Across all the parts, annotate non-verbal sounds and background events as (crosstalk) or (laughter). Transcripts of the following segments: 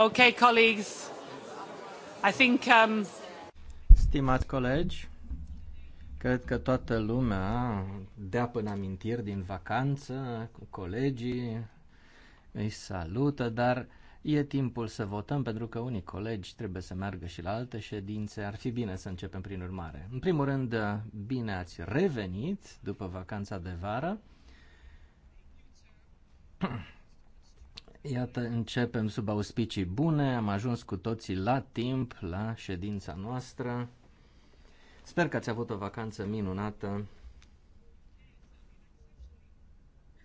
Okay, colleagues. I think, um... Stimați colegi, cred că toată lumea dea până amintiri din vacanță, cu colegii îi salută, dar e timpul să votăm pentru că unii colegi trebuie să meargă și la alte ședințe. Ar fi bine să începem prin urmare. În primul rând, bine ați revenit după vacanța de vară. (clears throat) Iată, începem sub auspicii bune, am ajuns cu toții la timp, la ședința noastră. Sper că ați avut o vacanță minunată.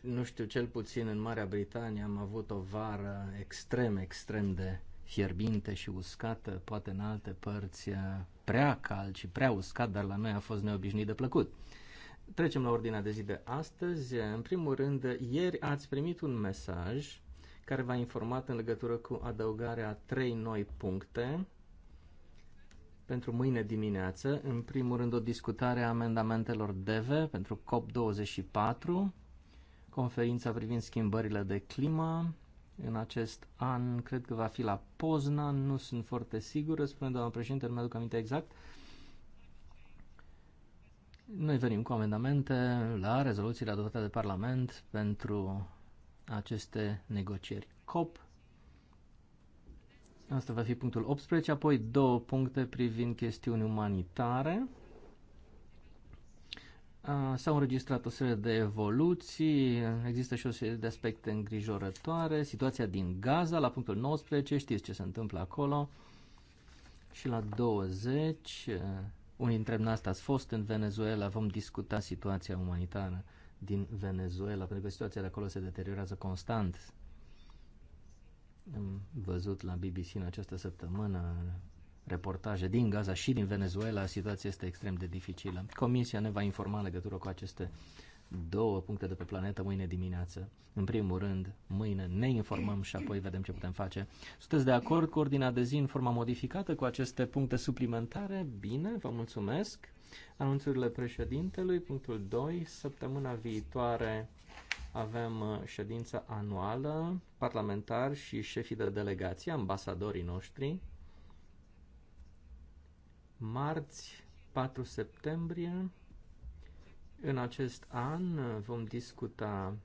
Nu știu, cel puțin în Marea Britanie am avut o vară extrem, extrem de fierbinte și uscată, poate în alte părți eh, prea cald și prea uscat, dar la noi a fost neobișnuit de plăcut. Trecem la ordinea de zi de astăzi. În primul rând, ieri ați primit un mesaj care v-a informat în legătură cu adăugarea a trei noi puncte pentru mâine dimineață. În primul rând, o discutare a amendamentelor DEVE pentru COP24, conferința privind schimbările de climă. În acest an, cred că va fi la Pozna, nu sunt foarte sigur, spune doamna președinte, nu mi-aduc aminte exact. Noi venim cu amendamente la rezoluțiile adoptate de Parlament pentru aceste negocieri COP. Asta va fi punctul 18, apoi două puncte privind chestiuni umanitare. S-au înregistrat o serie de evoluții, există și o serie de aspecte îngrijorătoare. Situația din Gaza, la punctul 19, știți ce se întâmplă acolo. Și la 20, unii dintre noi ați fost în Venezuela, vom discuta situația umanitară din Venezuela, pentru că situația de acolo se deteriorează constant. Am văzut la BBC în această săptămână reportaje din Gaza și din Venezuela, situația este extrem de dificilă. Comisia ne va informa legătură cu aceste două puncte de pe planetă mâine dimineață. În primul rând, mâine ne informăm și apoi vedem ce putem face. Sunteți de acord cu ordinea de zi în forma modificată cu aceste puncte suplimentare? Bine, vă mulțumesc. Anunțurile președintelui, punctul 2, săptămâna viitoare avem uh, ședința anuală, parlamentar și șefii de delegație, ambasadorii noștri. Marți, 4 septembrie, în acest an uh, vom discuta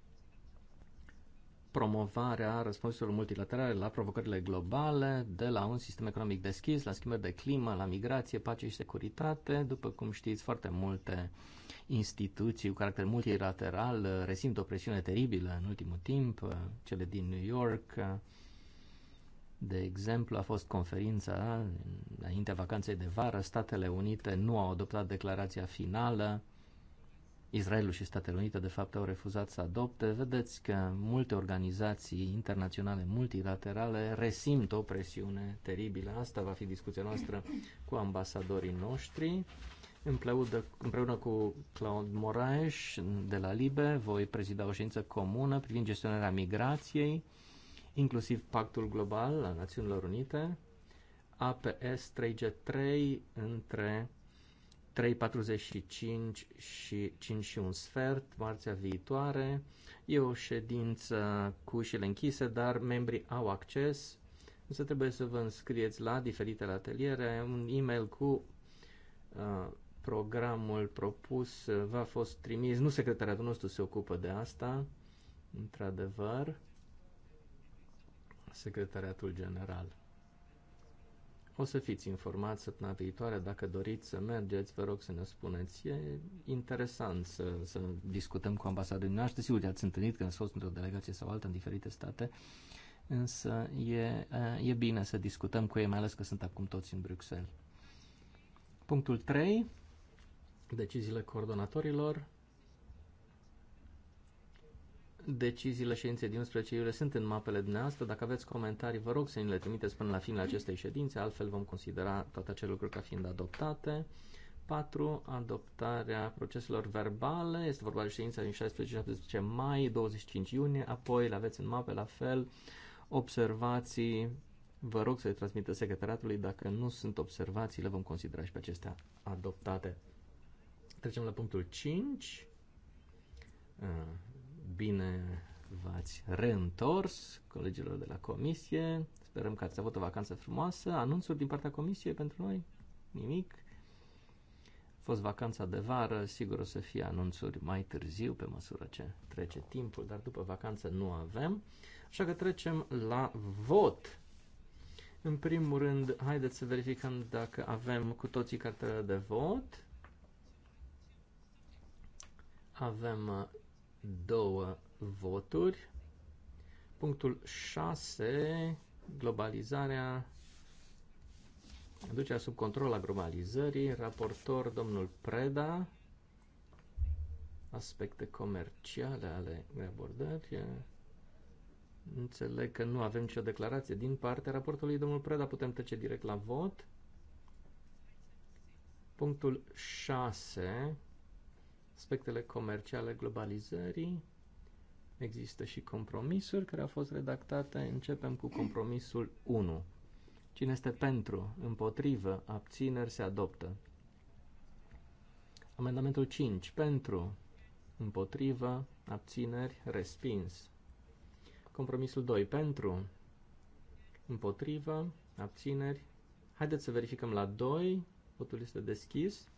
promovarea răspunsurilor multilaterale la provocările globale, de la un sistem economic deschis, la schimbări de climă, la migrație, pace și securitate. După cum știți, foarte multe instituții cu caracter multilateral uh, resimt o presiune teribilă în ultimul timp, uh, cele din New York. De exemplu, a fost conferința înaintea vacanței de vară, Statele Unite nu au adoptat declarația finală Israelul și Statele Unite, de fapt, au refuzat să adopte. Vedeți că multe organizații internaționale multilaterale resimt o presiune teribilă. Asta va fi discuția noastră cu ambasadorii noștri. Împreună, împreună cu Claude Moraes de la LIBE voi prezida o ședință comună privind gestionarea migrației, inclusiv Pactul Global al Națiunilor Unite, APS 3G3 între 3.45 și 5 și un sfert, marțea viitoare. E o ședință cu ușile închise, dar membrii au acces. Însă trebuie să vă înscrieți la diferitele ateliere. Un e-mail cu uh, programul propus uh, v-a fost trimis. Nu secretariatul nostru se ocupă de asta, într-adevăr. Secretariatul General. O să fiți informați săptămâna viitoare dacă doriți să mergeți, vă rog să ne spuneți. E interesant să, să discutăm cu ambasadorii noastre. Sigur, ați întâlnit când ați fost într-o delegație sau altă în diferite state, însă e, e bine să discutăm cu ei, mai ales că sunt acum toți în Bruxelles. Punctul 3. Deciziile coordonatorilor. Deciziile ședinței din 11 iulie sunt în mapele dumneavoastră. Dacă aveți comentarii, vă rog să ne le trimiteți până la finele acestei ședințe, altfel vom considera toate acele lucruri ca fiind adoptate. 4. Adoptarea proceselor verbale. Este vorba de ședința din 16-17 mai, 25 iunie, apoi le aveți în mape la fel. Observații, vă rog să le transmită secretariatului. Dacă nu sunt observații, le vom considera și pe acestea adoptate. Trecem la punctul 5 bine v-ați reîntors, colegilor de la comisie. Sperăm că ați avut o vacanță frumoasă. Anunțuri din partea comisiei pentru noi? Nimic. A fost vacanța de vară, sigur o să fie anunțuri mai târziu, pe măsură ce trece timpul, dar după vacanță nu avem. Așa că trecem la vot. În primul rând, haideți să verificăm dacă avem cu toții cartele de vot. Avem uh, două voturi. Punctul 6, globalizarea, aducerea sub control a globalizării, raportor domnul Preda, aspecte comerciale ale abordării. Înțeleg că nu avem nicio declarație din partea raportului domnul Preda, putem trece direct la vot. Punctul 6, aspectele comerciale globalizării. Există și compromisuri care au fost redactate. Începem cu compromisul 1. Cine este pentru, împotrivă, abțineri, se adoptă. Amendamentul 5. Pentru, împotrivă, abțineri, respins. Compromisul 2. Pentru, împotrivă, abțineri. Haideți să verificăm la 2. Votul este deschis.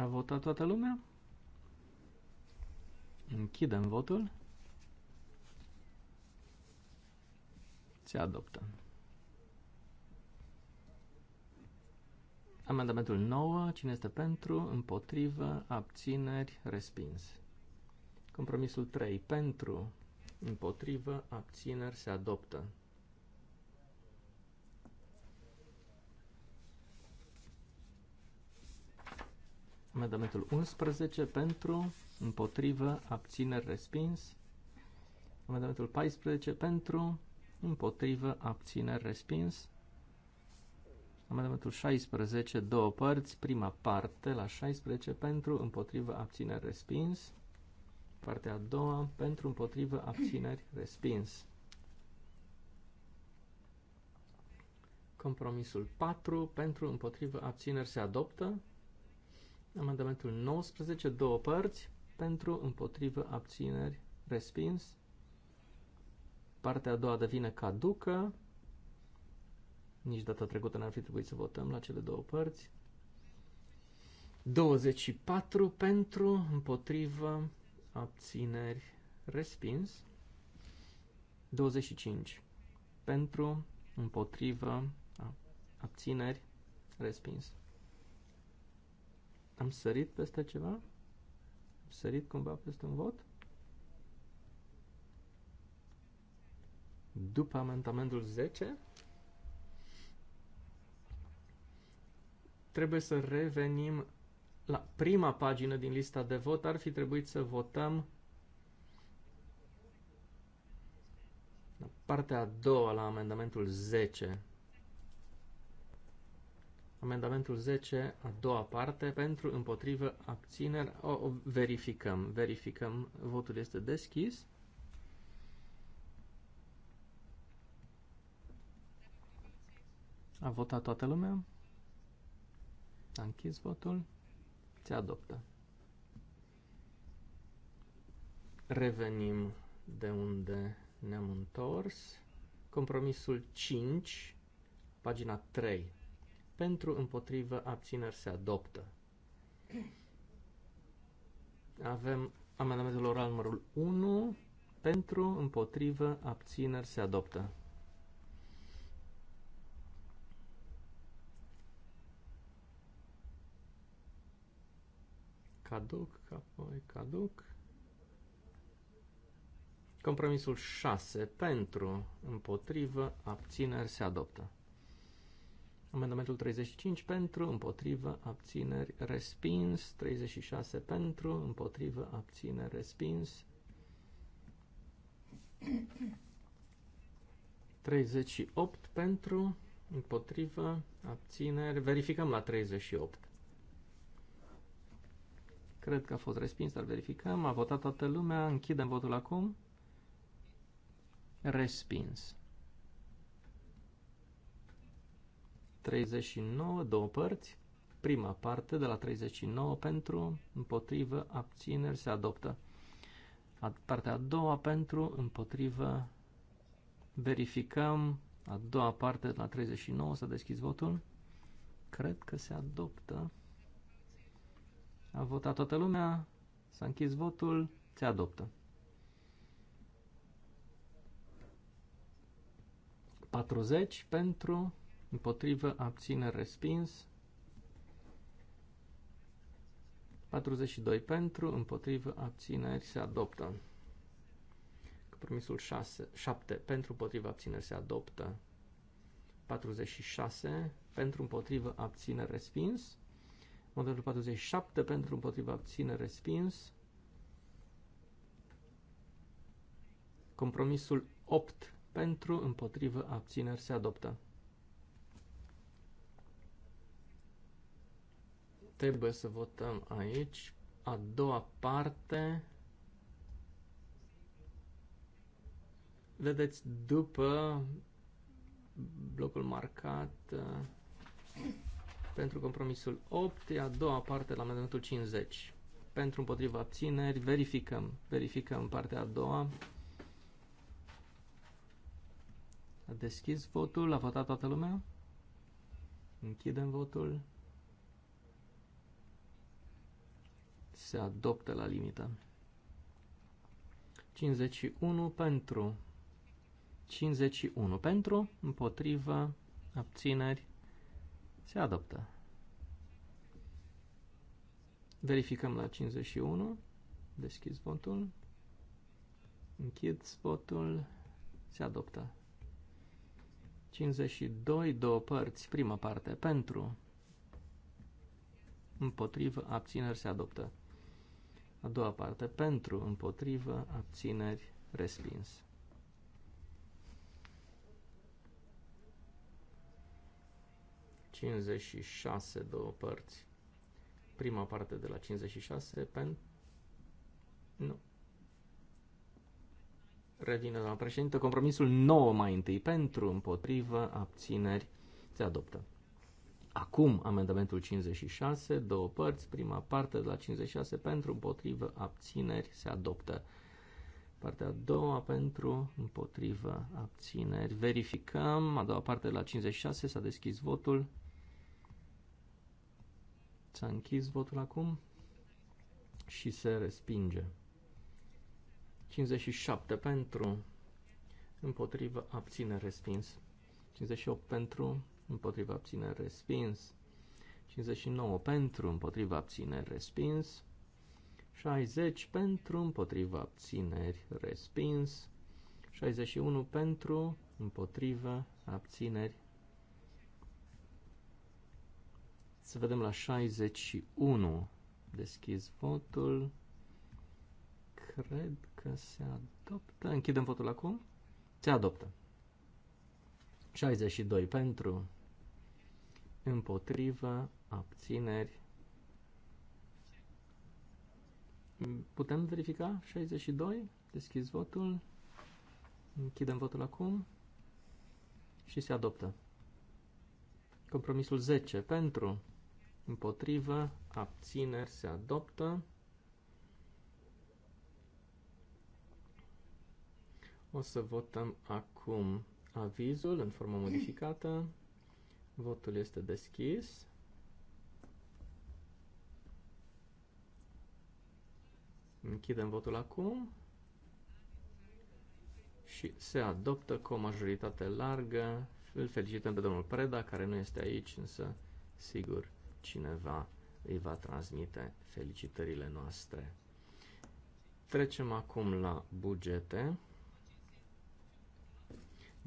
A votat toată lumea? Închidem votul. Se adoptă. Amendamentul 9. Cine este pentru? Împotrivă. Abțineri. Respins. Compromisul 3. Pentru. Împotrivă. Abțineri. Se adoptă. Amendamentul 11 pentru, împotrivă, abțineri, respins. Amendamentul 14 pentru, împotrivă, abțineri, respins. Amendamentul 16, două părți, prima parte la 16 pentru, împotrivă, abțineri, respins. Partea a doua pentru, împotrivă, abțineri, respins. Compromisul 4 pentru, împotrivă, abțineri se adoptă. Amendamentul 19, două părți, pentru, împotrivă, abțineri, respins. Partea a doua devine caducă. Nici data trecută n-ar fi trebuit să votăm la cele două părți. 24 pentru, împotrivă, abțineri, respins. 25 pentru, împotrivă, abțineri, respins. Am sărit peste ceva? Am sărit cumva peste un vot? După amendamentul 10, trebuie să revenim la prima pagină din lista de vot. Ar fi trebuit să votăm la partea a doua la amendamentul 10. Amendamentul 10, a doua parte, pentru, împotrivă, abțineri, o, o verificăm, verificăm, votul este deschis. A votat toată lumea? A închis votul? Se adoptă. Revenim de unde ne-am întors. Compromisul 5, pagina 3 pentru, împotrivă, abțineri se adoptă. Avem amendamentul oral numărul 1, pentru, împotrivă, abțineri se adoptă. Caduc, apoi caduc. Compromisul 6, pentru, împotrivă, abțineri se adoptă. Amendamentul 35 pentru, împotrivă, abțineri, respins. 36 pentru, împotrivă, abțineri, respins. 38 pentru, împotrivă, abțineri. Verificăm la 38. Cred că a fost respins, dar verificăm. A votat toată lumea. Închidem votul acum. Respins. 39, două părți. Prima parte de la 39 pentru, împotrivă, abțineri, se adoptă. Partea a doua pentru, împotrivă, verificăm. A doua parte de la 39, s-a deschis votul. Cred că se adoptă. A votat toată lumea, s-a închis votul, se adoptă. 40 pentru, împotrivă, abține, respins. 42 pentru, împotrivă, abțineri, se adoptă. Compromisul 6, 7 pentru, împotrivă, abțineri, se adoptă. 46 pentru, împotrivă, abțineri, respins. Modelul 47 pentru, împotrivă, abțineri, respins. Compromisul 8 pentru, împotrivă, abțineri, se adoptă. trebuie să votăm aici. A doua parte. Vedeți, după blocul marcat uh, pentru compromisul 8, e a doua parte la amendamentul 50. Pentru împotriva abțineri, verificăm, verificăm partea a doua. A deschis votul, a votat toată lumea. Închidem votul. se adoptă la limită. 51 pentru, 51 pentru, împotrivă, abțineri, se adoptă. Verificăm la 51, deschid votul, închid votul, se adoptă. 52, două părți, prima parte, pentru, împotrivă, abțineri, se adoptă. A doua parte, pentru, împotrivă, abțineri, respins. Cincizeci șase, două părți. Prima parte de la 56, pen... Nu. Revine la președinte. Compromisul 9 mai întâi, pentru, împotrivă, abțineri, se adoptă. Acum amendamentul 56, două părți, prima parte de la 56 pentru, împotrivă, abțineri, se adoptă. Partea a doua pentru, împotrivă, abțineri. Verificăm, a doua parte de la 56 s-a deschis votul. S-a închis votul acum și se respinge. 57 pentru, împotrivă, abțineri, respins. 58 pentru, împotriva abține respins, 59 pentru, împotriva abțineri respins, 60 pentru, împotriva abțineri respins, 61 pentru, împotriva abțineri. Să vedem la 61. Deschiz votul. Cred că se adoptă. Închidem votul acum. Se adoptă. 62 pentru, împotrivă, abțineri. Putem verifica? 62? Deschis votul. Închidem votul acum. Și se adoptă. Compromisul 10. Pentru, împotrivă, abțineri, se adoptă. O să votăm acum avizul în formă modificată. Votul este deschis. Închidem votul acum și se adoptă cu o majoritate largă. Îl felicităm pe domnul Preda, care nu este aici, însă sigur cineva îi va transmite felicitările noastre. Trecem acum la bugete.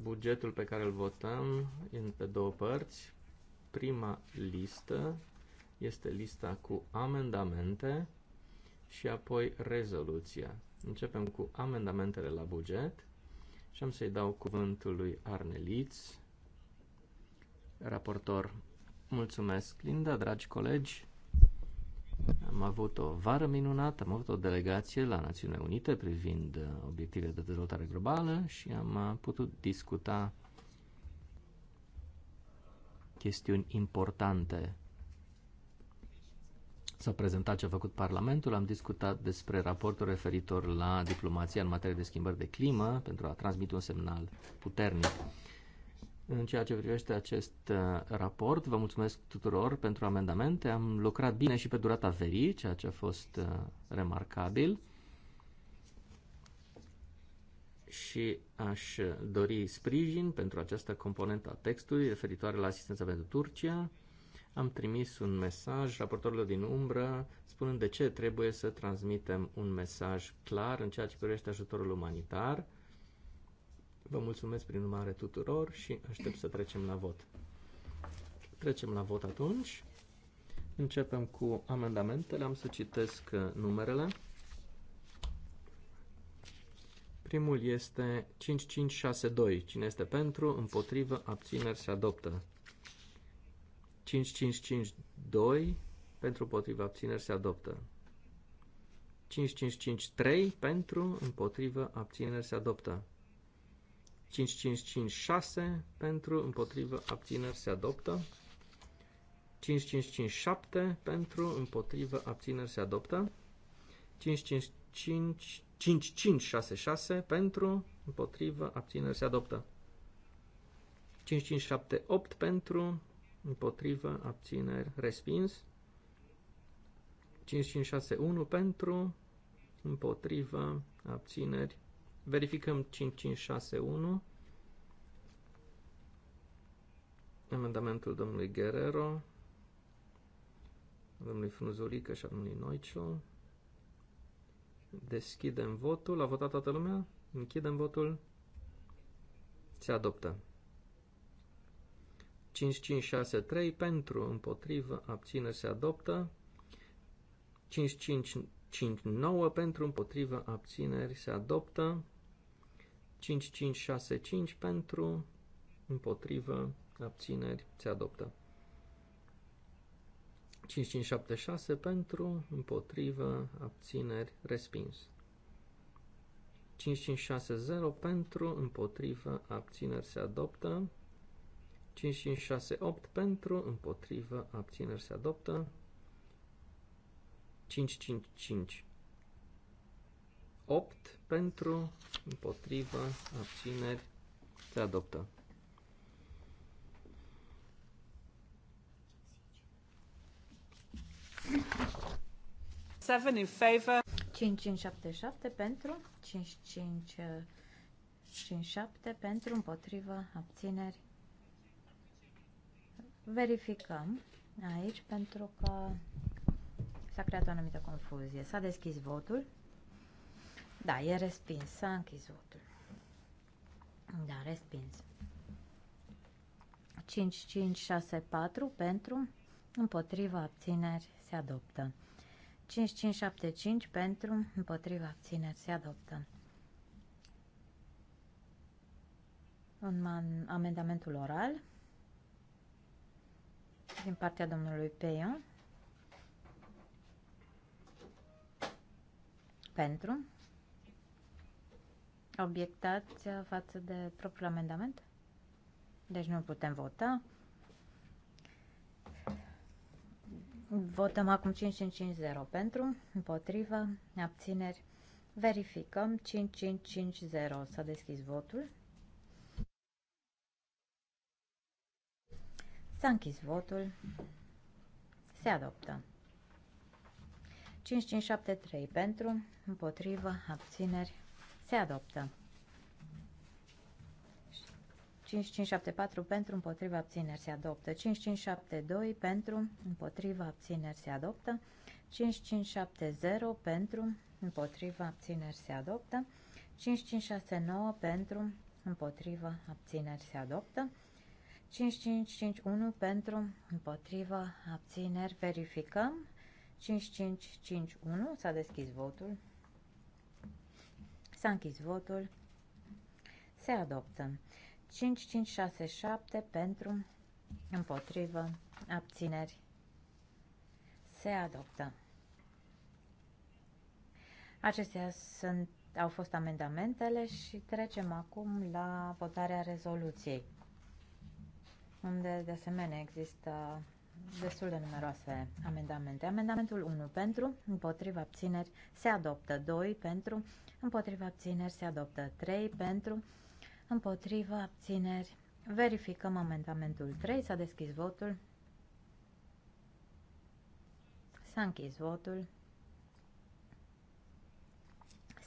Bugetul pe care îl votăm în pe două părți. Prima listă este lista cu amendamente și apoi rezoluția. Începem cu amendamentele la buget și am să-i dau cuvântul lui Arneliț, raportor. Mulțumesc, Linda, dragi colegi. Am avut o vară minunată, am avut o delegație la Națiunile Unite privind uh, obiectivele de dezvoltare globală și am uh, putut discuta chestiuni importante. S-a prezentat ce a făcut Parlamentul, am discutat despre raportul referitor la diplomația în materie de schimbări de climă pentru a transmite un semnal puternic în ceea ce privește acest uh, raport. Vă mulțumesc tuturor pentru amendamente. Am lucrat bine și pe durata verii, ceea ce a fost uh, remarcabil. Și aș dori sprijin pentru această componentă a textului referitoare la asistența pentru Turcia. Am trimis un mesaj raportorilor din umbră spunând de ce trebuie să transmitem un mesaj clar în ceea ce privește ajutorul umanitar Vă mulțumesc prin urmare tuturor și aștept să trecem la vot. Trecem la vot atunci. Începem cu amendamentele. Am să citesc uh, numerele. Primul este 5562. Cine este pentru, împotrivă, abțineri, se adoptă. 5552 pentru, împotrivă, abțineri, se adoptă. 5553 pentru, împotrivă, abțineri, se adoptă. 5556 pentru, împotrivă, abțineri se adoptă. 5557 pentru, împotrivă, abțineri se adoptă. 5566 pentru, împotrivă, abțineri se adoptă. 5578 pentru, împotrivă, abțineri, respins. 5561 pentru, împotrivă, abțineri, Verificăm 5561. Amendamentul domnului Guerrero, domnului Frunzulică și al domnului Noicel. Deschidem votul. A votat toată lumea? Închidem votul. Se adoptă. 5563 pentru, împotrivă, abține, se adoptă. 5559 pentru, împotrivă, abțineri, se adoptă. 5565 pentru, împotrivă, abțineri, se adoptă. 5576 pentru, împotrivă, abțineri, respins. 5560 pentru, împotrivă, abțineri, se adoptă. 5568 pentru, împotrivă, abțineri, se adoptă. 555 8 pentru, împotrivă, abțineri, se adoptă. Seven in favor. 7 pentru, 7 pentru, împotrivă, abțineri. Verificăm aici pentru că s-a creat o anumită confuzie. S-a deschis votul. Da, e respins. S-a închis votul. Da, respins. 5, 5, 6, 4 pentru, împotriva abțineri se adoptă. 5, 5, 7, 5 pentru, împotriva abțineri se adoptă. În amendamentul oral din partea domnului Peion. Pentru obiectați față de propriul amendament? Deci nu putem vota. Votăm acum 5550 pentru, împotrivă, abțineri. Verificăm 5550. S-a deschis votul. S-a închis votul. Se adoptă. 5573 pentru, împotrivă, abțineri. Se adoptă. 5574 pentru, împotriva abțineri se adoptă. 5572 pentru, împotriva abțineri se adoptă. 5570 pentru, împotriva abțineri se adoptă. 5569 pentru, împotriva abțineri se adoptă. 5551 pentru, împotriva abțineri verificăm. 5551 s-a deschis votul. S-a închis votul. Se adoptă. 5, 5, 6, 7 pentru, împotrivă, abțineri. Se adoptă. Acestea sunt, au fost amendamentele și trecem acum la votarea rezoluției, unde de asemenea există destul de numeroase amendamente. Amendamentul 1 pentru, împotriva abțineri se adoptă 2 pentru, împotriva abțineri se adoptă 3 pentru, împotriva abțineri. Verificăm amendamentul 3, s-a deschis votul. S-a închis votul.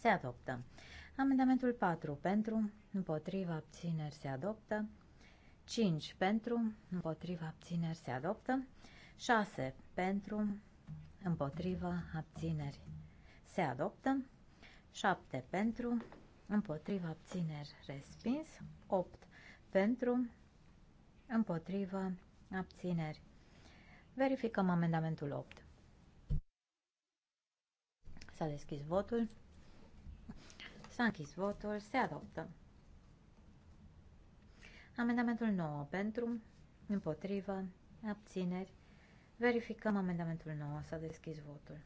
Se adoptă. Amendamentul 4 pentru, împotriva abțineri se adoptă. 5 pentru, împotriva abțineri se adoptă, 6 pentru, împotriva abțineri se adoptă, 7 pentru, împotriva abțineri respins, 8 pentru, împotriva abțineri. Verificăm amendamentul 8. S-a deschis votul. S-a închis votul. Se adoptă. Amendamentul 9 pentru, împotrivă, abțineri. Verificăm amendamentul 9. S-a deschis votul.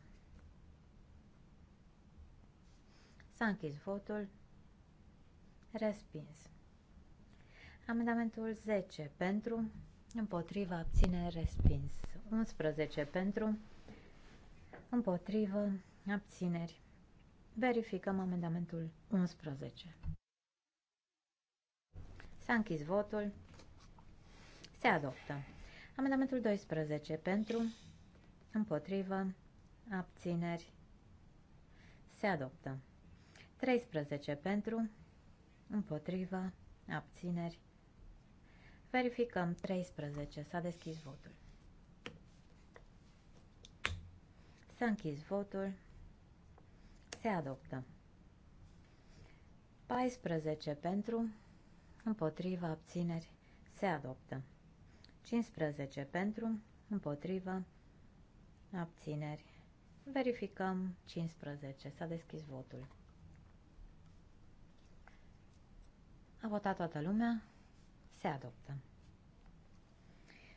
S-a închis votul. Respins. Amendamentul 10 pentru, împotrivă, abține, respins. 11 pentru, împotrivă, abțineri. Verificăm amendamentul 11. S-a închis votul. Se adoptă. Amendamentul 12 pentru, împotrivă, abțineri. Se adoptă. 13 pentru, împotrivă, abțineri. Verificăm 13. S-a deschis votul. S-a închis votul. Se adoptă. 14 pentru, împotriva, abțineri, se adoptă. 15 pentru, împotriva, abțineri. Verificăm 15. S-a deschis votul. A votat toată lumea. Se adoptă.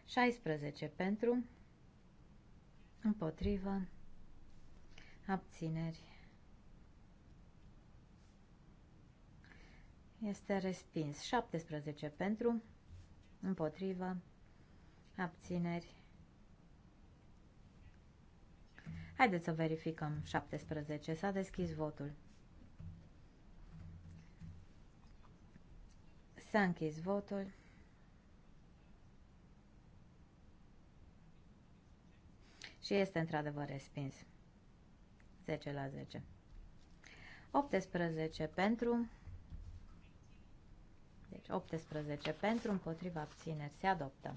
16 pentru, împotriva abțineri. Este respins. 17 pentru, împotrivă, abțineri. Haideți să verificăm. 17. S-a deschis votul. S-a închis votul. Și este într-adevăr respins. 10 la 10. 18 pentru, deci 18 pentru, împotriva abțineri se adoptă.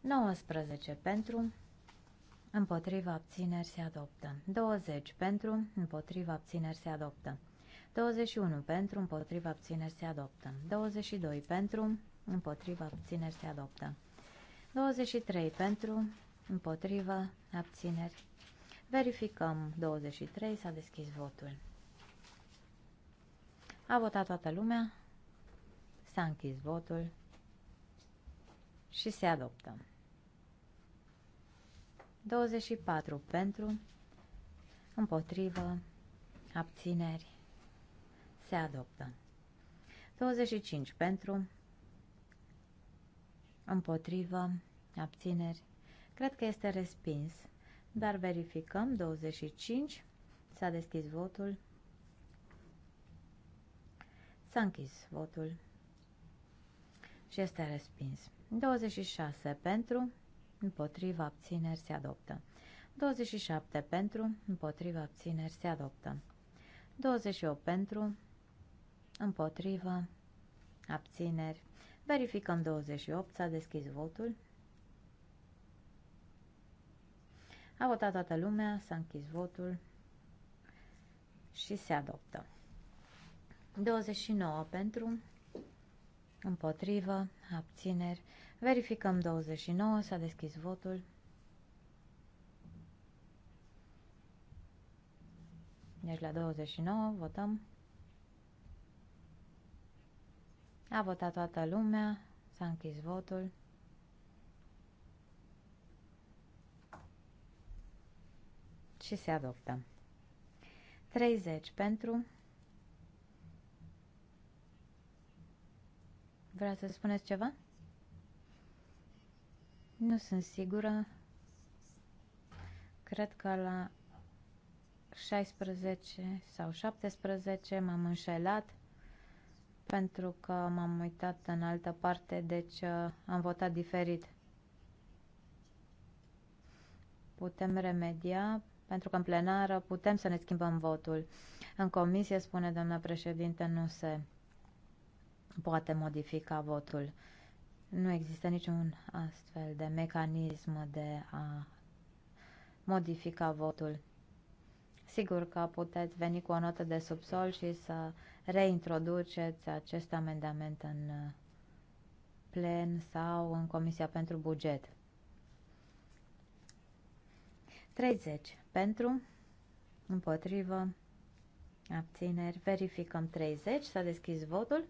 Nouăsprezece pentru, împotriva abțineri se adoptă. 20 pentru, împotriva abțineri se adoptă. 21 pentru, împotriva abțineri se adoptă. 22 pentru, împotriva abțineri se adoptă. 23 pentru, împotriva abțineri Verificăm 23, s-a deschis votul. A votat toată lumea, s-a închis votul și se adoptă. 24 pentru, împotrivă, abțineri, se adoptă. 25 pentru, împotrivă, abțineri, cred că este respins, dar verificăm. 25. S-a deschis votul. S-a închis votul. Și este respins. 26 pentru, împotriva abțineri se adoptă. 27 pentru, împotriva abțineri se adoptă. 28 pentru, împotriva abțineri. Verificăm 28, s-a deschis votul. A votat toată lumea, s-a închis votul și se adoptă. 29 pentru, împotrivă, abțineri. Verificăm 29, s-a deschis votul. Deci la 29 votăm. A votat toată lumea, s-a închis votul. și se adoptă. 30 pentru Vrea să spuneți ceva? Nu sunt sigură. Cred că la 16 sau 17 m-am înșelat pentru că m-am uitat în altă parte, deci uh, am votat diferit. Putem remedia pentru că în plenară putem să ne schimbăm votul. În comisie, spune doamna președinte, nu se poate modifica votul. Nu există niciun astfel de mecanism de a modifica votul. Sigur că puteți veni cu o notă de subsol și să reintroduceți acest amendament în plen sau în Comisia pentru Buget. 30 pentru, împotrivă, abțineri. Verificăm 30. S-a deschis votul.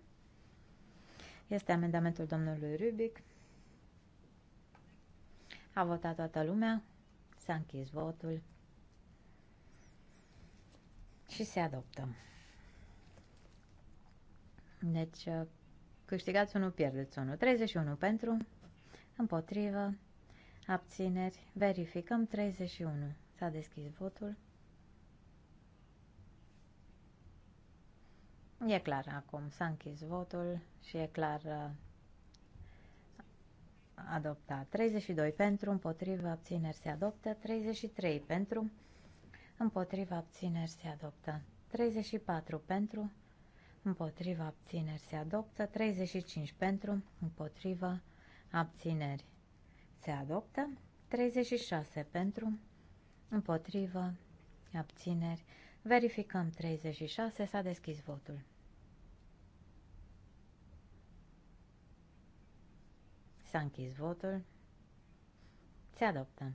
Este amendamentul domnului Rubic. A votat toată lumea. S-a închis votul. Și se adoptă. Deci, uh, câștigați unul, pierdeți unul. 31 pentru, împotrivă, abțineri, verificăm 31. S-a deschis votul. E clar acum, s-a închis votul și e clar uh, adoptat. 32 pentru, împotriva abțineri se adoptă, 33 pentru, împotriva abțineri se adoptă, 34 pentru, împotriva abțineri se adoptă, 35 pentru, împotriva abțineri se adoptă. 36 pentru, împotrivă, abțineri. Verificăm 36, s-a deschis votul. S-a închis votul. Se adoptă.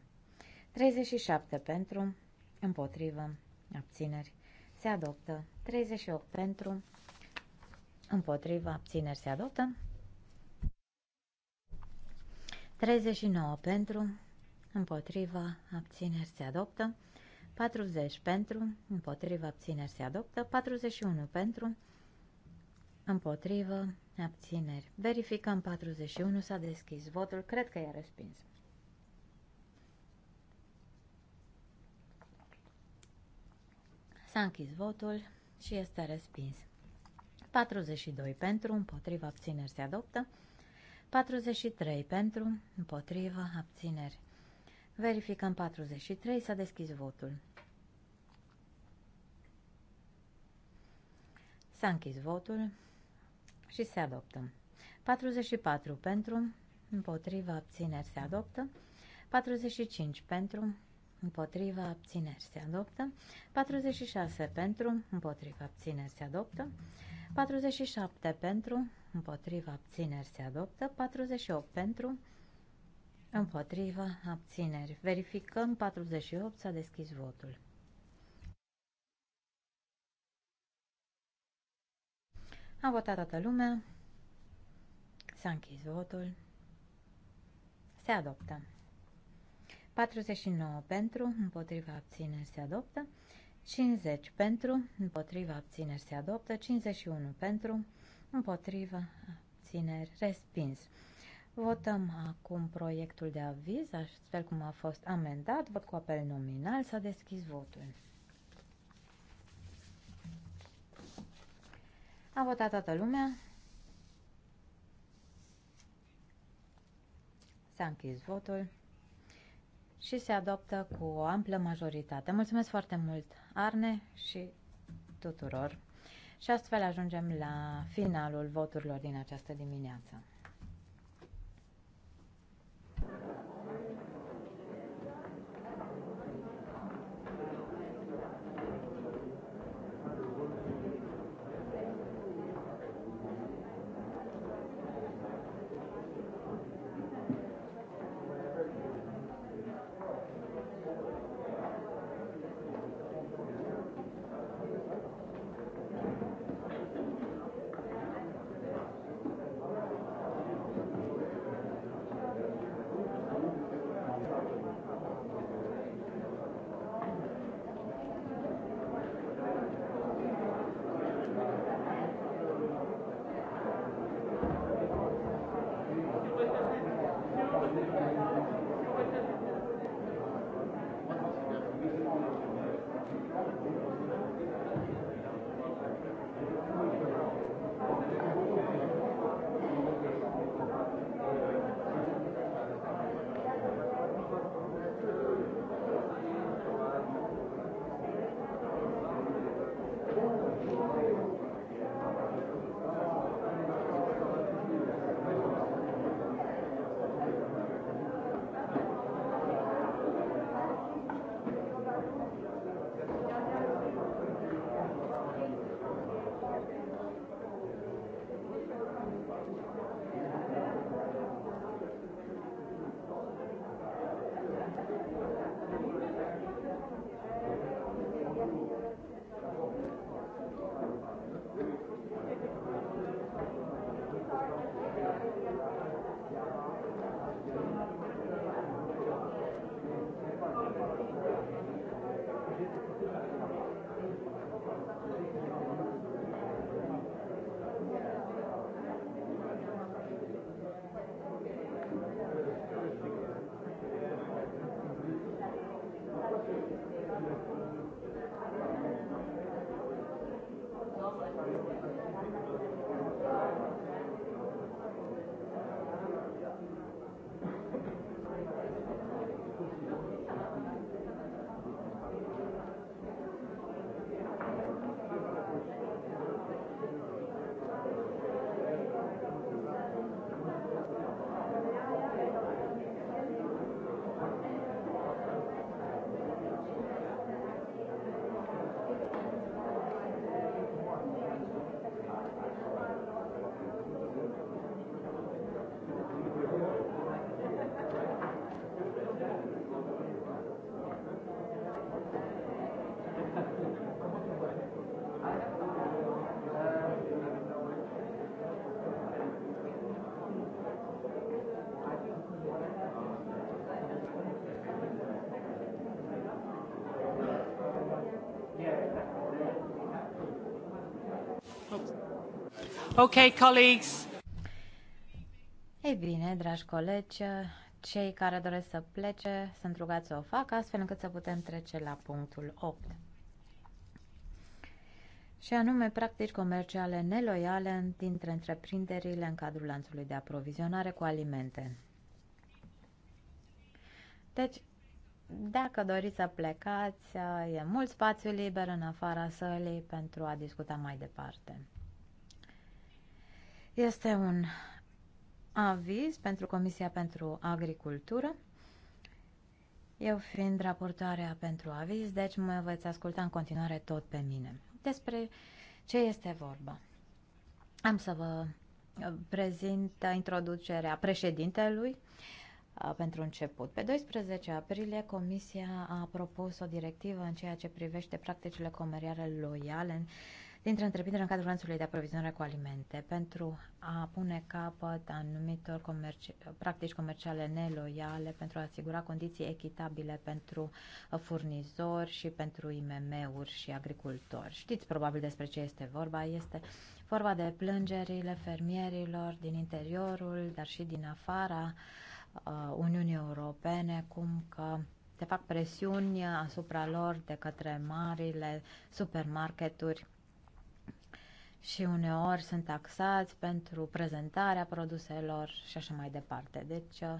37 pentru, împotrivă, abțineri. Se adoptă. 38 pentru, împotrivă, abțineri. Se adoptă. 39 pentru, împotriva, abțineri se adoptă. 40 pentru, împotriva, abțineri se adoptă. 41 pentru, împotrivă, abțineri. Verificăm 41, s-a deschis votul, cred că e respins. S-a închis votul și este respins. 42 pentru, împotriva abțineri se adoptă. 43 pentru, împotrivă, abțineri. Verificăm 43, s-a deschis votul. S-a închis votul și se adoptă. 44 pentru, împotriva abțineri se adoptă. 45 pentru, împotriva abțineri se adoptă. 46 pentru, împotriva abțineri se adoptă. 47 pentru, împotriva abțineri se adoptă, 48 pentru, împotriva abțineri. Verificăm 48, s-a deschis votul. A votat toată lumea, s-a închis votul, se adoptă. 49 pentru, împotriva abțineri se adoptă, 50 pentru, împotriva abțineri se adoptă, 51 pentru, împotrivă, abțineri, respins. Votăm acum proiectul de aviz, astfel cum a fost amendat, vot cu apel nominal, s-a deschis votul. A votat toată lumea. S-a închis votul și se adoptă cu o amplă majoritate. Mulțumesc foarte mult, Arne, și tuturor. Și astfel ajungem la finalul voturilor din această dimineață. Ok, colleagues. Ei bine, dragi colegi, cei care doresc să plece sunt rugați să o facă astfel încât să putem trece la punctul 8. Și anume practici comerciale neloiale dintre întreprinderile în cadrul lanțului de aprovizionare cu alimente. Deci, dacă doriți să plecați, e mult spațiu liber în afara sălii pentru a discuta mai departe. Este un aviz pentru Comisia pentru Agricultură. Eu fiind raportarea pentru aviz, deci mă veți asculta în continuare tot pe mine. Despre ce este vorba? Am să vă prezint introducerea președintelui pentru început. Pe 12 aprilie, Comisia a propus o directivă în ceea ce privește practicile comerciale loiale în dintre întreprinderi în cadrul lanțului de aprovizionare cu alimente pentru a pune capăt anumitor comerci, practici comerciale neloiale, pentru a asigura condiții echitabile pentru furnizori și pentru IMM-uri și agricultori. Știți probabil despre ce este vorba. Este vorba de plângerile fermierilor din interiorul, dar și din afara uh, Uniunii Europene, cum că se fac presiuni asupra lor de către marile supermarketuri și uneori sunt taxați pentru prezentarea produselor și așa mai departe. Deci, uh,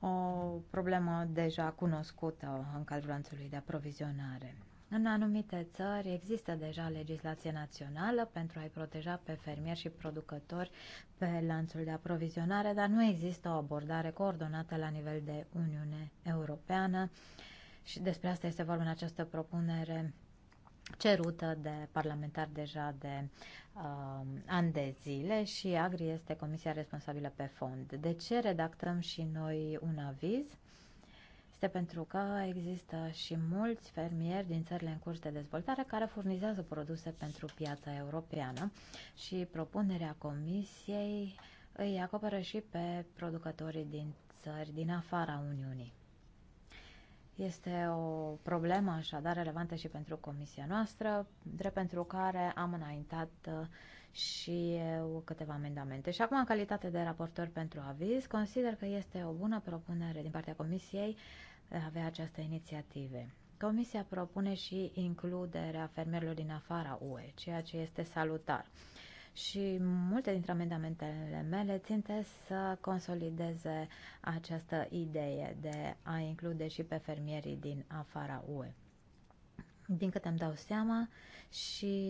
o problemă deja cunoscută în cadrul lanțului de aprovizionare. În anumite țări există deja legislație națională pentru a-i proteja pe fermieri și producători pe lanțul de aprovizionare, dar nu există o abordare coordonată la nivel de Uniune Europeană și despre asta este vorba în această propunere cerută de parlamentari deja de uh, um, ani de zile și Agri este comisia responsabilă pe fond. De ce redactăm și noi un aviz? Este pentru că există și mulți fermieri din țările în curs de dezvoltare care furnizează produse pentru piața europeană și propunerea comisiei îi acoperă și pe producătorii din țări din afara Uniunii. Este o problemă așadar relevantă și pentru comisia noastră, drept pentru care am înaintat uh, și eu câteva amendamente. Și acum, în calitate de raportor pentru aviz, consider că este o bună propunere din partea comisiei de uh, a avea această inițiative. Comisia propune și includerea fermierilor din afara UE, ceea ce este salutar și multe dintre amendamentele mele ținte să consolideze această idee de a include și pe fermierii din afara UE. Din câte îmi dau seama, și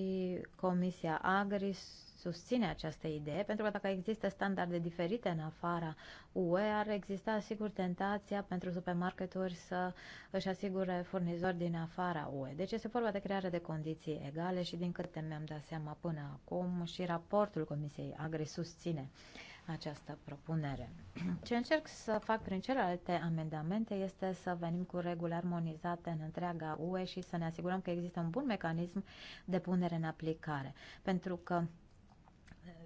Comisia Agris susține această idee, pentru că dacă există standarde diferite în afara UE, ar exista sigur tentația pentru supermarketuri să își asigure furnizori din afara UE. Deci este vorba de crearea de condiții egale și din câte mi-am dat seama până acum și raportul Comisiei Agri susține această propunere. (clears throat) Ce încerc să fac prin celelalte amendamente este să venim cu reguli armonizate în întreaga UE și să ne asigurăm că există un bun mecanism de punere în aplicare. Pentru că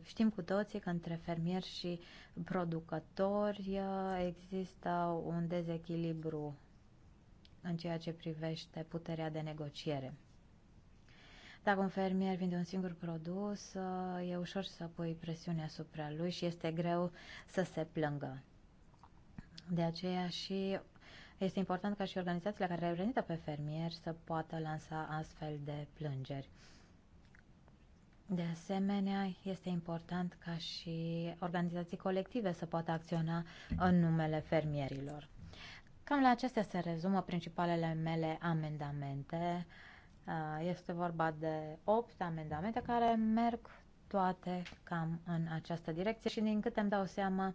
Știm cu toții că între fermieri și producători uh, există un dezechilibru în ceea ce privește puterea de negociere. Dacă un fermier vinde un singur produs, uh, e ușor să pui presiune asupra lui și este greu să se plângă. De aceea și este important ca și organizațiile care reprezintă pe fermier să poată lansa astfel de plângeri. De asemenea, este important ca și organizații colective să poată acționa în numele fermierilor. Cam la acestea se rezumă principalele mele amendamente. Uh, este vorba de 8 amendamente care merg toate cam în această direcție și din câte îmi dau seama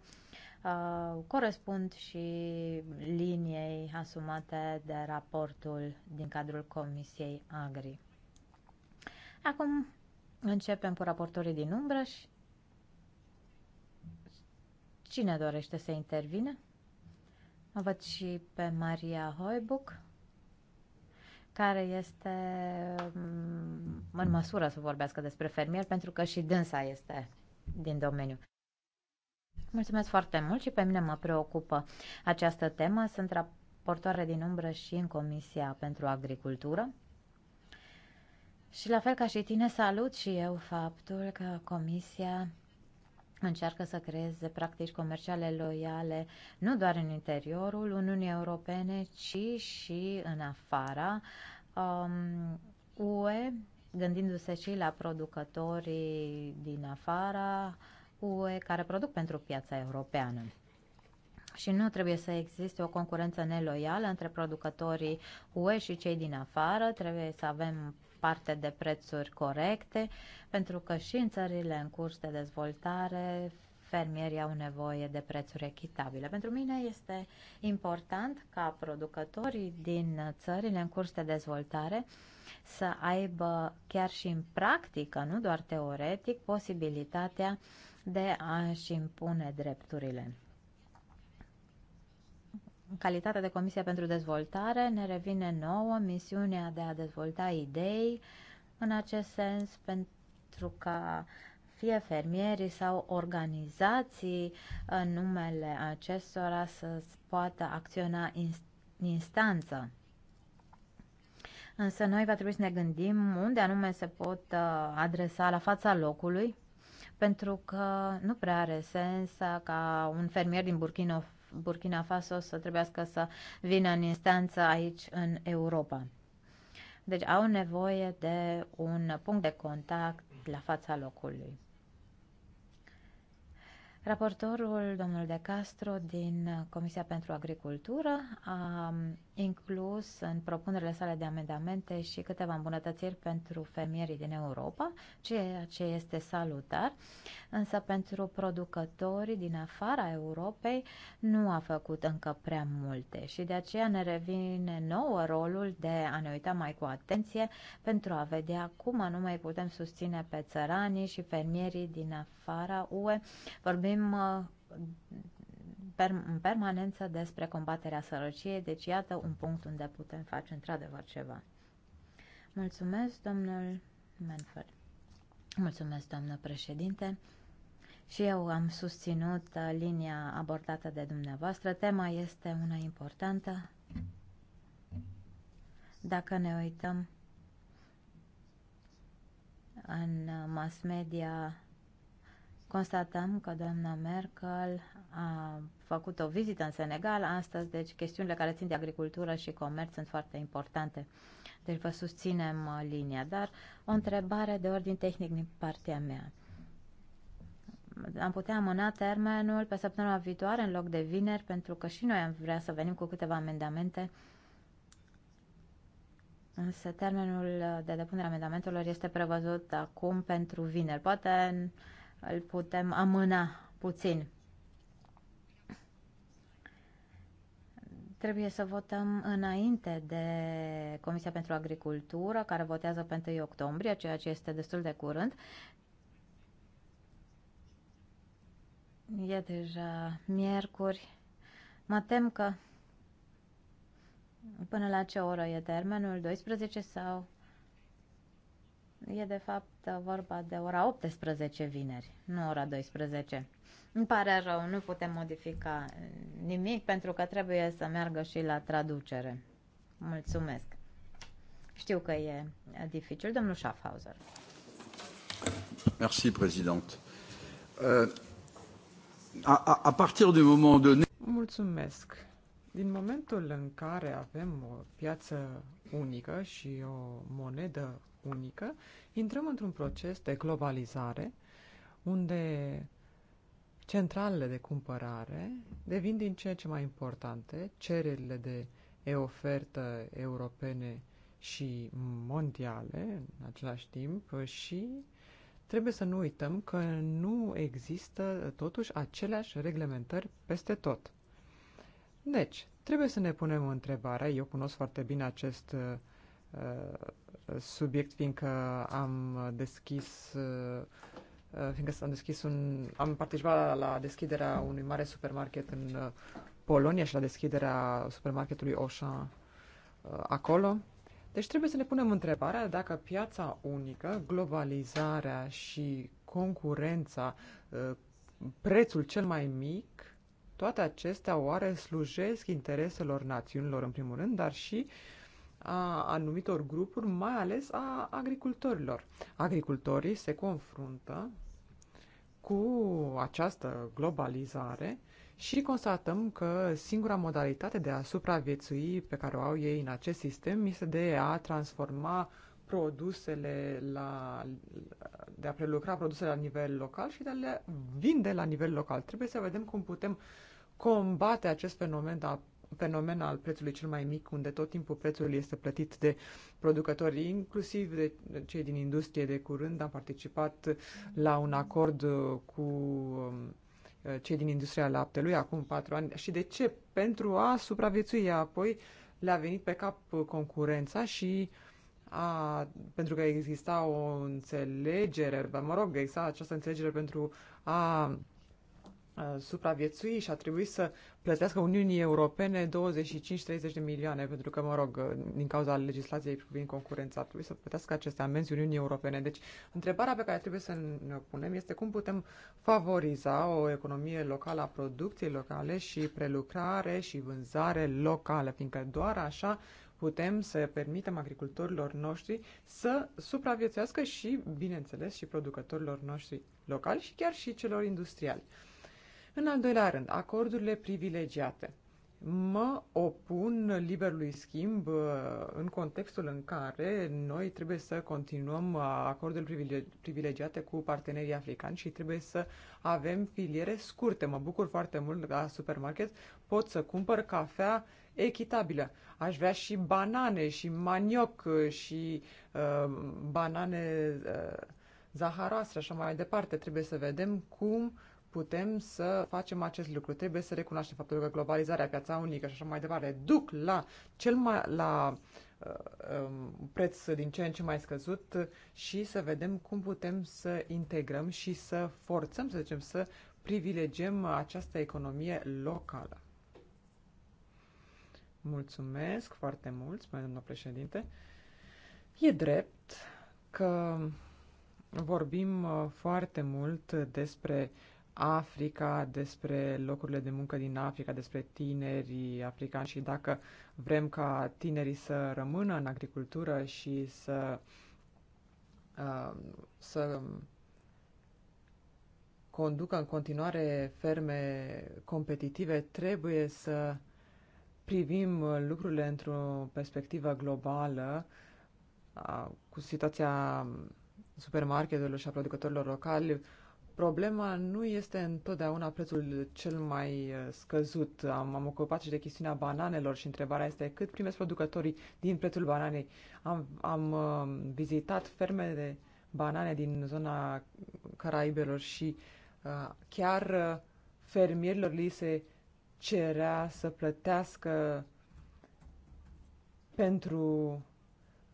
uh, corespund și liniei asumate de raportul din cadrul Comisiei Agri. Acum Începem cu raportorii din umbră și cine dorește să intervine? O văd și pe Maria Hoibuc, care este mm, în măsură să vorbească despre fermier, pentru că și dânsa este din domeniu. Mulțumesc foarte mult și pe mine mă preocupă această temă. Sunt raportoare din umbră și în Comisia pentru Agricultură. Și la fel ca și tine, salut și eu faptul că Comisia încearcă să creeze practici comerciale loiale nu doar în interiorul Uniunii Europene, ci și în afara um, UE, gândindu-se și la producătorii din afara UE care produc pentru piața europeană. Și nu trebuie să existe o concurență neloială între producătorii UE și cei din afară, trebuie să avem parte de prețuri corecte, pentru că și în țările în curs de dezvoltare fermierii au nevoie de prețuri echitabile. Pentru mine este important ca producătorii din țările în curs de dezvoltare să aibă chiar și în practică, nu doar teoretic, posibilitatea de a-și impune drepturile în calitate de Comisie pentru Dezvoltare, ne revine nouă misiunea de a dezvolta idei în acest sens pentru ca fie fermierii sau organizații în numele acestora să poată acționa în instanță. Însă noi va trebui să ne gândim unde anume se pot uh, adresa la fața locului, pentru că nu prea are sens ca un fermier din Burkina Burkina Faso să trebuiască să vină în instanță aici în Europa. Deci au nevoie de un punct de contact la fața locului. Raportorul, domnul De Castro, din Comisia pentru Agricultură, a inclus în propunerile sale de amendamente și câteva îmbunătățiri pentru fermierii din Europa, ceea ce este salutar, însă pentru producătorii din afara Europei nu a făcut încă prea multe și de aceea ne revine nouă rolul de a ne uita mai cu atenție pentru a vedea cum anume putem susține pe țăranii și fermierii din afara UE. Vorbim uh, în permanență despre combaterea sărăciei, deci iată un punct unde putem face într-adevăr ceva. Mulțumesc, domnul Menfer. Mulțumesc, doamnă președinte. Și eu am susținut uh, linia abordată de dumneavoastră. Tema este una importantă. Dacă ne uităm în uh, mass media Constatăm că doamna Merkel a făcut o vizită în Senegal astăzi, deci chestiunile care țin de agricultură și comerț sunt foarte importante. Deci vă susținem uh, linia, dar o întrebare de ordin tehnic din partea mea. Am putea amâna termenul pe săptămâna viitoare în loc de vineri, pentru că și noi am vrea să venim cu câteva amendamente Însă termenul de depunere a amendamentelor este prevăzut acum pentru vineri. Poate îl putem amâna puțin. Trebuie să votăm înainte de Comisia pentru Agricultură, care votează pe 1 octombrie, ceea ce este destul de curând. E deja miercuri. Mă tem că până la ce oră e termenul? 12 sau E de fapt vorba de ora 18 vineri, nu ora 12. Îmi pare rău, nu putem modifica nimic pentru că trebuie să meargă și la traducere. Mulțumesc. Știu că e dificil, domnul Schaffhauser. Merci, présidente. Uh, a, a, a partir du moment donné... Mulțumesc. Din momentul în care avem o piață unică și o monedă unică, intrăm într-un proces de globalizare unde centralele de cumpărare devin din ce în ce mai importante, cererile de e ofertă europene și mondiale în același timp și trebuie să nu uităm că nu există totuși aceleași reglementări peste tot. Deci, trebuie să ne punem întrebarea, eu cunosc foarte bine acest uh, subiect, fiindcă am deschis uh, fiindcă am deschis un, am participat la deschiderea unui mare supermarket în uh, Polonia și la deschiderea supermarketului Auchan uh, acolo. Deci trebuie să ne punem întrebarea dacă piața unică, globalizarea și concurența, prețul cel mai mic, toate acestea oare slujesc intereselor națiunilor în primul rând, dar și uh, a anumitor grupuri, mai ales a agricultorilor. Agricultorii se confruntă cu această globalizare și constatăm că singura modalitate de a supraviețui pe care o au ei în acest sistem este de a transforma produsele la, de a prelucra produsele la nivel local și de a le vinde la nivel local. Trebuie să vedem cum putem combate acest fenomen a fenomen al prețului cel mai mic, unde tot timpul prețul este plătit de producători, inclusiv de cei din industrie de curând. Am participat la un acord uh, cu um, uh, cei din industria laptelui acum patru ani. Și de ce? Pentru a supraviețui. Apoi le-a venit pe cap uh, concurența și a, pentru că exista o înțelegere, mă rog, exista această înțelegere pentru a supraviețui și a trebuit să plătească Uniunii Europene 25-30 de milioane, pentru că, mă rog, din cauza legislației privind concurența, a trebuit să plătească aceste amenzi Uniunii Europene. Deci, întrebarea pe care trebuie să ne punem este cum putem favoriza o economie locală a producției locale și prelucrare și vânzare locală, fiindcă doar așa putem să permitem agricultorilor noștri să supraviețuiască și, bineînțeles, și producătorilor noștri locali și chiar și celor industriali. În al doilea rând, acordurile privilegiate. Mă opun liberului schimb uh, în contextul în care noi trebuie să continuăm uh, acordurile privilegiate cu partenerii africani și trebuie să avem filiere scurte. Mă bucur foarte mult la supermarket, pot să cumpăr cafea echitabilă. Aș vrea și banane și manioc uh, și uh, banane uh, zaharoastre și așa mai departe. Trebuie să vedem cum uh, putem să facem acest lucru. Trebuie să recunoaștem faptul că globalizarea, piața unică și așa mai departe duc la cel mai la uh, um, preț din ce în ce mai scăzut și să vedem cum putem să integrăm și să forțăm, să zicem, să privilegiem această economie locală. Mulțumesc foarte mult, spune domnul președinte. E drept că vorbim uh, foarte mult despre Africa, despre locurile de muncă din Africa, despre tinerii africani și dacă vrem ca tinerii să rămână în agricultură și să, uh, să conducă în continuare ferme competitive, trebuie să privim lucrurile într-o perspectivă globală uh, cu situația supermarketelor și a producătorilor locali, Problema nu este întotdeauna prețul cel mai uh, scăzut. Am, am ocupat și de chestiunea bananelor și întrebarea este cât primesc producătorii din prețul bananei. Am, am uh, vizitat ferme de banane din zona Caraibelor și uh, chiar uh, fermierilor li se cerea să plătească pentru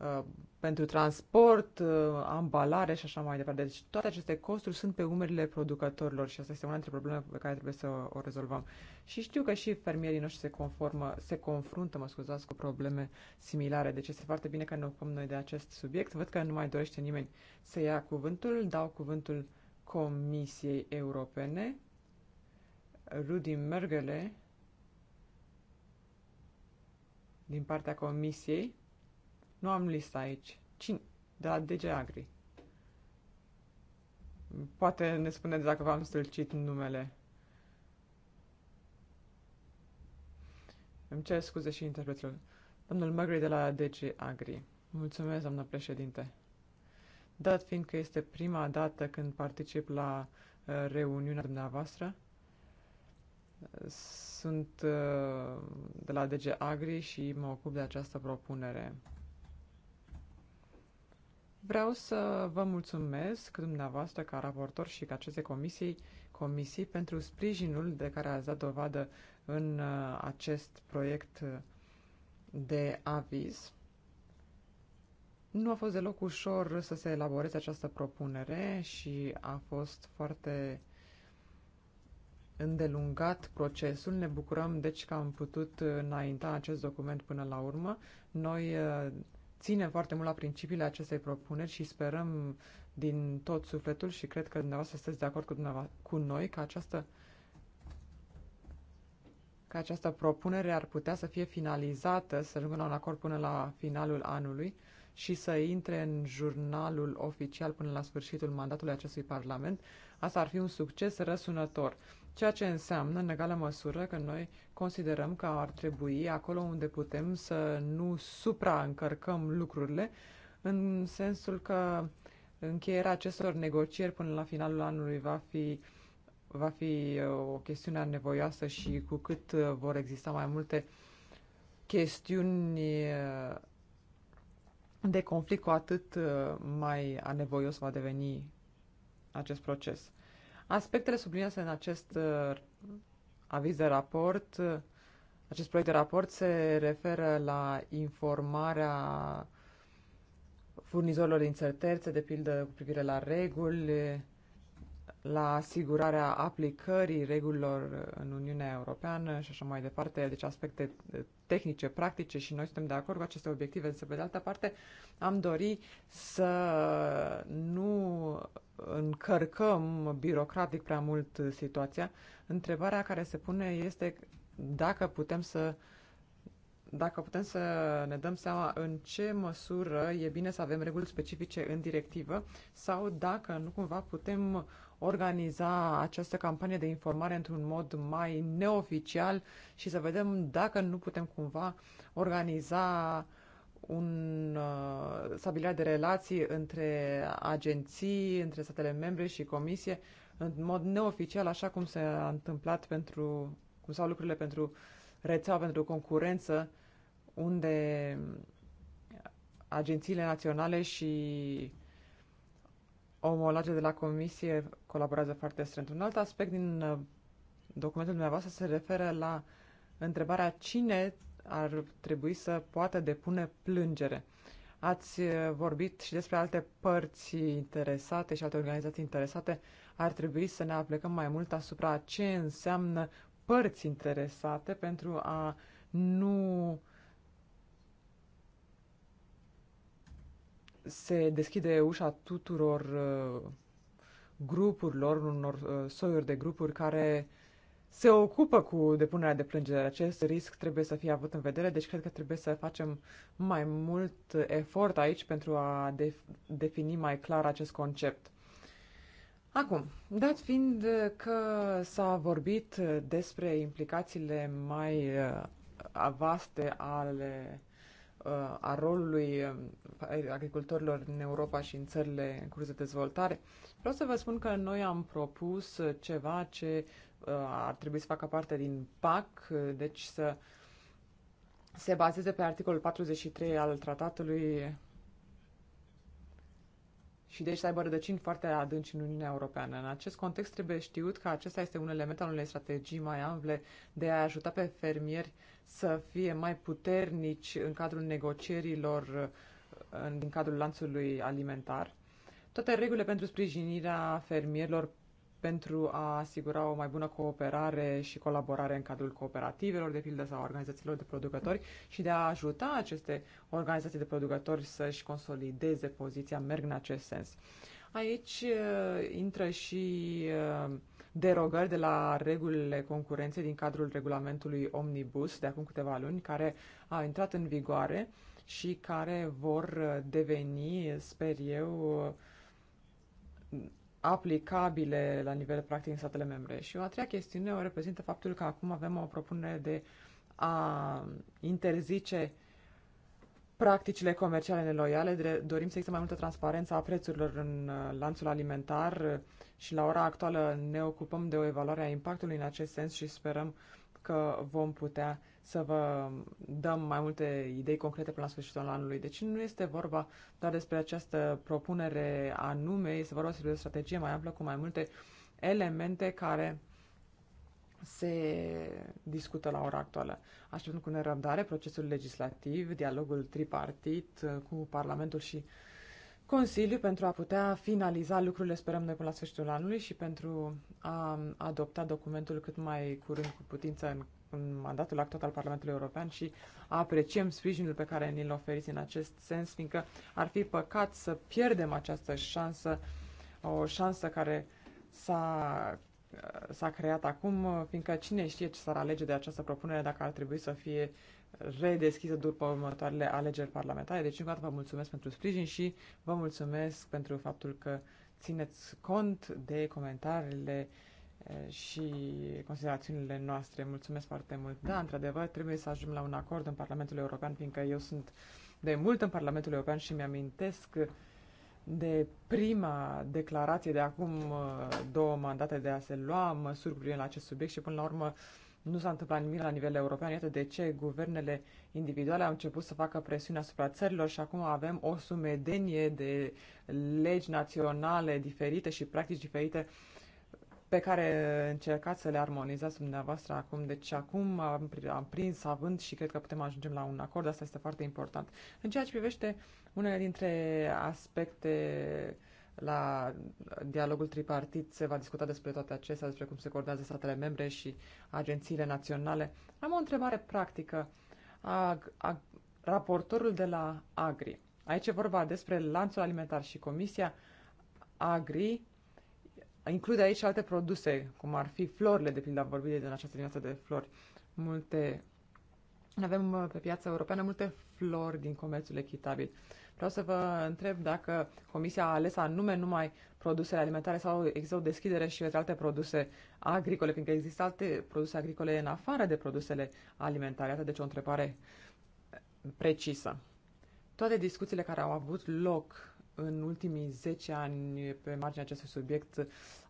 uh, pentru transport, uh, ambalare și așa mai departe. Deci toate aceste costuri sunt pe umerile producătorilor și asta este una dintre problemele pe care trebuie să o rezolvăm. Și știu că și fermierii noștri se conformă, se confruntă, mă scuzați, cu probleme similare. Deci este foarte bine că ne ocupăm noi de acest subiect. Văd că nu mai dorește nimeni să ia cuvântul. Dau cuvântul Comisiei Europene. Rudi Mergele din partea Comisiei. Nu am lista aici. Cine? De la DG Agri. Poate ne spuneți dacă v-am stâlcit numele. Îmi cer scuze și interpretul. Domnul Magri de la DG Agri. Mulțumesc, doamnă președinte. Dat fiindcă este prima dată când particip la uh, reuniunea dumneavoastră, sunt uh, de la DG Agri și mă ocup de această propunere. Vreau să vă mulțumesc dumneavoastră ca raportor și ca aceste comisii, comisii pentru sprijinul de care ați dat dovadă în uh, acest proiect de aviz. Nu a fost deloc ușor să se elaboreze această propunere și a fost foarte îndelungat procesul. Ne bucurăm, deci, că am putut înainta acest document până la urmă. Noi uh, ținem foarte mult la principiile acestei propuneri și sperăm din tot sufletul și cred că dumneavoastră sunteți de acord cu, cu noi că această că această propunere ar putea să fie finalizată, să ajungă la un acord până la finalul anului și să intre în jurnalul oficial până la sfârșitul mandatului acestui Parlament. Asta ar fi un succes răsunător. Ceea ce înseamnă, în egală măsură, că noi considerăm că ar trebui, acolo unde putem, să nu supraîncărcăm lucrurile, în sensul că încheierea acestor negocieri până la finalul anului va fi, va fi uh, o chestiune anevoioasă și cu cât uh, vor exista mai multe chestiuni uh, de conflict, cu atât mai anevoios va deveni acest proces. Aspectele subliniate în acest uh, aviz de raport, uh, acest proiect de raport se referă la informarea furnizorilor din țări terțe, de pildă cu privire la reguli, la asigurarea aplicării regulilor în Uniunea Europeană și așa mai departe, deci aspecte eh, tehnice, practice și noi suntem de acord cu aceste obiective, însă pe de altă parte am dori să nu încărcăm birocratic prea mult situația. Întrebarea care se pune este dacă putem să dacă putem să ne dăm seama în ce măsură e bine să avem reguli specifice în directivă sau dacă nu cumva putem organiza această campanie de informare într-un mod mai neoficial și să vedem dacă nu putem cumva organiza un uh, stabilire de relații între agenții, între statele membre și comisie în mod neoficial, așa cum s-a întâmplat pentru, cum s-au lucrurile pentru rețeaua pentru concurență, unde agențiile naționale și omologe de la comisie colaborează foarte strâns. Un alt aspect din uh, documentul dumneavoastră se referă la întrebarea cine ar trebui să poată depune plângere. Ați uh, vorbit și despre alte părți interesate și alte organizații interesate. Ar trebui să ne aplecăm mai mult asupra ce înseamnă părți interesate pentru a nu uh, se deschide ușa tuturor uh, grupurilor, unor uh, soiuri de grupuri care se ocupă cu depunerea de plângere. Acest risc trebuie să fie avut în vedere, deci cred că trebuie să facem mai mult uh, efort aici pentru a defini mai clar acest concept. Acum, dat fiind că s-a vorbit despre implicațiile mai vaste ale Uh, a rolului uh, agricultorilor în Europa și în țările în curs de dezvoltare, vreau să vă spun că noi am propus uh, ceva ce ar trebui să facă parte din PAC, deci să se bazeze pe articolul 43 al tratatului și deci să aibă rădăcini foarte adânci în Uniunea Europeană. În acest context trebuie știut că acesta este un element al unei strategii mai ample de a ajuta pe fermieri să fie mai puternici în cadrul negocierilor în, cadrul lanțului alimentar. Toate regulile pentru sprijinirea fermierilor pentru a asigura o mai bună cooperare și colaborare în cadrul cooperativelor, de pildă, sau organizațiilor de producători și de a ajuta aceste organizații de producători să-și consolideze poziția, merg în acest sens. Aici uh, intră și uh, derogări de la regulile concurenței din cadrul regulamentului Omnibus de acum câteva luni, care a intrat în vigoare și care vor uh, deveni, sper eu, aplicabile la nivel practic în statele membre. Și o a treia chestiune o reprezintă faptul că acum avem o propunere de a interzice practicile comerciale neloiale. Dorim să existe mai multă transparență a prețurilor în uh, lanțul alimentar și la ora actuală ne ocupăm de o evaluare a impactului în acest sens și sperăm că vom putea să vă dăm mai multe idei concrete până la sfârșitul anului. Deci nu este vorba doar despre această propunere anume, este vorba despre o strategie mai amplă cu mai multe elemente care se discută la ora actuală. Așteptăm cu nerăbdare procesul legislativ, dialogul tripartit uh, cu Parlamentul și Consiliu pentru a putea finaliza lucrurile, sperăm noi, până la sfârșitul anului și pentru a um, adopta documentul cât mai curând cu putință în în mandatul actual al Parlamentului European și apreciem sprijinul pe care ni-l oferiți în acest sens, fiindcă ar fi păcat să pierdem această șansă, o șansă care s-a s-a creat acum, fiindcă cine știe ce s-ar alege de această propunere dacă ar trebui să fie redeschisă după următoarele alegeri parlamentare. Deci, încă o dată vă mulțumesc pentru sprijin și vă mulțumesc pentru faptul că țineți cont de comentariile uh, și considerațiunile noastre. Mulțumesc foarte mult. Da, într-adevăr, trebuie să ajungem la un acord în Parlamentul European, fiindcă eu sunt de mult în Parlamentul European și mi-amintesc de prima declarație de acum uh, două mandate de a se lua măsuri privind la acest subiect și până la urmă nu s-a întâmplat nimic la nivel european. Iată de ce guvernele individuale au început să facă presiune asupra țărilor și acum avem o sumedenie de legi naționale diferite și practici diferite uh, pe care încercați să le armonizați dumneavoastră acum. Deci acum am, am prins având și cred că putem ajunge la un acord, asta este foarte important. În ceea ce privește unele dintre aspecte la dialogul tripartit se va discuta despre toate acestea, despre cum se coordonează statele membre și agențiile naționale. Am o întrebare practică. A, a, raportorul de la Agri. Aici e vorba despre lanțul alimentar și Comisia Agri include aici și alte produse, cum ar fi florile, de pildă, am vorbit de în această dimineață de flori. Multe avem uh, pe piața europeană multe flori din comerțul echitabil. Vreau să vă întreb dacă Comisia a ales anume numai produsele alimentare sau există o deschidere și către alte produse agricole, fiindcă există alte produse agricole în afară de produsele alimentare. Atât deci o întrebare precisă. Toate discuțiile care au avut loc în ultimii 10 ani pe marginea acestui subiect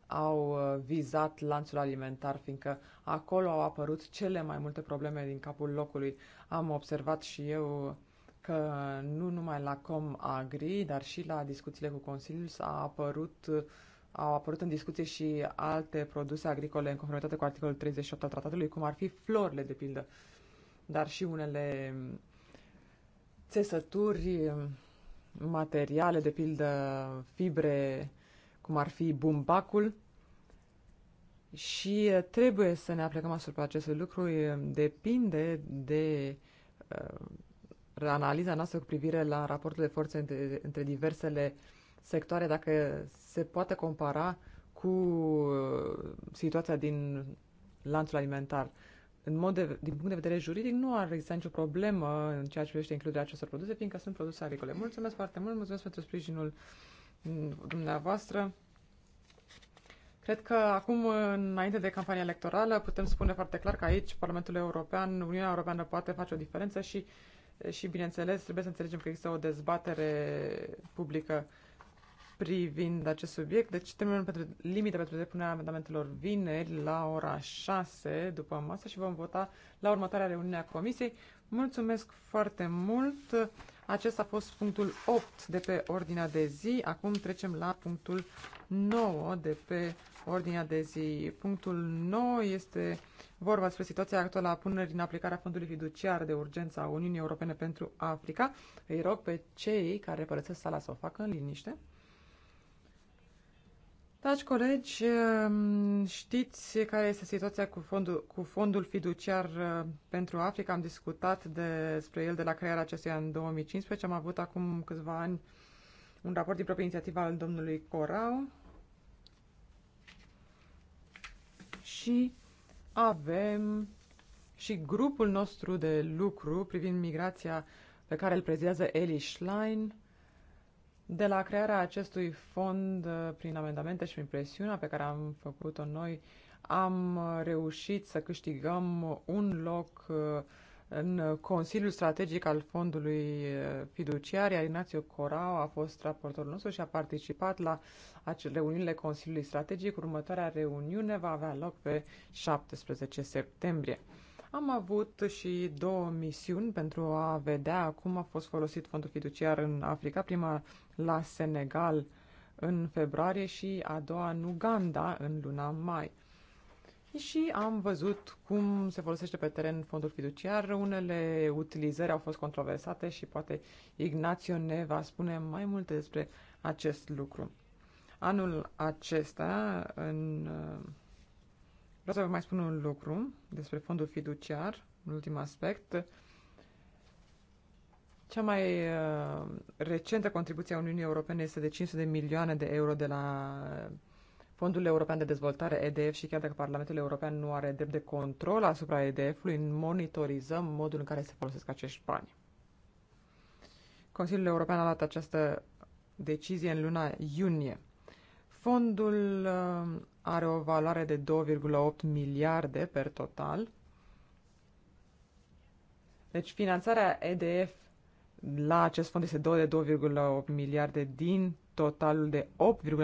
au uh, vizat lanțul alimentar, fiindcă acolo au apărut cele mai multe probleme din capul locului. Am observat și eu că nu numai la com Agri, dar și la discuțiile cu Consiliul s-a apărut au apărut în discuție și alte produse agricole în conformitate cu articolul 38 al tratatului, cum ar fi florile, de pildă, dar și unele mm, țesături mm, materiale, de pildă fibre, cum ar fi bumbacul. Și uh, trebuie să ne aplicăm asupra acestui lucru. Depinde de uh, analiza noastră cu privire la raportul de forțe între, între diversele sectoare, dacă se poate compara cu uh, situația din lanțul alimentar în mod de, din punct de vedere juridic, nu ar exista nicio problemă în ceea ce privește includerea acestor produse, fiindcă sunt produse agricole. Mulțumesc foarte mult, mulțumesc pentru sprijinul dumneavoastră. Cred că acum, înainte de campania electorală, putem spune foarte clar că aici Parlamentul European, Uniunea Europeană poate face o diferență și, și bineînțeles, trebuie să înțelegem că există o dezbatere publică privind acest subiect. Deci termenul pentru limite pentru depunerea amendamentelor vineri la ora 6 după masă și vom vota la următoarea reuniune a comisiei. Mulțumesc foarte mult! Acesta a fost punctul 8 de pe ordinea de zi. Acum trecem la punctul 9 de pe ordinea de zi. Punctul 9 este vorba despre situația actuală a punerii în aplicare a Fondului Fiduciar de Urgență a Uniunii Europene pentru Africa. Îi rog pe cei care părăsesc sala să o facă în liniște. Dragi colegi, um, știți care este situația cu fondul, cu fondul fiduciar uh, pentru Africa. Am discutat despre el de la crearea acestuia în 2015. Am avut acum câțiva ani un raport din proprie inițiativă al domnului Corau și avem și grupul nostru de lucru privind migrația pe care îl prezidează Eli Schlein, de la crearea acestui fond, uh, prin amendamente și prin presiunea pe care am făcut-o noi, am uh, reușit să câștigăm un loc uh, în Consiliul Strategic al Fondului Fiduciar, iar Ignațiu Corau a fost raportorul nostru și a participat la reuniunile Consiliului Strategic. Următoarea reuniune va avea loc pe 17 septembrie. Am avut și două misiuni pentru a vedea cum a fost folosit fondul fiduciar în Africa, prima la Senegal în februarie și a doua în Uganda în luna mai. Și am văzut cum se folosește pe teren fondul fiduciar. Unele utilizări au fost controversate și poate Ignațio ne va spune mai multe despre acest lucru. Anul acesta, în Vreau să vă mai spun un lucru despre fondul fiduciar, un ultim aspect. Cea mai uh, recentă contribuție a Uniunii Europene este de 500 de milioane de euro de la Fondul European de Dezvoltare, EDF, și chiar dacă Parlamentul European nu are drept de control asupra EDF-ului, monitorizăm modul în care se folosesc acești bani. Consiliul European a luat această decizie în luna iunie. Fondul uh, are o valoare de 2,8 miliarde per total. Deci finanțarea EDF la acest fond este de 2,8 miliarde din totalul de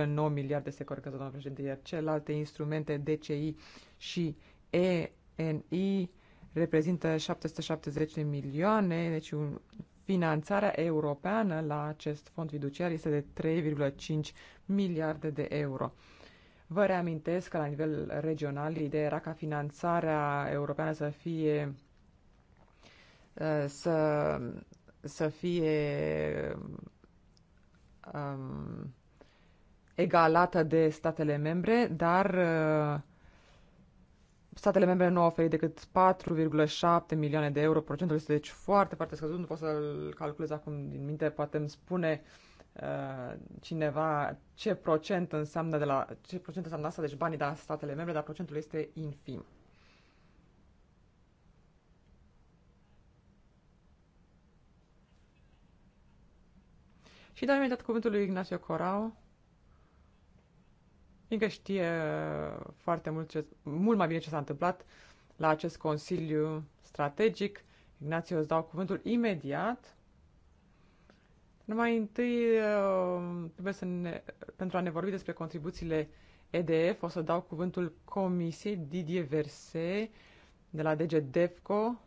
8,9 miliarde, se corectează doamna președinte, iar celelalte instrumente DCI și ENI reprezintă 770 de milioane, deci un, Finanțarea europeană la acest fond fiduciar este de 3,5 miliarde de euro. Vă reamintesc că la nivel regional ideea era ca finanțarea europeană să fie uh, să, să fie um, egalată de statele membre, dar uh, statele membre nu au oferit decât 4,7 milioane de euro. Procentul este deci foarte, foarte scăzut. Nu pot să-l calculez acum din minte. Poate îmi spune uh, cineva ce procent înseamnă de la ce procent înseamnă asta, deci banii de la statele membre, dar procentul este infim. Și dau imediat cuvântul lui Ignacio Corau fiindcă știe foarte mult, ce, mult mai bine ce s-a întâmplat la acest Consiliu Strategic. Ignațiu, îți dau cuvântul imediat. Numai întâi uh, trebuie să ne, pentru a ne vorbi despre contribuțiile EDF, o să dau cuvântul Comisiei Didier Verse de la DG DEFCO,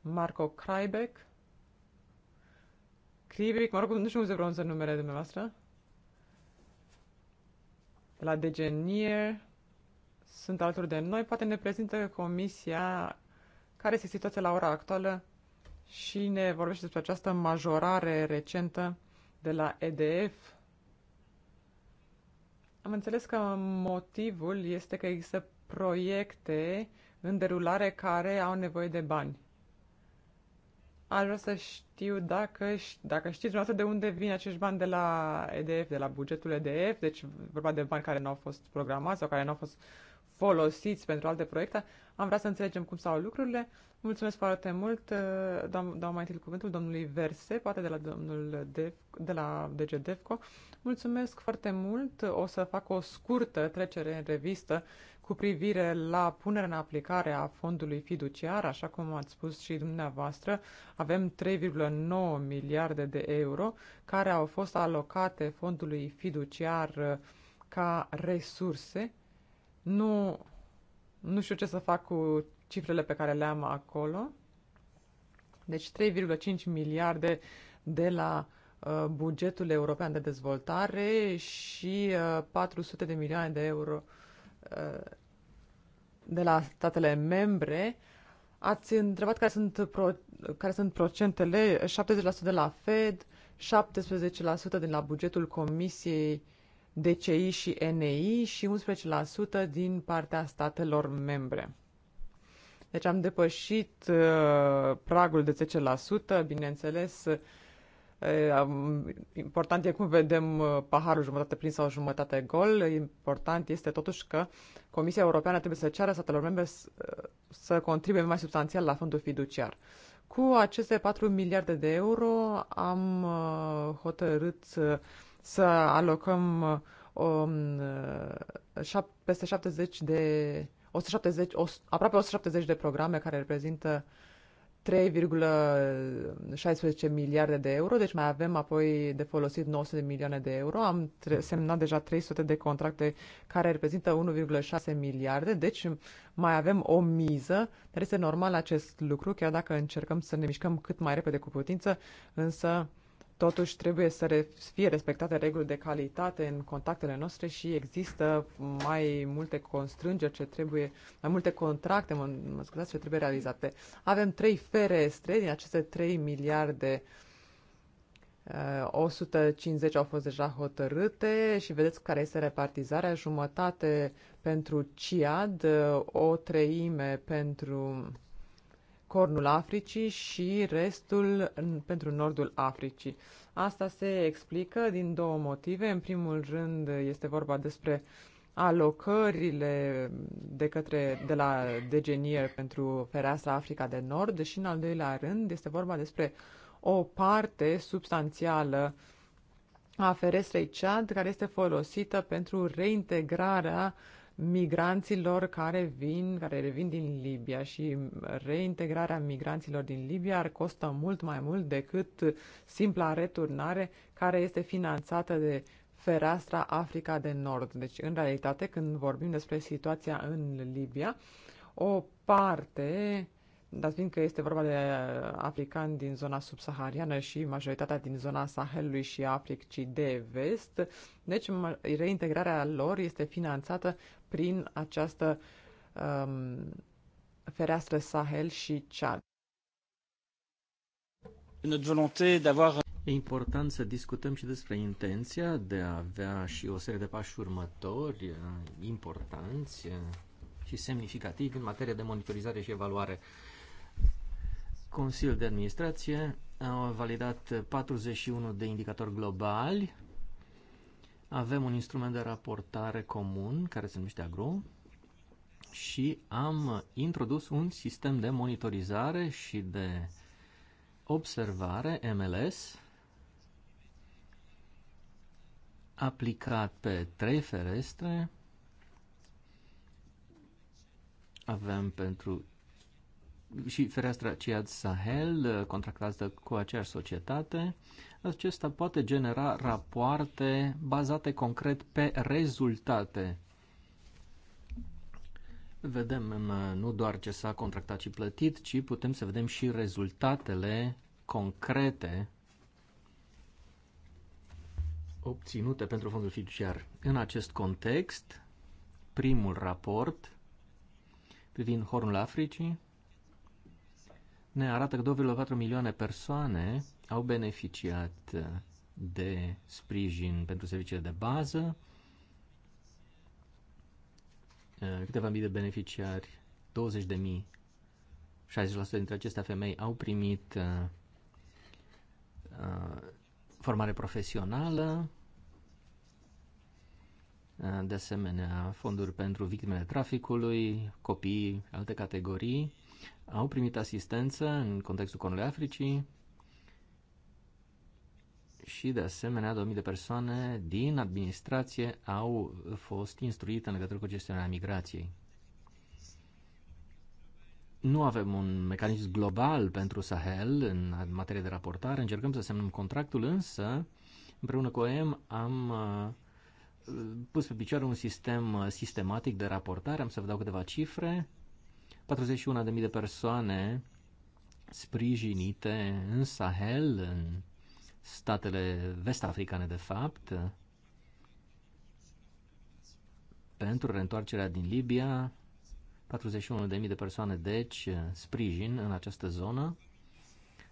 Marco Kraibek. Kribic, mă rog, nu știu cum se pronunță numele dumneavoastră, de la Degenier sunt alături de noi. Poate ne prezintă comisia care este situația la ora actuală și ne vorbește despre această majorare recentă de la EDF. Am înțeles că motivul este că există proiecte în derulare care au nevoie de bani. Aș vrea să știu dacă, dacă știți dumneavoastră de unde vin acești bani de la EDF, de la bugetul EDF, deci vorba de bani care nu au fost programați sau care nu au fost folosiți pentru alte proiecte. Am vrea să înțelegem cum stau lucrurile. Mulțumesc foarte mult. Uh, dau, mai întâi cuvântul domnului Verse, poate de la domnul Dev, de la DG Devco. Mulțumesc foarte mult. O să fac o scurtă trecere în revistă cu privire la punerea în aplicare a fondului fiduciar, așa cum ați spus și dumneavoastră, avem 3,9 miliarde de euro care au fost alocate fondului fiduciar uh, ca resurse nu, nu știu ce să fac cu cifrele pe care le am acolo. Deci 3,5 miliarde de la uh, bugetul european de dezvoltare și uh, 400 de milioane de euro uh, de la statele membre. Ați întrebat care sunt, pro, care sunt procentele, 70% de la Fed, 17% din la bugetul Comisiei uh, DCI și NEI și 11% din partea statelor membre. Deci am depășit uh, pragul de 10%, bineînțeles. Uh, important e cum vedem uh, paharul jumătate plin sau jumătate gol. Important este totuși că Comisia Europeană trebuie să ceară statelor membre uh, să, contribuie mai substanțial la fondul fiduciar. Cu aceste 4 miliarde de euro am hotărât să să alocăm uh, um, uh, șap, peste 70 de 170, o, aproape 170 de programe care reprezintă 3,16 miliarde de euro, deci mai avem apoi de folosit 900 de milioane de euro. Am semnat deja 300 de contracte care reprezintă 1,6 miliarde, deci mai avem o miză, dar este normal acest lucru, chiar dacă încercăm să ne mișcăm cât mai repede cu putință, însă Totuși trebuie să fie respectate reguli de calitate în contactele noastre și există mai multe constrângeri ce trebuie, mai multe contracte, mă, mă scuzați, ce trebuie realizate. Avem trei ferestre din aceste 3 miliarde 150 uh, au fost deja hotărâte și vedeți care este repartizarea, jumătate pentru CIAD, uh, o treime pentru Cornul Africii și restul pentru Nordul Africii. Asta se explică din două motive. În primul rând este vorba despre alocările de către de la Degenier pentru fereastra Africa de Nord și în al doilea rând este vorba despre o parte substanțială a ferestrei Chad care este folosită pentru reintegrarea uh, migranților care vin, care revin din Libia și reintegrarea migranților din Libia ar costă mult mai mult decât simpla returnare care este finanțată de fereastra Africa de Nord. Deci, în realitate, când vorbim despre situația în Libia, o parte, dar fiindcă este vorba de africani din zona subsahariană și majoritatea din zona Sahelului și Africii de vest, deci reintegrarea lor este finanțată prin această um, fereastră Sahel și Chad. E important să discutăm și despre intenția de a avea și o serie de pași următori uh, importanți uh, și semnificativi în materie de monitorizare și evaluare. Consiliul de Administrație a validat 41 de indicatori globali avem un instrument de raportare comun care se numește Agro și am introdus un sistem de monitorizare și de observare MLS aplicat pe trei ferestre. Avem pentru și fereastra Ciad Sahel, contractată cu aceeași societate acesta poate genera rapoarte bazate concret pe rezultate. Vedem nu doar ce s-a contractat și plătit, ci putem să vedem și rezultatele concrete obținute pentru fondul fiduciar. În acest context, primul raport privind Hornul Africii ne arată că 2,4 milioane persoane au beneficiat uh, de sprijin pentru serviciile de bază, uh, câteva mii de beneficiari, 20 de mii, 60% dintre acestea femei au primit uh, formare profesională, de asemenea fonduri pentru victimele traficului, copii, alte categorii, au primit asistență în contextul Conului Africii, și, de asemenea, 2000 de persoane din administrație au fost instruite în legătură cu gestionarea migrației. Nu avem un mecanism global pentru Sahel în materie de raportare, încercăm să semnăm contractul, însă, împreună cu OEM, am uh, pus pe picioare un sistem uh, sistematic de raportare, am să vă dau câteva cifre. 41.000 de persoane sprijinite în Sahel, în statele vest-africane, de fapt, pentru reîntoarcerea din Libia, 41.000 de persoane, deci, sprijin în această zonă.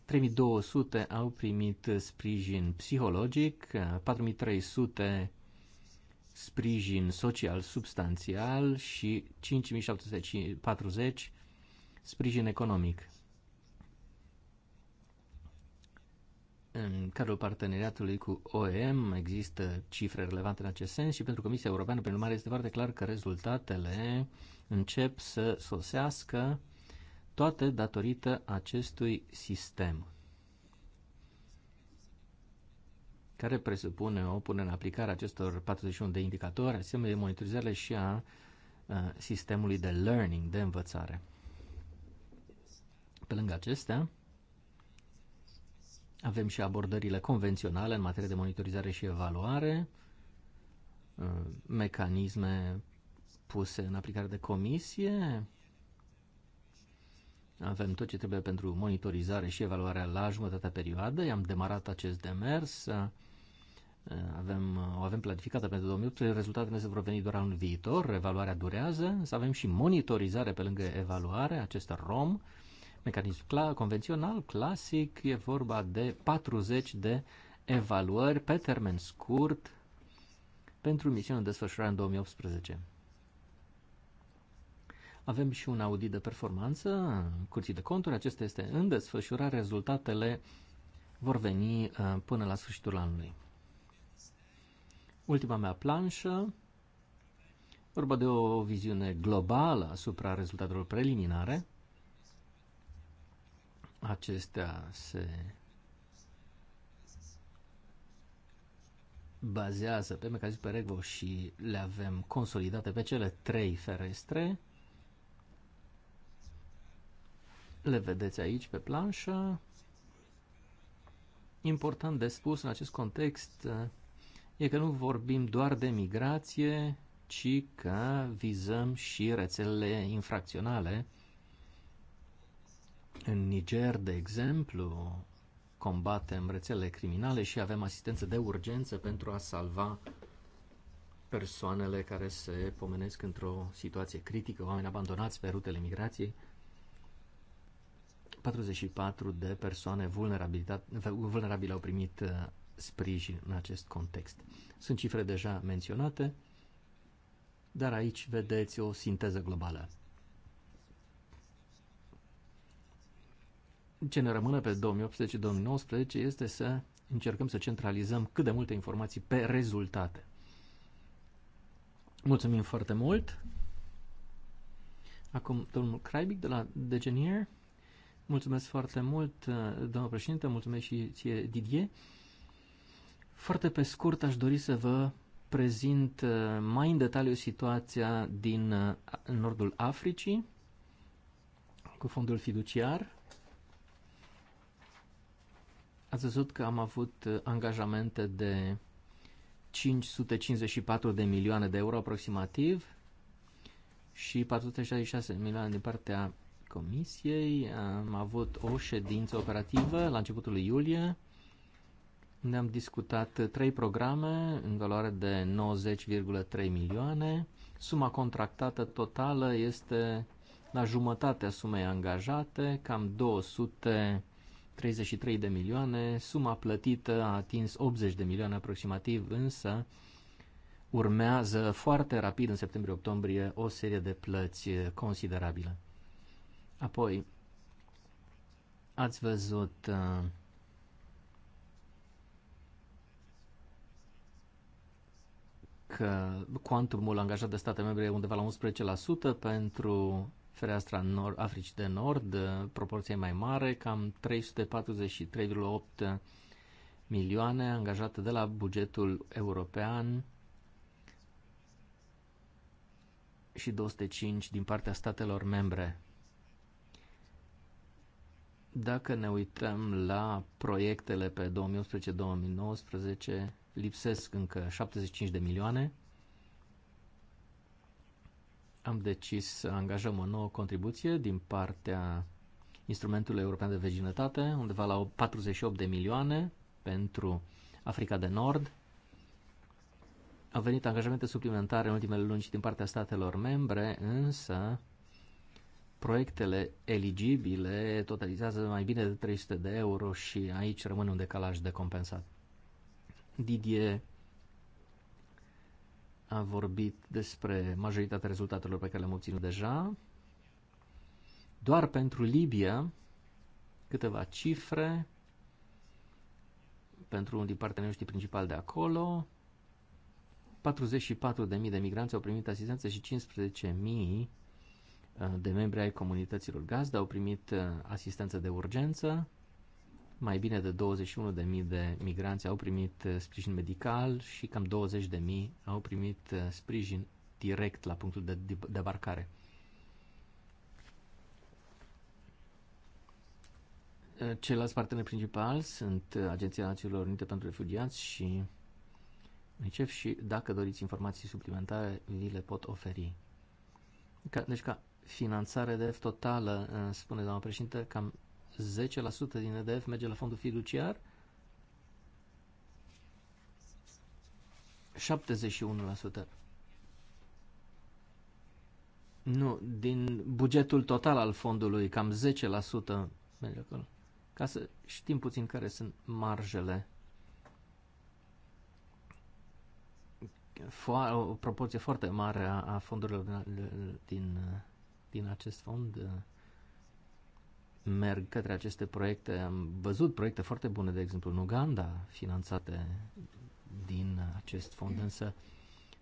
3200 au primit sprijin psihologic, 4300 sprijin social substanțial și 5740 sprijin economic. În cadrul parteneriatului cu OEM există cifre relevante în acest sens și pentru Comisia Europeană, prin urmare, este foarte clar că rezultatele încep să sosească toate datorită acestui sistem care presupune o punere în aplicare acestor 41 de indicatori, asemenea de monitorizare și a sistemului de learning, de învățare. Pe lângă acestea, avem și abordările convenționale în materie de monitorizare și evaluare, uh, mecanisme puse în aplicare de comisie, avem tot ce trebuie pentru monitorizare și evaluarea la jumătatea i Am demarat acest demers. Uh, avem, o avem planificată pentru 2018, rezultatele se vor veni doar în viitor, evaluarea durează, să avem și monitorizare pe lângă evaluare, acest ROM, mecanism cl- convențional, clasic, e vorba de 40 de evaluări pe termen scurt pentru misiunea desfășurată în 2018. Avem și un audit de performanță, curții de conturi, acesta este în desfășurare, rezultatele vor veni uh, până la sfârșitul anului. Ultima mea planșă, vorba de o viziune globală asupra rezultatelor preliminare, Acestea se bazează pe mecanism pe Rego și le avem consolidate pe cele trei ferestre. Le vedeți aici pe planșă. Important de spus în acest context e că nu vorbim doar de migrație, ci că vizăm și rețelele infracționale în Niger, de exemplu, combatem rețelele criminale și avem asistență de urgență pentru a salva persoanele care se pomenesc într-o situație critică, oameni abandonați pe rutele migrației. 44 de persoane vulnerabile au primit uh, sprijin în acest context. Sunt cifre deja menționate, dar aici vedeți o sinteză globală. ce ne rămâne pe 2018-2019 este să încercăm să centralizăm cât de multe informații pe rezultate. Mulțumim foarte mult! Acum, domnul Craibic de la Degenier. Mulțumesc foarte mult, uh, doamnă președinte, mulțumesc și ție, Didier. Foarte pe scurt aș dori să vă prezint uh, mai în detaliu situația din uh, nordul Africii cu fondul fiduciar. Ați văzut că am avut uh, angajamente de 554 de milioane de euro aproximativ și 466 milioane din partea comisiei. Am avut o ședință operativă la începutul lui iulie unde am discutat trei programe în valoare de 90,3 milioane. Suma contractată totală este la jumătatea sumei angajate, cam 200 33 de milioane, suma plătită a atins 80 de milioane aproximativ, însă urmează foarte rapid în septembrie-octombrie o serie de plăți considerabile. Apoi, ați văzut uh, că cuantumul angajat de state membre e undeva la 11% pentru fereastra nor- Africii de Nord, uh, proporție mai mare, cam 343,8 milioane angajate de la bugetul european și 205 din partea statelor membre. Dacă ne uităm la proiectele pe 2018-2019, lipsesc încă 75 de milioane, am decis să angajăm o nouă contribuție din partea Instrumentului European de Vecinătate, undeva la 48 de milioane pentru Africa de Nord. Au venit angajamente suplimentare în ultimele luni și din partea statelor membre, însă proiectele eligibile totalizează mai bine de 300 de euro și aici rămâne un decalaj de compensat. Didier a vorbit despre majoritatea rezultatelor pe care le-am obținut deja. Doar pentru Libia, câteva cifre pentru unul din partenerii principali de acolo. 44.000 de migranți au primit asistență și 15.000 uh, de membri ai comunităților gazdă au primit uh, asistență de urgență. Mai bine de 21.000 de migranți au primit uh, sprijin medical și cam 20.000 au primit uh, sprijin direct la punctul de debarcare. Uh, ceilalți parteneri principali sunt Agenția Națiunilor Unite pentru Refugiați și UNICEF și dacă doriți informații suplimentare, vi le pot oferi. Ca, deci ca finanțare de totală, spune doamna președinte, cam 10% din EDF merge la fondul fiduciar, 71%. Nu, din bugetul total al fondului, cam 10% merge acolo. Ca să știm puțin care sunt marjele. Fo- o proporție foarte mare a, a fondurilor din, din, din acest fond merg către aceste proiecte. Am văzut proiecte foarte bune, de exemplu, în Uganda, finanțate din acest fond, însă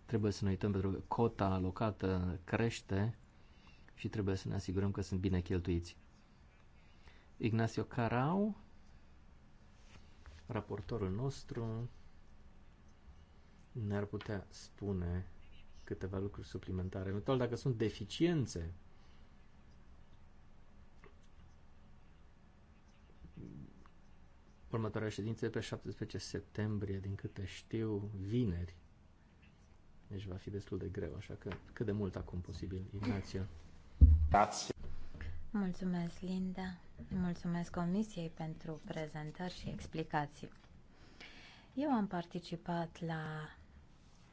trebuie să ne uităm pentru că cota alocată crește și trebuie să ne asigurăm că sunt bine cheltuiți. Ignacio Carau, raportorul nostru, ne-ar putea spune câteva lucruri suplimentare. Eventual, dacă sunt deficiențe Următoarea ședință pe 17 septembrie, din câte știu, vineri. Deci va fi destul de greu, așa că cât de mult acum posibil, Ignația. Mulțumesc, Linda. Mulțumesc Comisiei pentru prezentări și explicații. Eu am participat la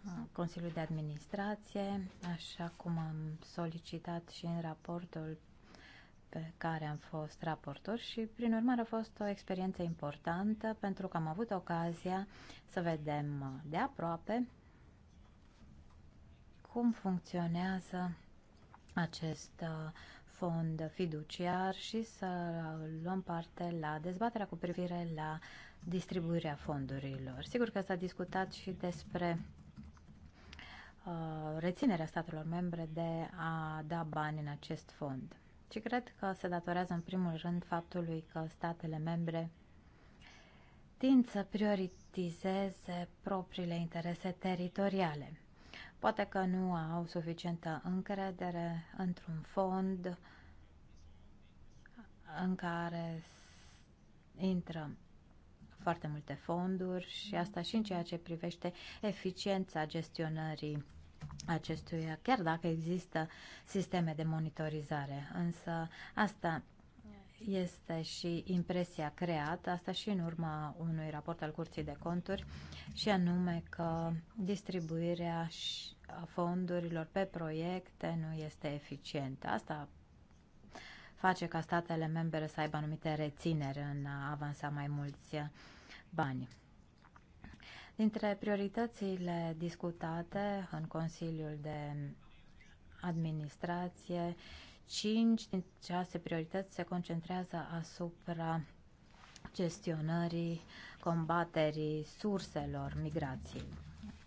uh, Consiliul de Administrație, așa cum am solicitat și în raportul pe care am fost raportor și, prin urmare, a fost o experiență importantă pentru că am avut ocazia să vedem de aproape cum funcționează acest uh, fond fiduciar și să luăm parte la dezbaterea cu privire la distribuirea fondurilor. Sigur că s-a discutat și despre uh, reținerea statelor membre de a da bani în acest fond ci cred că se datorează în primul rând faptului că statele membre tind să prioritizeze propriile interese teritoriale. Poate că nu au suficientă încredere într-un fond în care intră foarte multe fonduri și asta și în ceea ce privește eficiența gestionării acestuia, chiar dacă există sisteme de monitorizare. Însă asta este și impresia creată, asta și în urma unui raport al Curții de Conturi, și anume că distribuirea fondurilor pe proiecte nu este eficientă. Asta face ca statele membre să aibă anumite rețineri în a avansa mai mulți bani. Dintre prioritățile discutate în Consiliul de Administrație, cinci din șase priorități se concentrează asupra gestionării, combaterii surselor migrației.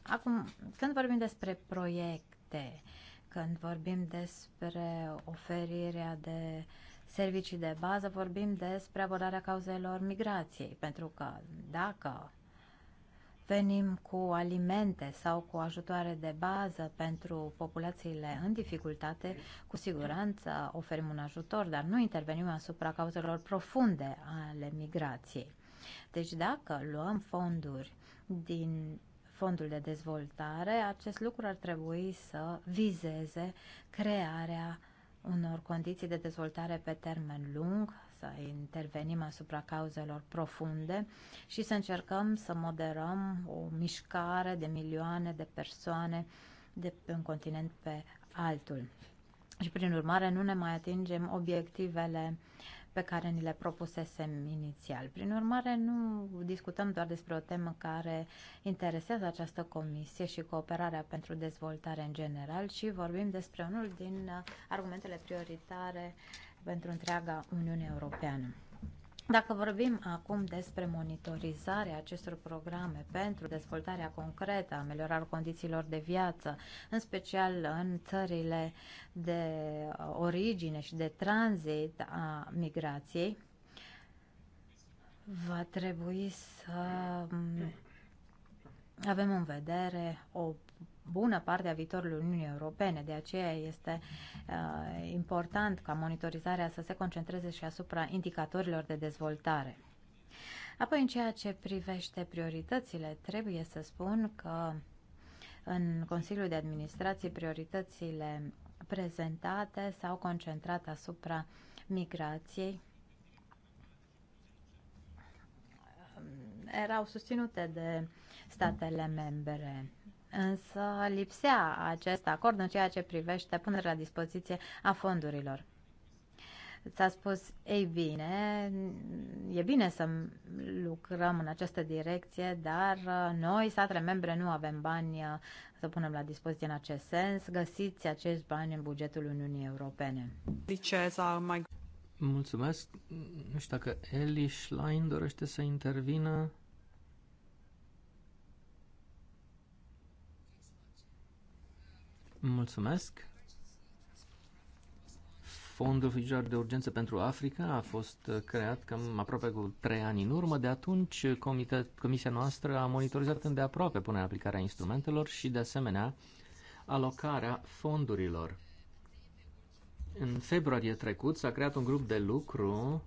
Acum, când vorbim despre proiecte, când vorbim despre oferirea de servicii de bază, vorbim despre abordarea cauzelor migrației, pentru că dacă venim cu alimente sau cu ajutoare de bază pentru populațiile în dificultate, cu siguranță oferim un ajutor, dar nu intervenim asupra cauzelor profunde ale migrației. Deci dacă luăm fonduri din fondul de dezvoltare, acest lucru ar trebui să vizeze crearea unor condiții de dezvoltare pe termen lung să intervenim asupra cauzelor profunde și să încercăm să moderăm o mișcare de milioane de persoane de pe un continent pe altul. Și prin urmare nu ne mai atingem obiectivele pe care ni le propusesem inițial. Prin urmare, nu discutăm doar despre o temă care interesează această comisie și cooperarea pentru dezvoltare în general, ci vorbim despre unul din argumentele prioritare uh, pentru întreaga Uniune Europeană. Dacă vorbim acum despre monitorizarea acestor programe pentru dezvoltarea concretă, ameliorarea condițiilor de viață, în special în țările de uh, origine și de tranzit a migrației, va trebui să um, avem în vedere o bună parte a viitorului Uniunii Europene. De aceea este uh, important ca monitorizarea să se concentreze și asupra indicatorilor de dezvoltare. Apoi, în ceea ce privește prioritățile, trebuie să spun că în Consiliul de Administrație prioritățile prezentate s-au concentrat asupra migrației. Erau susținute de statele membre însă lipsea acest acord în ceea ce privește punerea la dispoziție a fondurilor. S-a spus, ei bine, e bine să lucrăm în această direcție, dar uh, noi, statele membre, nu avem bani uh, să punem la dispoziție în acest sens. Găsiți acești bani în bugetul Uniunii Europene. Uh, Mulțumesc. Nu știu dacă Eli Schlein dorește să intervină. Mulțumesc. Fondul Fijar de Urgență pentru Africa a fost creat cam aproape cu trei ani în urmă. De atunci, comitet, comisia noastră a monitorizat îndeaproape punerea aplicarea instrumentelor și, de asemenea, alocarea fondurilor. În februarie trecut s-a creat un grup de lucru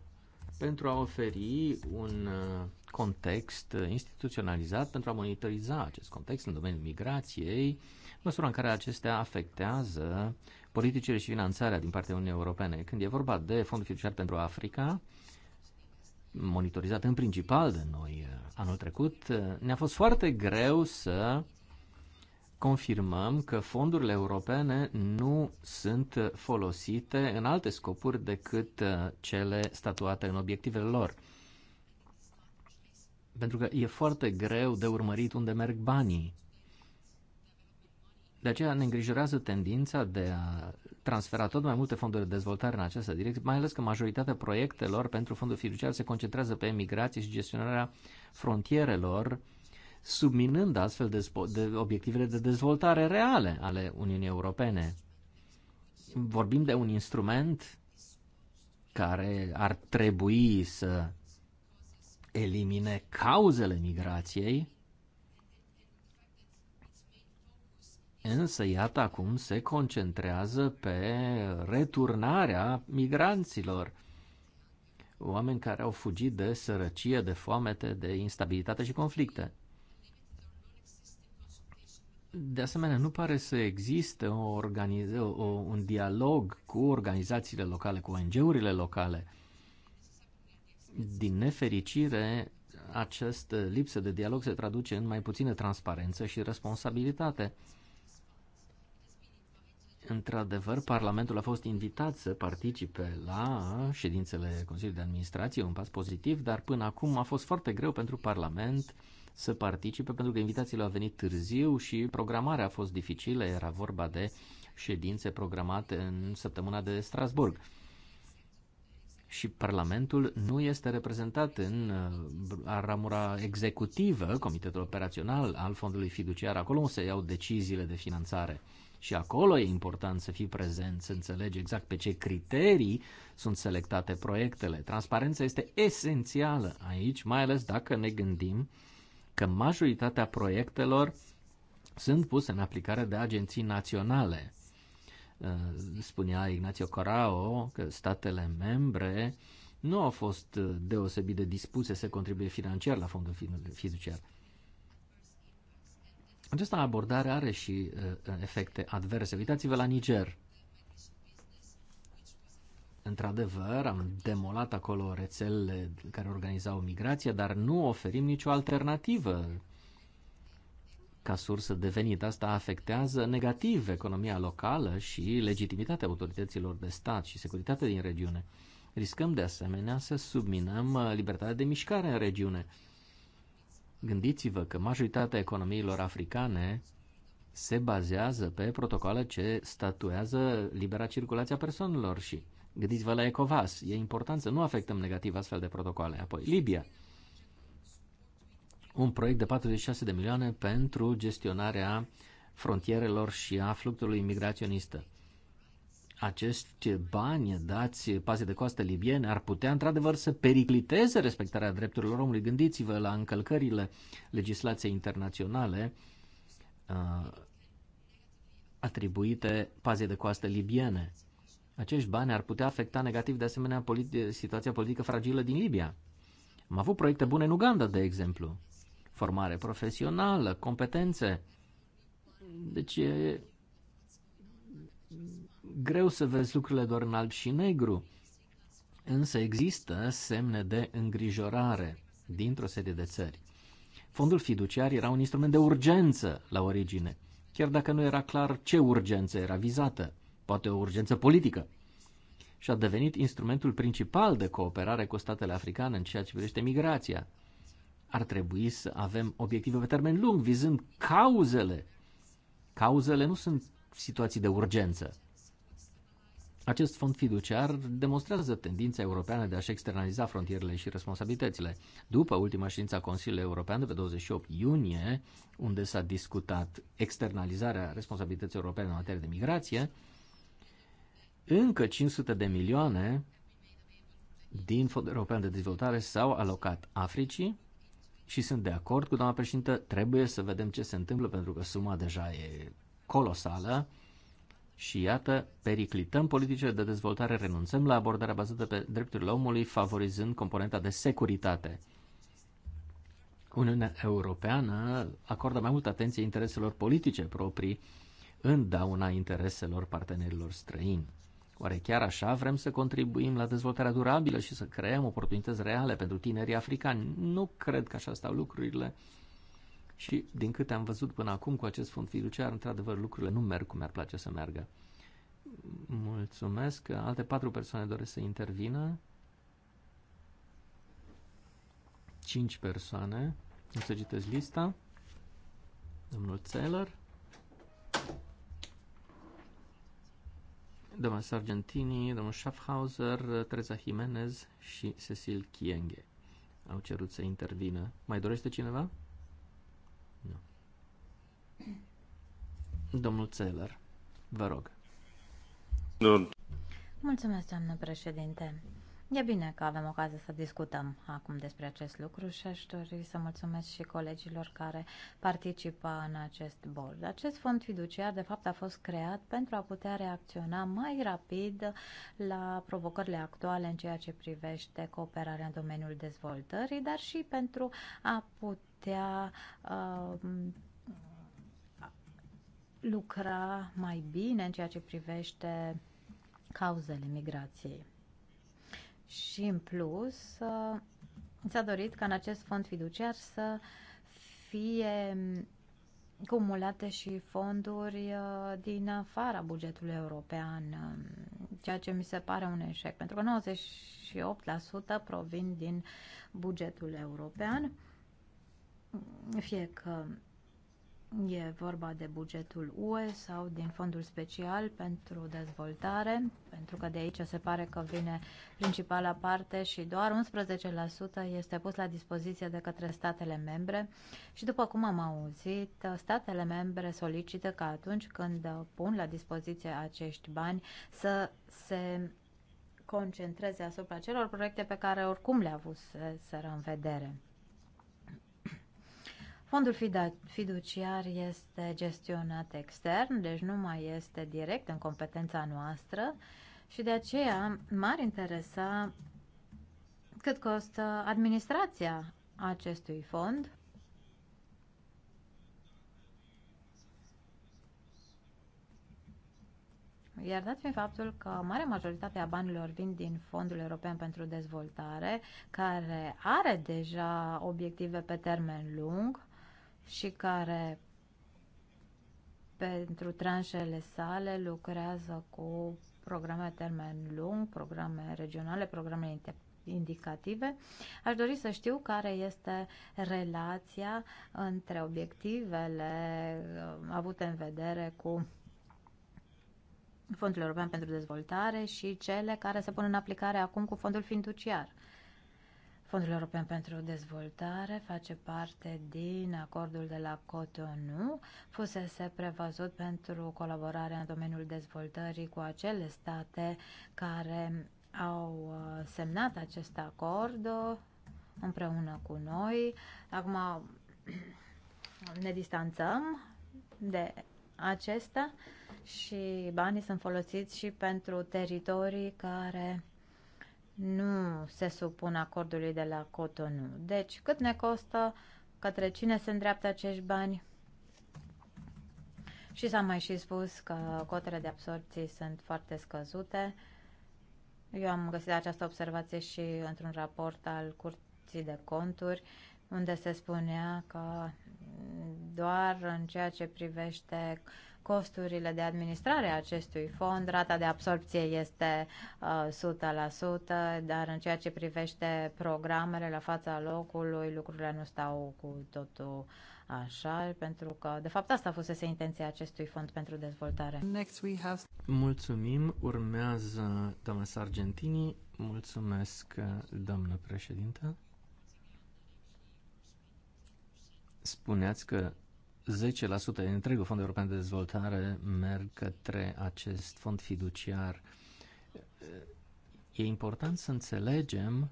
pentru a oferi un uh, context instituționalizat pentru a monitoriza acest context în domeniul migrației, măsura în care acestea afectează politicile și finanțarea din partea Uniunii Europene. Când e vorba de Fondul Fiduciar pentru Africa, monitorizat în principal de noi uh, anul trecut, uh, ne-a fost foarte greu să confirmăm că fondurile europene nu sunt folosite în alte scopuri decât uh, cele statuate în obiectivele lor. Pentru că e foarte greu de urmărit unde merg banii. De aceea ne îngrijorează tendința de a transfera tot mai multe fonduri de dezvoltare în această direcție, mai ales că majoritatea proiectelor pentru fondul fiduciar se concentrează pe emigrație și gestionarea frontierelor, subminând astfel de, de obiectivele de dezvoltare reale ale Uniunii Europene. Vorbim de un instrument care ar trebui să elimine cauzele migrației, însă iată acum se concentrează pe returnarea migranților, oameni care au fugit de sărăcie, de foamete, de instabilitate și conflicte. De asemenea, nu pare să existe o organiz- o, un dialog cu organizațiile locale, cu ONG-urile locale. Din nefericire, această lipsă de dialog se traduce în mai puțină transparență și responsabilitate. Într-adevăr, Parlamentul a fost invitat să participe la ședințele Consiliului de Administrație, un pas pozitiv, dar până acum a fost foarte greu pentru Parlament să participe, pentru că invitațiile au venit târziu și programarea a fost dificilă, era vorba de ședințe programate în săptămâna de Strasburg și Parlamentul nu este reprezentat în uh, ramura executivă, Comitetul Operațional al Fondului Fiduciar, acolo se iau deciziile de finanțare. Și acolo e important să fii prezent, să înțelegi exact pe ce criterii sunt selectate proiectele. Transparența este esențială aici, mai ales dacă ne gândim că majoritatea proiectelor sunt puse în aplicare de agenții naționale. Eh, spunea Ignacio Corao că statele membre nu au fost eh, deosebit de dispuse să contribuie financiar la fondul fiduciar. Această abordare are și eh, efecte adverse. Uitați-vă la Niger. Într-adevăr, am demolat acolo rețelele care organizau migrație, dar nu oferim nicio alternativă ca sursă de venit. Asta afectează negativ economia locală și legitimitatea autorităților de stat și securitatea din regiune. Riscăm de asemenea să subminăm uh, libertatea de mișcare în regiune. Gândiți-vă că majoritatea economiilor africane se bazează pe protocoale ce statuează libera circulație a persoanelor și gândiți-vă la ECOVAS. E important să nu afectăm negativ astfel de protocoale. Apoi, Libia un proiect de 46 de milioane pentru gestionarea frontierelor și a fluxului migraționistă. Acești bani dați paze de coastă libiene ar putea într-adevăr să pericliteze respectarea drepturilor omului. Gândiți-vă la încălcările legislației internaționale uh, atribuite pazei de coastă libiene. Acești bani ar putea afecta negativ de asemenea politi- situația politică fragilă din Libia. Am avut proiecte bune în Uganda, de exemplu formare profesională, competențe. Deci e greu să vezi lucrurile doar în alb și negru, însă există semne de îngrijorare dintr-o serie de țări. Fondul fiduciar era un instrument de urgență la origine, chiar dacă nu era clar ce urgență era vizată, poate o urgență politică. Și a devenit instrumentul principal de cooperare cu statele africane în ceea ce privește migrația, ar trebui să avem obiective pe termen lung, vizând cauzele. Cauzele nu sunt situații de urgență. Acest fond fiduciar demonstrează tendința europeană de a-și externaliza frontierele și responsabilitățile. După ultima ședință a Consiliului European de pe 28 iunie, unde s-a discutat externalizarea responsabilității europene în materie de migrație, încă 500 de milioane din Fondul European de Dezvoltare s-au alocat Africii și sunt de acord cu doamna președintă, trebuie să vedem ce se întâmplă pentru că suma deja e colosală și iată, periclităm politicile de dezvoltare, renunțăm la abordarea bazată pe drepturile omului, favorizând componenta de securitate. Uniunea Europeană acordă mai multă atenție intereselor politice proprii în dauna intereselor partenerilor străini. Oare chiar așa vrem să contribuim la dezvoltarea durabilă și să creăm oportunități reale pentru tinerii africani? Nu cred că așa stau lucrurile. Și din câte am văzut până acum cu acest fond fiduciar, într-adevăr, lucrurile nu merg cum mi-ar place să meargă. Mulțumesc. Alte patru persoane doresc să intervină. Cinci persoane. O să citesc lista. Domnul Țeler. Domnul Sargentini, domnul Schaffhauser, Teresa Jimenez și Cecil Chienghe au cerut să intervină. Mai dorește cineva? Nu. Domnul Zeller, vă rog. Mulțumesc, doamnă președinte. E bine că avem ocazia să discutăm acum despre acest lucru și aș dori să mulțumesc și colegilor care participă în acest bord. Acest fond fiduciar, de fapt, a fost creat pentru a putea reacționa mai rapid la provocările actuale în ceea ce privește cooperarea în domeniul dezvoltării, dar și pentru a putea uh, lucra mai bine în ceea ce privește cauzele migrației. Și în plus, uh, s-a dorit ca în acest fond fiduciar să fie cumulate și fonduri uh, din afara bugetului european, um, ceea ce mi se pare un eșec, pentru că 98% provin din bugetul european, fie că E vorba de bugetul UE sau din fondul special pentru dezvoltare, pentru că de aici se pare că vine principala parte și doar 11% este pus la dispoziție de către statele membre. Și după cum am auzit, statele membre solicită că atunci când pun la dispoziție acești bani să se concentreze asupra celor proiecte pe care oricum le-a avut în vedere. Fondul fiduciar este gestionat extern, deci nu mai este direct în competența noastră și de aceea m-ar interesa cât costă administrația acestui fond. Iar dat fiind faptul că marea majoritate a banilor vin din Fondul European pentru Dezvoltare, care are deja obiective pe termen lung, și care pentru tranșele sale lucrează cu programe termen lung, programe regionale, programe indicative. Aș dori să știu care este relația între obiectivele uh, avute în vedere cu Fondul European pentru Dezvoltare și cele care se pun în aplicare acum cu fondul fiduciar. Fondul European pentru Dezvoltare face parte din acordul de la Cotonou, fusese prevăzut pentru colaborarea în domeniul dezvoltării cu acele state care au uh, semnat acest acord uh, împreună cu noi. Acum (clears throat) ne distanțăm de acesta și banii sunt folosiți și pentru teritorii care nu se supun acordului de la Cotonou. Deci, cât ne costă, către cine se îndreaptă acești bani? Și s-a mai și spus că cotele de absorpție sunt foarte scăzute. Eu am găsit această observație și într-un raport al Curții de Conturi, unde se spunea că doar în ceea ce privește uh, costurile de administrare a acestui fond. Rata de absorpție este uh, 100%, dar în ceea ce privește programele la fața locului, lucrurile nu stau cu totul așa, pentru că, de fapt, asta fusese intenția acestui fond pentru dezvoltare. Next we have... Mulțumim, urmează doamna Sargentini. Mulțumesc, doamnă președintă spuneați că 10% din întregul Fond European de Dezvoltare merg către acest fond fiduciar. E important să înțelegem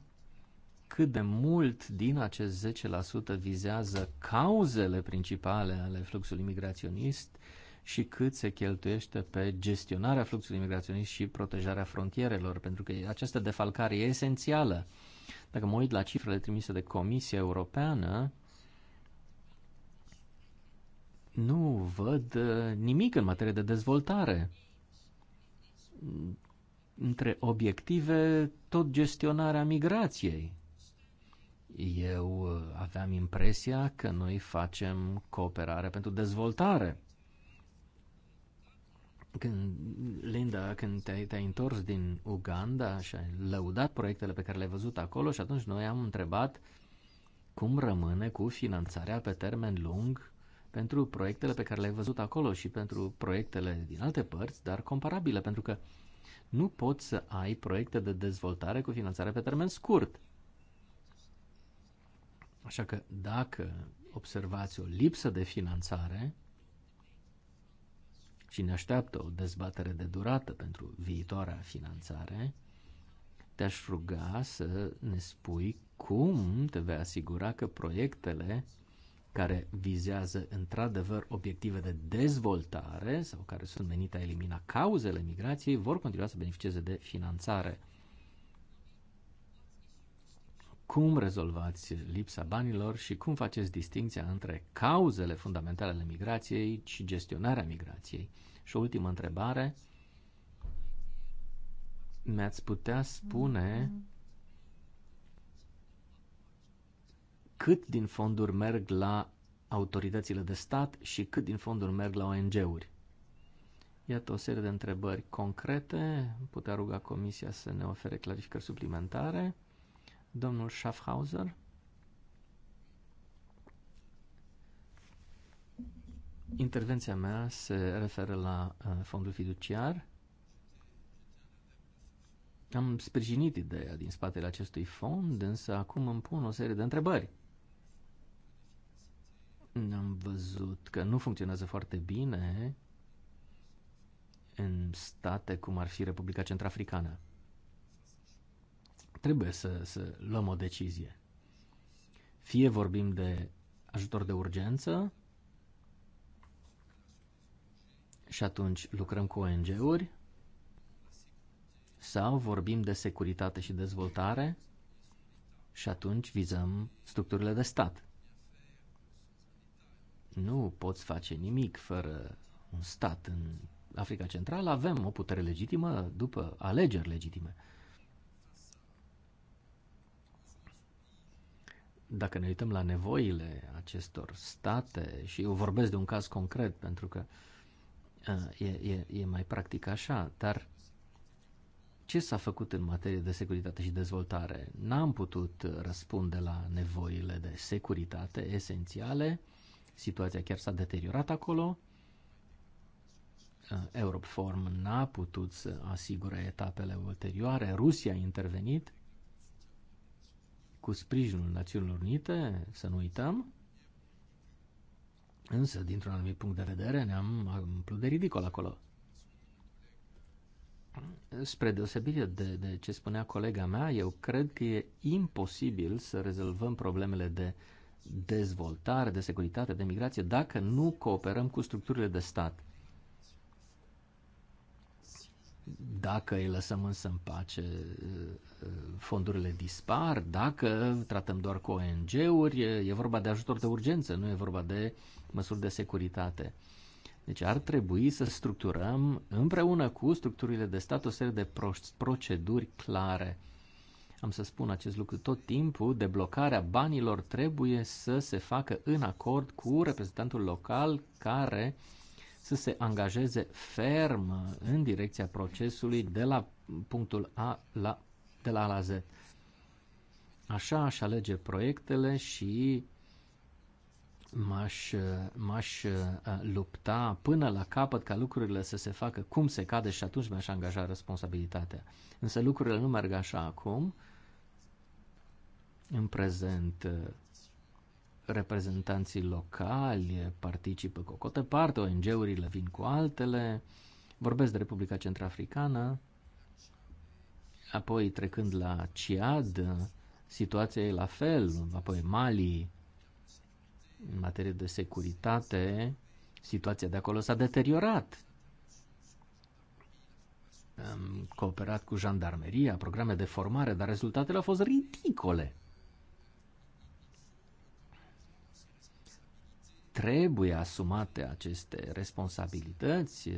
cât de mult din acest 10% vizează cauzele principale ale fluxului migraționist și cât se cheltuiește pe gestionarea fluxului migraționist și protejarea frontierelor, pentru că această defalcare e esențială. Dacă mă uit la cifrele trimise de Comisia Europeană, nu văd uh, nimic în materie de dezvoltare. Între obiective, tot gestionarea migrației. Eu uh, aveam impresia că noi facem cooperare pentru dezvoltare. Când, Linda, când te-ai, te-ai întors din Uganda și ai lăudat proiectele pe care le-ai văzut acolo și atunci noi am întrebat cum rămâne cu finanțarea pe termen lung pentru proiectele pe care le-ai văzut acolo și pentru proiectele din alte părți, dar comparabile, pentru că nu poți să ai proiecte de dezvoltare cu finanțare pe termen scurt. Așa că dacă observați o lipsă de finanțare și ne așteaptă o dezbatere de durată pentru viitoarea finanțare, te-aș ruga să ne spui cum te vei asigura că proiectele care vizează într-adevăr obiective de dezvoltare sau care sunt menite a elimina cauzele migrației, vor continua să beneficieze de finanțare. Cum rezolvați lipsa banilor și cum faceți distinția între cauzele fundamentale ale migrației și gestionarea migrației? Și o ultimă întrebare, mi-ați putea spune mm-hmm cât din fonduri merg la autoritățile de stat și cât din fonduri merg la ONG-uri. Iată o serie de întrebări concrete. Putea ruga Comisia să ne ofere clarificări suplimentare. Domnul Schaffhauser. Intervenția mea se referă la uh, fondul fiduciar. Am sprijinit ideea din spatele acestui fond, însă acum îmi pun o serie de întrebări. Am văzut că nu funcționează foarte bine în state cum ar fi Republica Centrafricană. Trebuie să, să luăm o decizie. Fie vorbim de ajutor de urgență și atunci lucrăm cu ONG-uri, sau vorbim de securitate și dezvoltare și atunci vizăm structurile de stat. Nu poți face nimic fără un stat în Africa Centrală. Avem o putere legitimă după alegeri legitime. Dacă ne uităm la nevoile acestor state, și eu vorbesc de un caz concret pentru că e, e, e mai practic așa, dar ce s-a făcut în materie de securitate și dezvoltare? N-am putut răspunde la nevoile de securitate esențiale situația chiar s-a deteriorat acolo. Uh, Europform n-a putut să asigure etapele ulterioare, Rusia a intervenit cu sprijinul Națiunilor Unite, să nu uităm, însă, dintr-un anumit punct de vedere, ne-am umplut de ridicol acolo. Spre deosebire de, de ce spunea colega mea, eu cred că e imposibil să rezolvăm problemele de uh, dezvoltare, de securitate, de migrație, dacă nu cooperăm cu structurile de stat. Dacă îi lăsăm însă în pace, uh, fondurile dispar, dacă tratăm doar cu ONG-uri, e vorba de ajutor de urgență, nu e vorba de măsuri de securitate. Deci ar trebui să structurăm împreună cu structurile de stat o serie de proceduri clare am să spun acest lucru tot timpul, deblocarea banilor trebuie să se facă în acord cu reprezentantul local care să se angajeze ferm în direcția procesului de la punctul A la, de la A la Z. Așa aș alege proiectele și m-aș, m-aș uh, lupta până la capăt ca lucrurile să se facă cum se cade și atunci mi-aș angaja responsabilitatea. Însă lucrurile nu merg așa acum. În prezent, uh, reprezentanții locali participă cu o cotă parte, ONG-urile vin cu altele, vorbesc de Republica Centrafricană, apoi trecând la Ciad, situația e la fel, apoi Mali, în materie de securitate, situația de acolo s-a deteriorat. Am cooperat cu jandarmeria, programe de formare, dar rezultatele au fost ridicole. Trebuie asumate aceste responsabilități,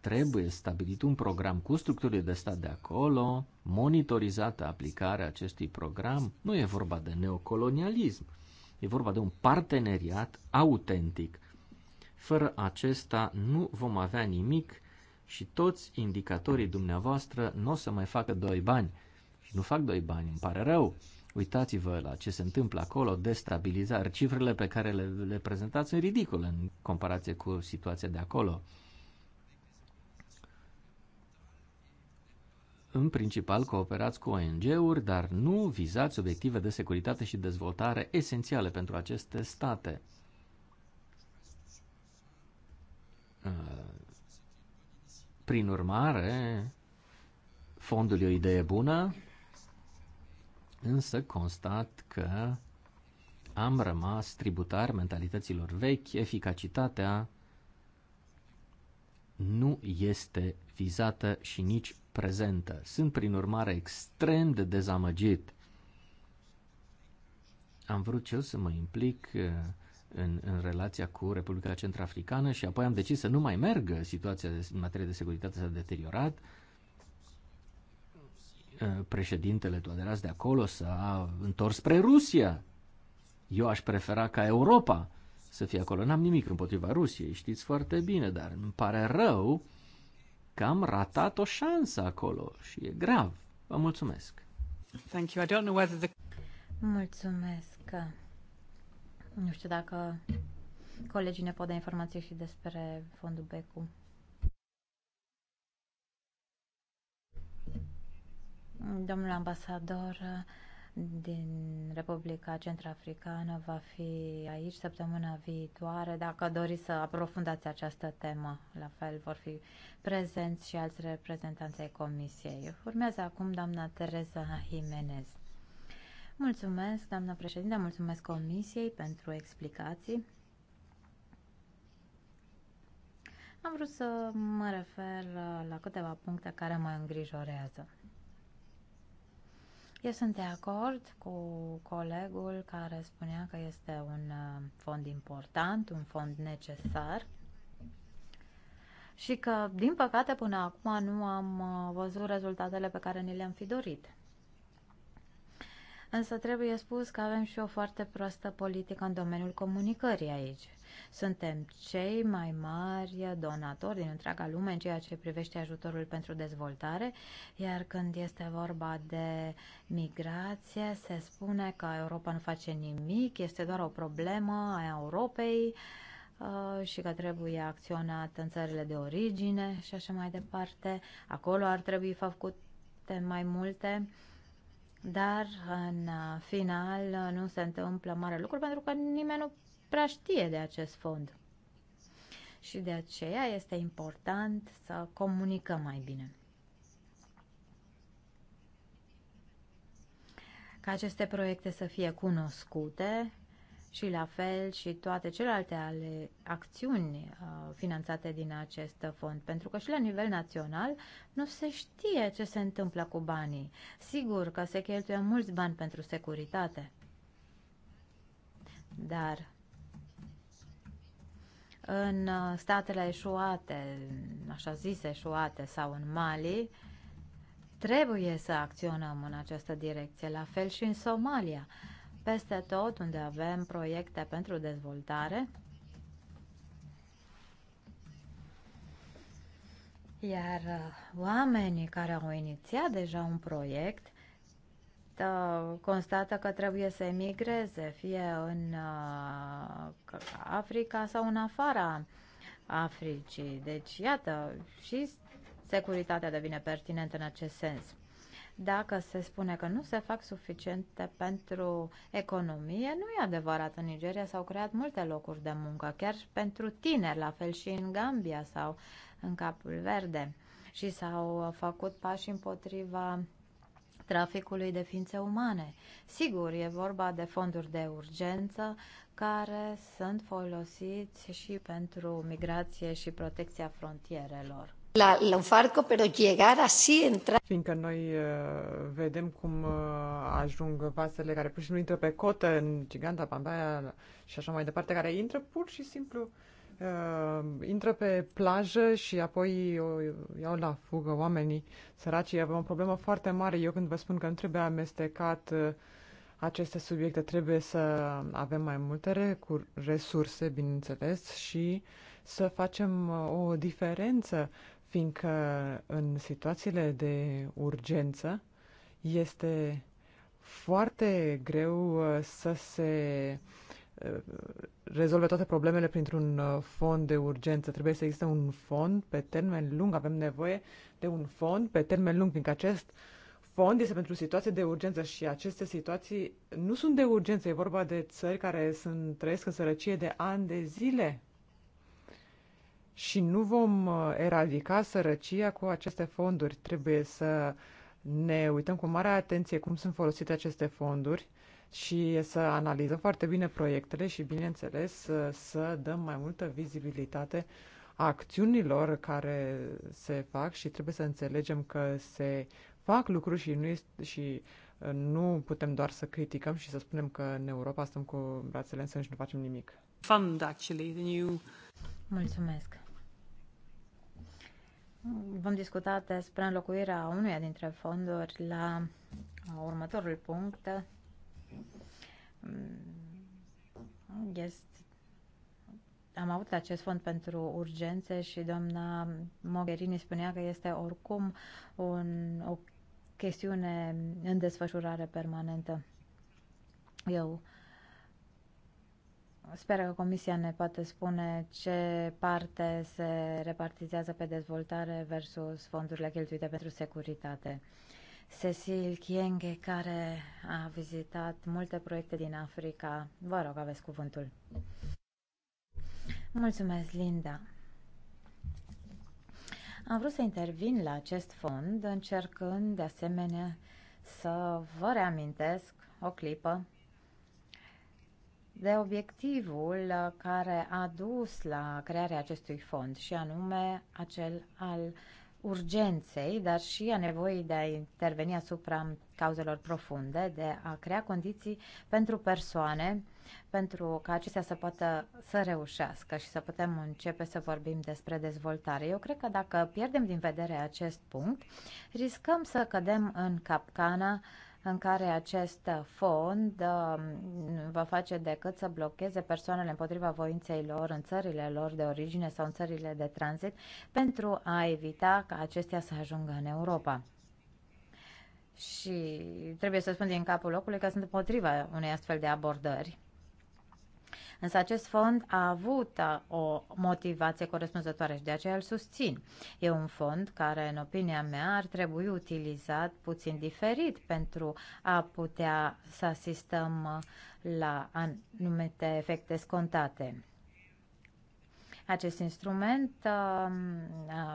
trebuie stabilit un program cu structurile de stat de acolo, monitorizată aplicarea acestui program. Nu e vorba de neocolonialism, E vorba de un parteneriat autentic. Fără acesta nu vom avea nimic și toți indicatorii dumneavoastră nu o să mai facă doi bani. Și nu fac doi bani, îmi pare rău. Uitați-vă la ce se întâmplă acolo, destabilizare. Cifrele pe care le, le prezentați sunt ridicole în comparație cu situația de acolo. în principal cooperați cu ONG-uri, dar nu vizați obiective de securitate și dezvoltare esențiale pentru aceste state. Uh, prin urmare, fondul e o idee bună, însă constat că am rămas tributar mentalităților vechi, eficacitatea nu este vizată și nici prezentă. Sunt, prin urmare, extrem de dezamăgit. Am vrut și eu să mă implic uh, în, în relația cu Republica Centrafricană și apoi am decis să nu mai merg. Situația de, în materie de securitate s-a deteriorat. Uh, președintele Toaderas de acolo s-a întors spre Rusia. Eu aș prefera ca Europa să fie acolo. N-am nimic împotriva Rusiei, știți foarte bine, dar îmi pare rău uh, că am ratat o șansă acolo și e grav. Vă mulțumesc. Thank you. I don't know whether the... Mulțumesc. Nu știu dacă colegii ne pot da informații și despre fondul Becu. Domnul ambasador, din Republica Centrafricană va fi aici săptămâna viitoare. Dacă doriți să aprofundați această temă, la fel vor fi prezenți și alți reprezentanți ai Comisiei. Urmează acum doamna Teresa Jimenez. Mulțumesc, doamna președinte, mulțumesc Comisiei pentru explicații. Am vrut să mă refer la câteva puncte care mă îngrijorează. Eu sunt de acord cu colegul care spunea că este un uh, fond important, un fond necesar și că, din păcate, până acum nu am uh, văzut rezultatele pe care ni le-am fi dorit. Însă trebuie spus că avem și o foarte proastă politică în domeniul comunicării aici. Suntem cei mai mari donatori din întreaga lume în ceea ce privește ajutorul pentru dezvoltare, iar când este vorba de migrație, se spune că Europa nu face nimic, este doar o problemă a Europei uh, și că trebuie acționat în țările de origine și așa mai departe. Acolo ar trebui făcute mai multe, dar în final nu se întâmplă mare lucru pentru că nimeni nu prea știe de acest fond. Și de aceea este important să comunicăm mai bine. Ca aceste proiecte să fie cunoscute și la fel și toate celelalte ale acțiuni uh, finanțate din acest fond, pentru că și la nivel național nu se știe ce se întâmplă cu banii. Sigur că se cheltuie mulți bani pentru securitate, dar în uh, statele eșuate, așa zise eșuate sau în Mali, trebuie să acționăm în această direcție, la fel și în Somalia. Peste tot unde avem proiecte pentru dezvoltare, iar uh, oamenii care au inițiat deja un proiect constată că trebuie să emigreze, fie în uh, Africa sau în afara Africii. Deci, iată, și securitatea devine pertinentă în acest sens. Dacă se spune că nu se fac suficiente pentru economie, nu e adevărat. În Nigeria s-au creat multe locuri de muncă, chiar pentru tineri, la fel și în Gambia sau în Capul Verde. Și s-au făcut pași împotriva traficului de ființe umane. Sigur, e vorba de fonduri de urgență care sunt folosiți și pentru migrație și protecția frontierelor. La, la un farco, pero llegar así, entra... Fiindcă noi uh, vedem cum uh, ajung vasele care pur și simplu intră pe cotă în Giganta, Pandaia și așa mai departe, care intră pur și simplu uh, Uh, intră pe plajă și apoi o iau la fugă oamenii săraci. Avem o problemă foarte mare. Eu când vă spun că nu trebuie amestecat uh, aceste subiecte, trebuie să avem mai multe resurse, bineînțeles, și să facem uh, o diferență, fiindcă în situațiile de urgență este foarte greu să se uh, rezolve toate problemele printr-un uh, fond de urgență. Trebuie să existe un fond pe termen lung. Avem nevoie de un fond pe termen lung, fiindcă acest fond este pentru situații de urgență și aceste situații nu sunt de urgență. E vorba de țări care sunt, trăiesc în sărăcie de ani de zile. Și nu vom uh, eradica sărăcia cu aceste fonduri. Trebuie să ne uităm cu mare atenție cum sunt folosite aceste fonduri și să analizăm foarte bine proiectele și, bineînțeles, să, să dăm mai multă vizibilitate acțiunilor care se fac și trebuie să înțelegem că se fac lucruri și nu, este, și uh, nu putem doar să criticăm și să spunem că în Europa stăm cu brațele în și nu facem nimic. Fund, actually, the new... Mulțumesc. Vom discuta despre înlocuirea unuia dintre fonduri la următorul punct. Mm. Este, am avut acest fond pentru urgențe și doamna Mogherini spunea că este oricum un, o chestiune în desfășurare permanentă. Eu Sper că Comisia ne poate spune ce parte se repartizează pe dezvoltare versus fondurile cheltuite pentru securitate. Cecil Kienge, care a vizitat multe proiecte din Africa. Vă rog, aveți cuvântul. Mulțumesc, Linda. Am vrut să intervin la acest fond, încercând de asemenea să vă reamintesc o clipă de obiectivul care a dus la crearea acestui fond și anume acel al urgenței, dar și a nevoii de a interveni asupra cauzelor profunde, de a crea condiții pentru persoane, pentru ca acestea să poată să reușească și să putem începe să vorbim despre dezvoltare. Eu cred că dacă pierdem din vedere acest punct, riscăm să cădem în capcana uh, în care acest fond um, va face decât să blocheze persoanele împotriva voinței lor în țările lor de origine sau în țările de tranzit pentru a evita ca acestea să ajungă în Europa. Și trebuie să spun din capul locului că sunt împotriva unei astfel de abordări Însă acest fond a avut uh, o motivație corespunzătoare și de aceea îl susțin. E un fond care, în opinia mea, ar trebui utilizat puțin diferit pentru a putea să asistăm uh, la anumite efecte scontate. Acest instrument um,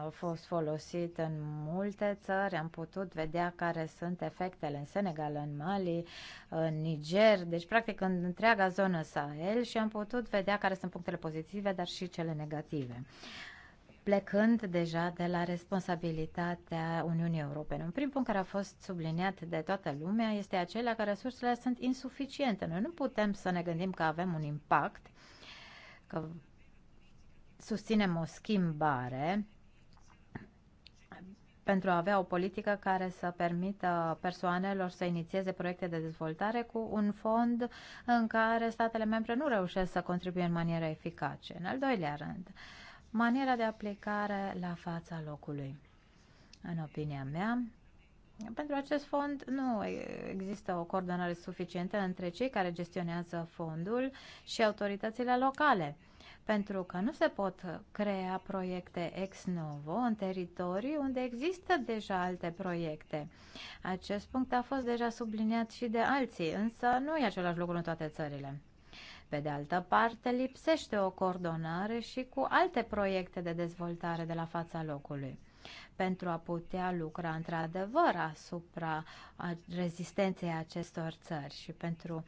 a fost folosit în multe țări, am putut vedea care sunt efectele în Senegal, în Mali, în Niger, deci practic în întreaga zonă Sahel și am putut vedea care sunt punctele pozitive, dar și cele negative plecând deja de la responsabilitatea Uniunii Europene. Un prim punct care a fost subliniat de toată lumea este acela că resursele sunt insuficiente. Noi nu putem să ne gândim că avem un impact, că susținem o schimbare pentru a avea o politică care să permită persoanelor să inițieze proiecte de dezvoltare cu un fond în care statele membre nu reușesc să contribuie în manieră eficace. În al doilea rând, maniera de aplicare la fața locului. În opinia mea, pentru acest fond nu există o coordonare suficientă între cei care gestionează fondul și autoritățile locale pentru că nu se pot uh, crea proiecte ex novo în teritorii unde există deja alte proiecte. Acest punct a fost deja subliniat și de alții, însă nu e același lucru în toate țările. Pe de altă parte, lipsește o coordonare și cu alte proiecte de dezvoltare de la fața locului pentru a putea lucra într-adevăr asupra rezistenței acestor țări și pentru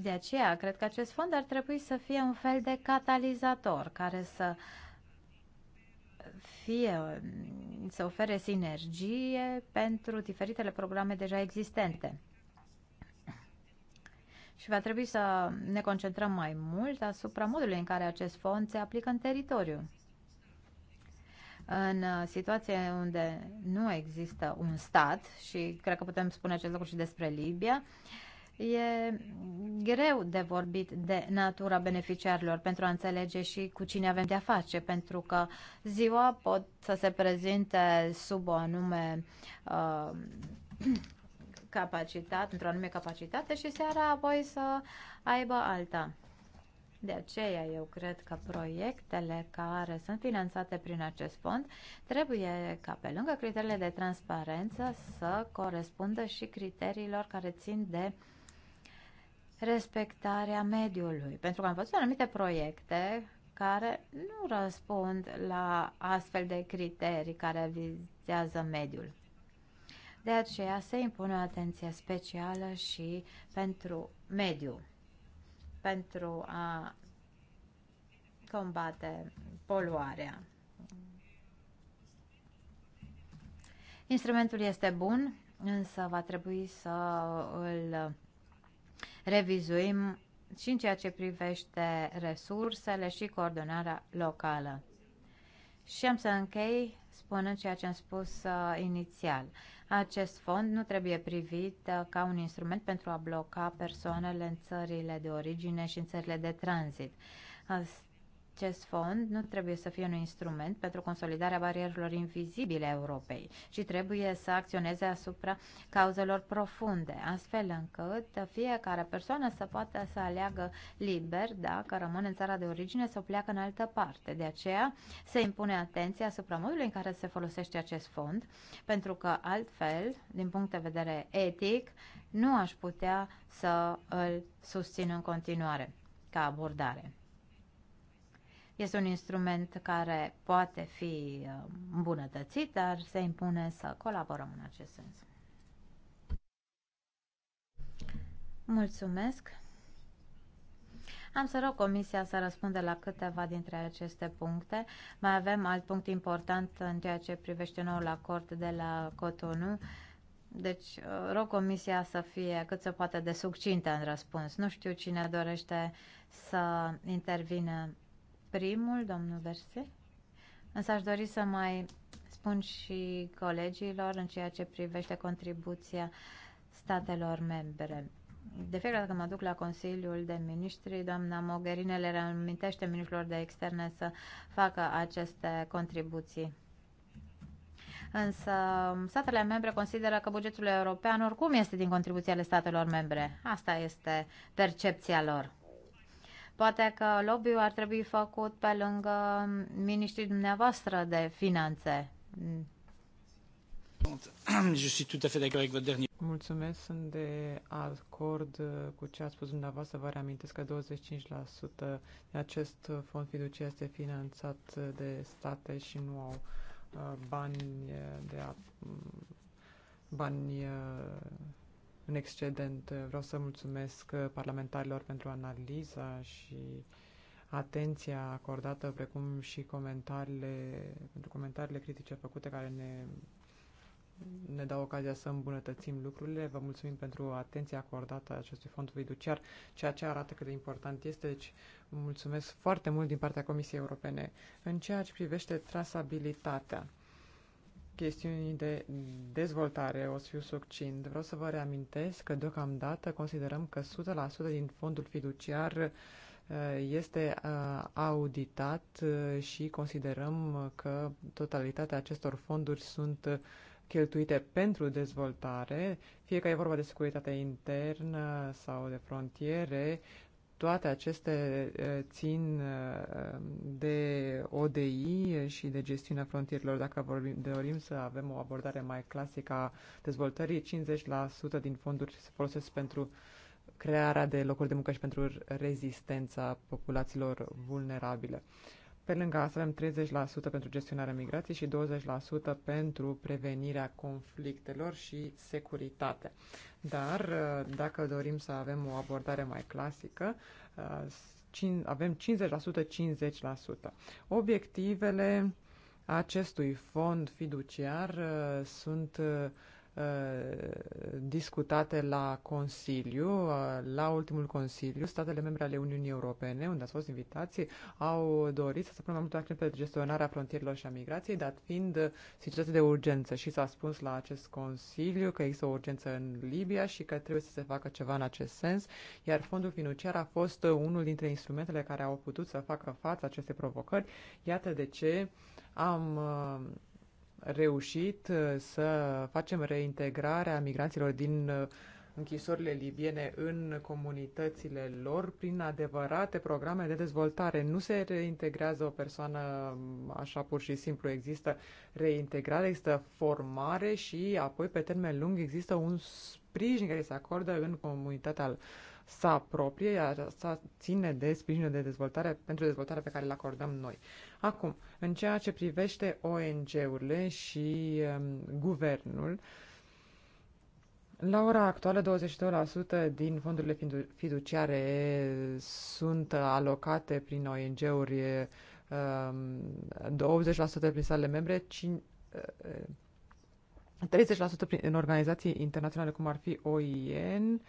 de aceea, cred că acest fond ar trebui să fie un fel de catalizator care să fie, să ofere sinergie pentru diferitele programe deja existente. Și va trebui să ne concentrăm mai mult asupra modului în care acest fond se aplică în teritoriu. În situație unde nu există un stat, și cred că putem spune acest lucru și despre Libia, uh, E greu de vorbit de natura beneficiarilor pentru a înțelege și cu cine avem de-a face, pentru că ziua pot să se prezinte sub o anume uh, (clears throat) capacitate, într-o anume capacitate și seara apoi să aibă alta. De aceea eu cred că proiectele care sunt finanțate prin acest fond trebuie ca pe lângă criteriile de transparență să corespundă și criteriilor care țin de uh, respectarea mediului. Pentru că am văzut anumite proiecte care nu răspund la astfel de criterii care vizează mediul. De aceea se impune o atenție specială și pentru mediu, pentru a combate poluarea. Instrumentul este bun, însă va trebui să îl revizuim și în ceea ce privește resursele și coordonarea locală. Și am să închei spunând ceea ce am spus uh, inițial. Acest fond nu trebuie privit uh, ca un instrument pentru a bloca persoanele în țările de origine și în țările de tranzit. Uh, acest fond nu trebuie să fie un instrument pentru consolidarea barierelor invizibile a Europei ci trebuie să acționeze asupra cauzelor profunde, astfel încât fiecare persoană să poată să aleagă liber dacă rămâne în țara de origine sau pleacă în altă parte. De aceea se impune atenția asupra modului în care se folosește acest fond, pentru că altfel, din punct de vedere etic, nu aș putea să îl susțin în continuare ca abordare. Este un instrument care poate fi uh, îmbunătățit, dar se impune să colaborăm în acest sens. Mulțumesc! Am să rog Comisia să răspundă la câteva dintre aceste puncte. Mai avem alt punct important în ceea ce privește noul acord de la Cotonou. Deci uh, rog Comisia să fie cât se poate de succintă în răspuns. Nu știu cine dorește să intervină primul, domnul Verse. Însă aș dori să mai spun și colegilor în ceea ce privește contribuția statelor membre. De fiecare dată când mă duc la Consiliul de Ministri, doamna Mogherini le reamintește ministrilor de externe să facă aceste contribuții. Însă statele membre consideră că bugetul european oricum este din contribuția ale statelor membre. Asta este percepția lor. Poate că lobby-ul ar trebui făcut pe lângă ministrii dumneavoastră de finanțe. Mulțumesc, sunt de acord cu ce a spus dumneavoastră. Vă reamintesc că 25% din acest fond fiduciar este finanțat de state și nu au uh, bani uh, de a, bani uh, în excedent. Vreau să mulțumesc parlamentarilor pentru analiza și atenția acordată, precum și comentariile, pentru comentariile critice făcute care ne, ne dau ocazia să îmbunătățim lucrurile. Vă mulțumim pentru atenția acordată acestui fond fiduciar, ceea ce arată cât de important este. Deci, mulțumesc foarte mult din partea Comisiei Europene. În ceea ce privește trasabilitatea, chestiuni de dezvoltare, o să fiu succint. Vreau să vă reamintesc că deocamdată considerăm că 100% din fondul fiduciar uh, este uh, auditat uh, și considerăm că totalitatea acestor fonduri sunt cheltuite pentru dezvoltare, fie că e vorba de securitate internă sau de frontiere, toate aceste eh, țin eh, de ODI și de gestiunea frontierilor. Dacă vorbim, dorim să avem o abordare mai clasică a dezvoltării, 50% din fonduri se folosesc pentru crearea de locuri de muncă și pentru rezistența populațiilor vulnerabile. Pe lângă asta avem 30% pentru gestionarea migrației și 20% pentru prevenirea conflictelor și securitate. Dar uh, dacă dorim să avem o abordare mai clasică, uh, avem 50%, 50%. Obiectivele acestui fond fiduciar uh, sunt uh, Uh, discutate la Consiliu, uh, la ultimul Consiliu, statele membre ale Uniunii Europene, unde ați fost invitați, au dorit să se pună mai mult accent pe gestionarea frontierilor și a migrației, dat fiind situația de urgență. Și s-a spus la acest Consiliu că există o urgență în Libia și că trebuie să se facă ceva în acest sens, iar fondul financiar a fost unul dintre instrumentele care au putut să facă față aceste provocări. Iată de ce am uh, reușit uh, să facem reintegrarea migranților din uh, închisorile libiene în comunitățile lor prin adevărate programe de dezvoltare. Nu se reintegrează o persoană mm, așa pur și simplu. Există reintegrare, există formare și apoi pe termen lung există un sprijin care se acordă în comunitatea să apropie, iar să ține de sprijinul de dezvoltare pentru dezvoltarea pe care le acordăm noi. Acum, în ceea ce privește ONG-urile și um, guvernul, la ora actuală, 22% din fondurile fiduciare sunt alocate prin ONG-uri, 20% um, prin statele membre, 30% uh, uh, prin, organizații internaționale, cum ar fi OIN,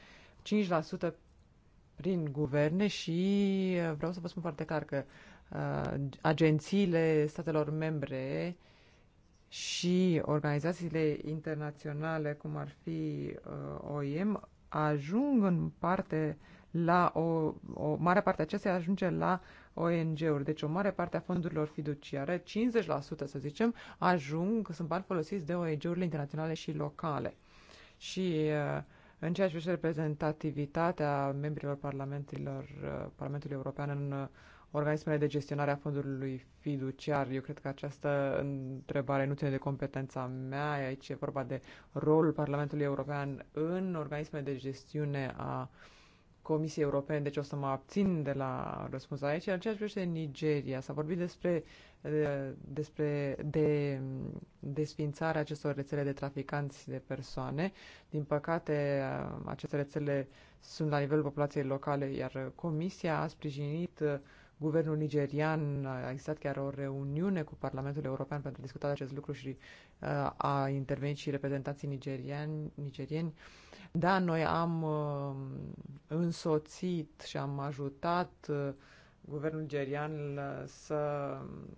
5% prin guverne și uh, vreau să vă spun foarte clar că uh, agențiile statelor membre și organizațiile internaționale, cum ar fi uh, OIM, ajung în parte la o, o mare parte a acestea ajunge la ONG-uri. Deci o mare parte a fondurilor fiduciare, 50% să zicem, ajung, sunt bani folosiți de ONG-urile internaționale și locale. Și uh, în ceea ce privește reprezentativitatea membrilor parlamentelor, uh, Parlamentului European în uh, organismele de gestionare a fondului fiduciar. Eu cred că această întrebare nu ține de competența mea, aici e vorba de rolul Parlamentului European în organismele de gestiune a uh, Comisiei Europene, deci o să mă abțin de la răspuns aici. În ceea ce privește Nigeria, s-a vorbit despre, despre de desfințarea acestor rețele de traficanți de persoane. Din păcate, aceste rețele sunt la nivelul populației locale, iar Comisia a sprijinit uh, guvernul nigerian, a existat chiar o reuniune cu Parlamentul European pentru a discuta acest lucru și uh, a intervenit și reprezentanții nigeriani, nigerieni. Da, noi am uh, însoțit și am ajutat uh, guvernul nigerian uh, să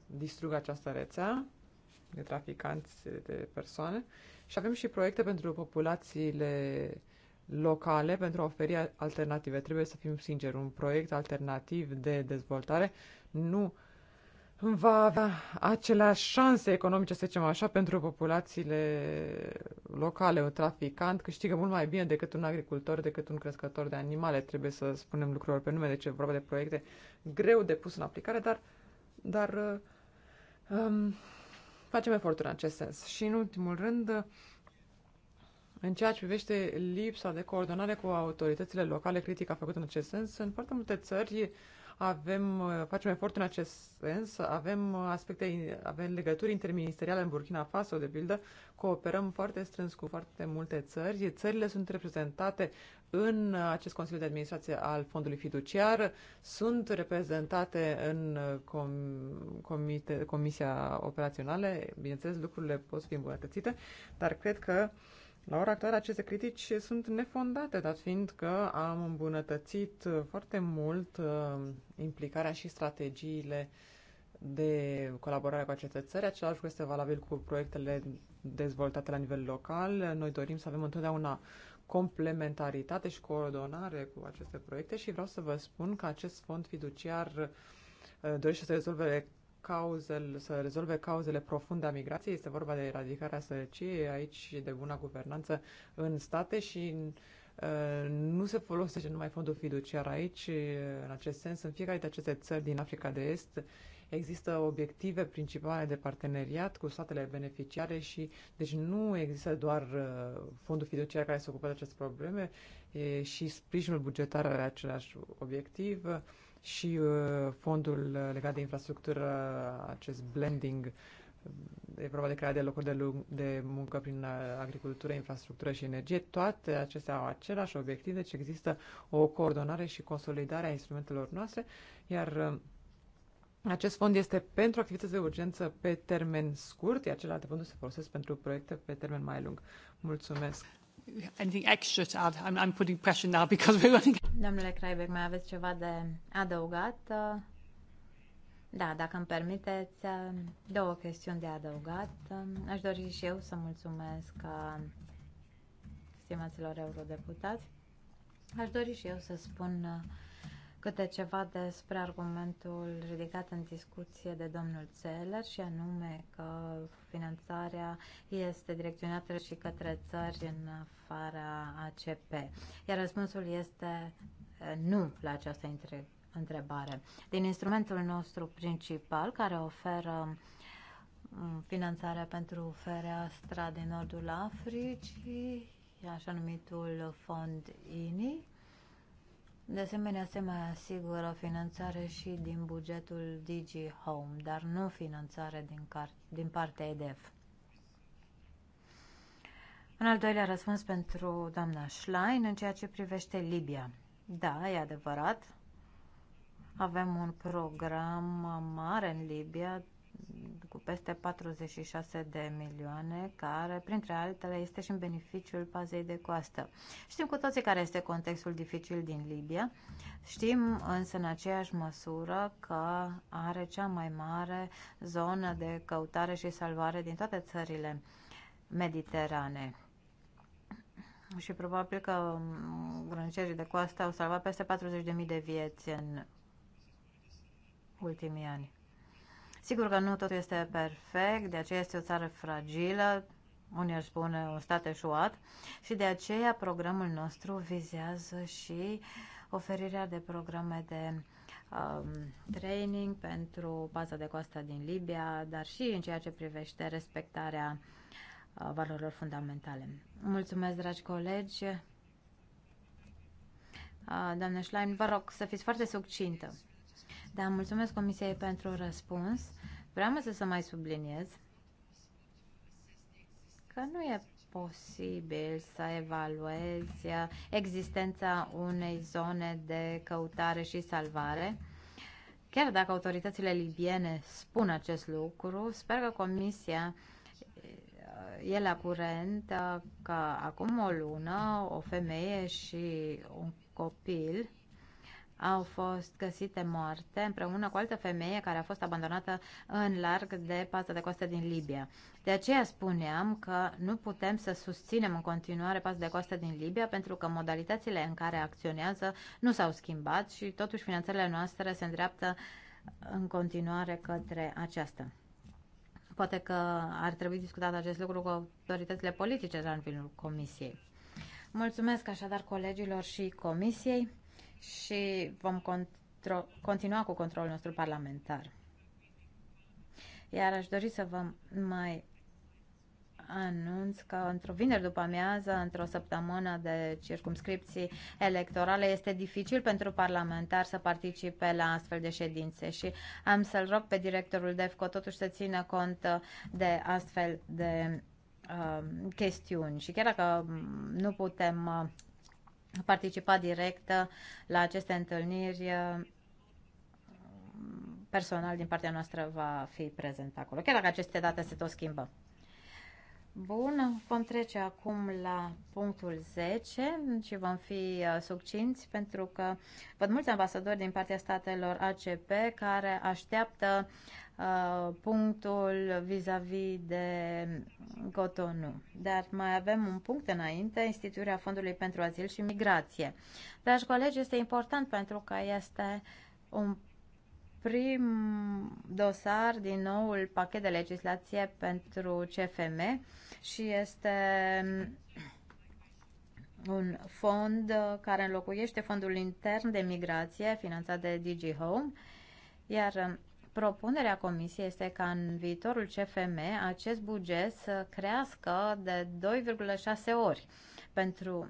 distrugă această rețea de traficanți de persoane și avem și proiecte pentru populațiile locale pentru a oferi alternative. Trebuie să fim sinceri, un proiect alternativ de dezvoltare nu va avea aceleași șanse economice, să zicem așa, pentru populațiile locale. Un traficant câștigă mult mai bine decât un agricultor, decât un crescător de animale. Trebuie să spunem lucrurile pe nume, deci e vorba de proiecte greu de pus în aplicare, dar, dar uh, um, facem eforturi în acest sens. Și în ultimul rând, în ceea ce privește lipsa de coordonare cu autoritățile locale, critica făcută în acest sens, în foarte multe țări avem, facem efort în acest sens, avem aspecte, avem legături interministeriale în Burkina Faso, de pildă, cooperăm foarte strâns cu foarte multe țări. Țările sunt reprezentate în acest Consiliu de Administrație al Fondului Fiduciar, sunt reprezentate în com- comite, Comisia Operațională, bineînțeles, lucrurile pot fi îmbunătățite, dar cred că uh, la ora actuală, aceste critici sunt nefondate, dat fiind că am îmbunătățit foarte mult uh, implicarea și strategiile de colaborare cu aceste țări. Același lucru este valabil cu proiectele dezvoltate la nivel local. Noi dorim să avem întotdeauna complementaritate și coordonare cu aceste proiecte și vreau să vă spun că acest fond fiduciar uh, dorește să rezolve cauzele, să rezolve cauzele profunde a migrației. Este vorba de eradicarea sărăciei aici și de buna guvernanță în state și uh, nu se folosește numai fondul fiduciar aici. Uh, în acest sens, în fiecare dintre aceste țări din Africa de Est există obiective principale de parteneriat cu statele beneficiare și deci nu există doar uh, fondul fiduciar care se ocupă de aceste probleme e, și sprijinul bugetar are același obiectiv și uh, fondul uh, legat de infrastructură, acest blending, uh, e vorba de crearea de locuri de, lung, de muncă prin agricultură, infrastructură și energie, toate acestea au același obiectiv, deci există o coordonare și consolidare a instrumentelor noastre, iar acest fond este pentru activități de urgență pe termen scurt, iar celelalte fonduri se folosesc pentru proiecte pe termen mai lung. Mulțumesc! anything extra to add? I'm, I'm putting pressure now (laughs) because we're running... Domnule Kreiberg, mai aveți ceva de adăugat? Da, dacă îmi permiteți, două chestiuni de adăugat. Aș dori și eu să mulțumesc stimaților eurodeputați. Aș dori și eu să spun uh, câte ceva despre argumentul ridicat în discuție de domnul Țeler și anume că finanțarea este direcționată și către țări în afara ACP. Iar răspunsul este eh, nu la această întrebare. Din instrumentul nostru principal care oferă mm, finanțarea pentru fereastra din nordul Africii, așa numitul fond INI, de asemenea, se mai asigură finanțare și din bugetul Digi Home, dar nu finanțare din, din partea EDF. Un al doilea răspuns pentru doamna Schlein în ceea ce privește Libia. Da, e adevărat. Avem un program mare în Libia cu peste 46 de milioane, care, printre altele, este și în beneficiul pazei de coastă. Știm cu toții care este contextul dificil din Libia, știm însă în aceeași măsură că are cea mai mare zonă de căutare și salvare din toate țările mediterane. Și probabil că grâncerii de coastă au salvat peste 40.000 de vieți în ultimii ani. Sigur că nu totul este perfect, de aceea este o țară fragilă, unii ar spune un stat eșuat, și de aceea programul nostru vizează și oferirea de programe de um, training pentru baza de coastă din Libia, dar și în ceea ce privește respectarea uh, valorilor fundamentale. Mulțumesc, dragi colegi! Uh, doamne Schlein, vă rog să fiți foarte succintă. Da, mulțumesc Comisiei pentru răspuns. Vreau să să mai subliniez că nu e posibil să evaluezi existența unei zone de căutare și salvare. Chiar dacă autoritățile libiene spun acest lucru, sper că Comisia e la curent că acum o lună o femeie și un copil au fost găsite moarte împreună cu altă femeie care a fost abandonată în larg de paza de coastă din Libia. De aceea spuneam că nu putem să susținem în continuare paza de coastă din Libia pentru că modalitățile în care acționează nu s-au schimbat și totuși finanțele noastre se îndreaptă în continuare către aceasta. Poate că ar trebui discutat acest lucru cu autoritățile politice la nivelul Comisiei. Mulțumesc așadar colegilor și Comisiei și vom continua cu controlul nostru parlamentar. Iar aș dori să vă mai anunț că într-o vineri după amiază, într-o săptămână de circumscripții electorale, este dificil pentru parlamentar să participe la astfel de ședințe și am să-l rog pe directorul DEFCO totuși să țină cont de astfel de uh, chestiuni. Și chiar dacă nu putem uh, Participa direct la aceste întâlniri, personal din partea noastră va fi prezent acolo, chiar dacă aceste date se tot schimbă. Bun, vom trece acum la punctul 10 și vom fi uh, succinți pentru că văd mulți ambasadori din partea statelor ACP care așteaptă uh, punctul vis-a-vis -vis de Cotonou. Dar mai avem un punct înainte, instituirea Fondului pentru Azil și Migrație. Dragi colegi, este important pentru că este un prim dosar din noul pachet de legislație pentru CFM și este un fond care înlocuiește fondul intern de migrație finanțat de DG Home, iar propunerea Comisiei este ca în viitorul CFM acest buget să crească de 2,6 ori pentru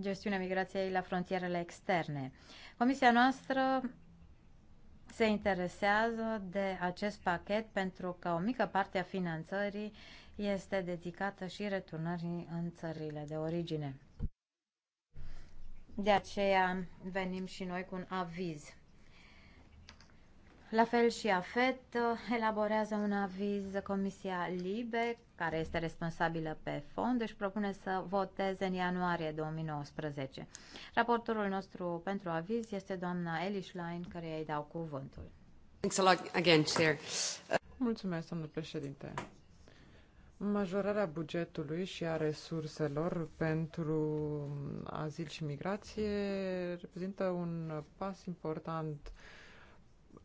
gestiunea migrației la frontierele externe. Comisia noastră se interesează de acest pachet pentru că o mică parte a finanțării este dedicată și returnării în țările de origine. De aceea venim și noi cu un aviz. La fel și AFET uh, elaborează un aviz Comisia Libe, care este responsabilă pe fond, își propune să voteze în ianuarie 2019. Raportorul nostru pentru aviz este doamna Eli Schlein, care îi dau cuvântul. Mulțumesc, domnul președinte. Majorarea bugetului și a resurselor pentru azil și migrație reprezintă un pas important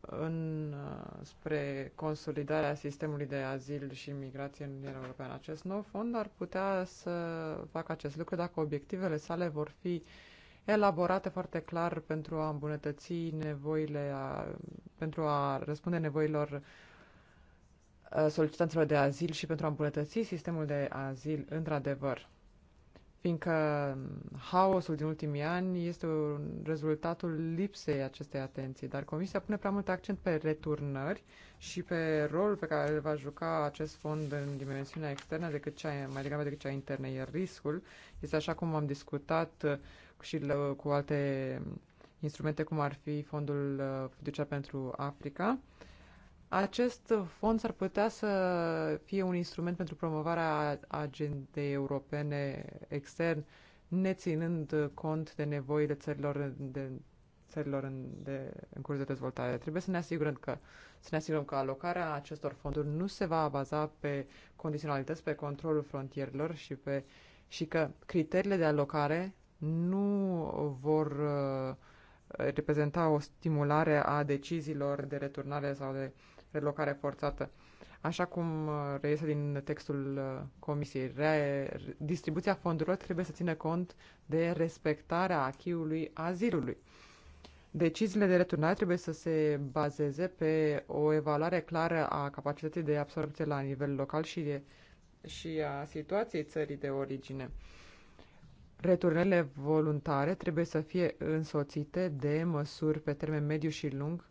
în, uh, spre consolidarea sistemului de azil și migrație în Uniunea Europeană. Acest nou fond ar putea să facă acest lucru dacă obiectivele sale vor fi elaborate foarte clar pentru a îmbunătăți nevoile, a, pentru a răspunde nevoilor uh, solicitanților de azil și pentru a îmbunătăți sistemul de azil într-adevăr fiindcă haosul din ultimii ani este un rezultatul lipsei acestei atenții, dar Comisia pune prea mult accent pe returnări și pe rolul pe care îl va juca acest fond în dimensiunea externă decât cea, mai degrabă decât cea internă, iar riscul este așa cum am discutat uh, și cu alte instrumente, cum ar fi Fondul uh, Fiduciar pentru Africa, acest fond s-ar putea să fie un instrument pentru promovarea agendei europene extern, neținând cont de nevoile țărilor, de, țărilor în, de, în curs de dezvoltare. Trebuie să ne asigurăm că să ne asigurăm că alocarea acestor fonduri nu se va baza pe condiționalități, pe controlul frontierelor și, pe, și că criteriile de alocare nu vor uh, reprezenta o stimulare a deciziilor de returnare sau de uh, relocare forțată, așa cum uh, reiese din textul uh, Comisiei. Re- distribuția fondurilor trebuie să țină cont de respectarea achiului azilului. Deciziile de returnare trebuie să se bazeze pe o evaluare clară a capacității de absorbție la nivel local și, de, și a situației țării de origine. Returnele voluntare trebuie să fie însoțite de măsuri pe termen mediu și lung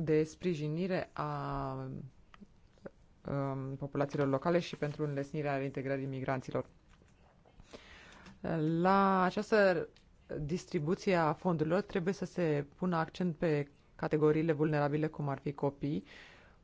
de sprijinire a um, populațiilor locale și pentru înlesnirea reintegrării migranților. La această distribuție a fondurilor trebuie să se pună accent pe categoriile vulnerabile, cum ar fi copii,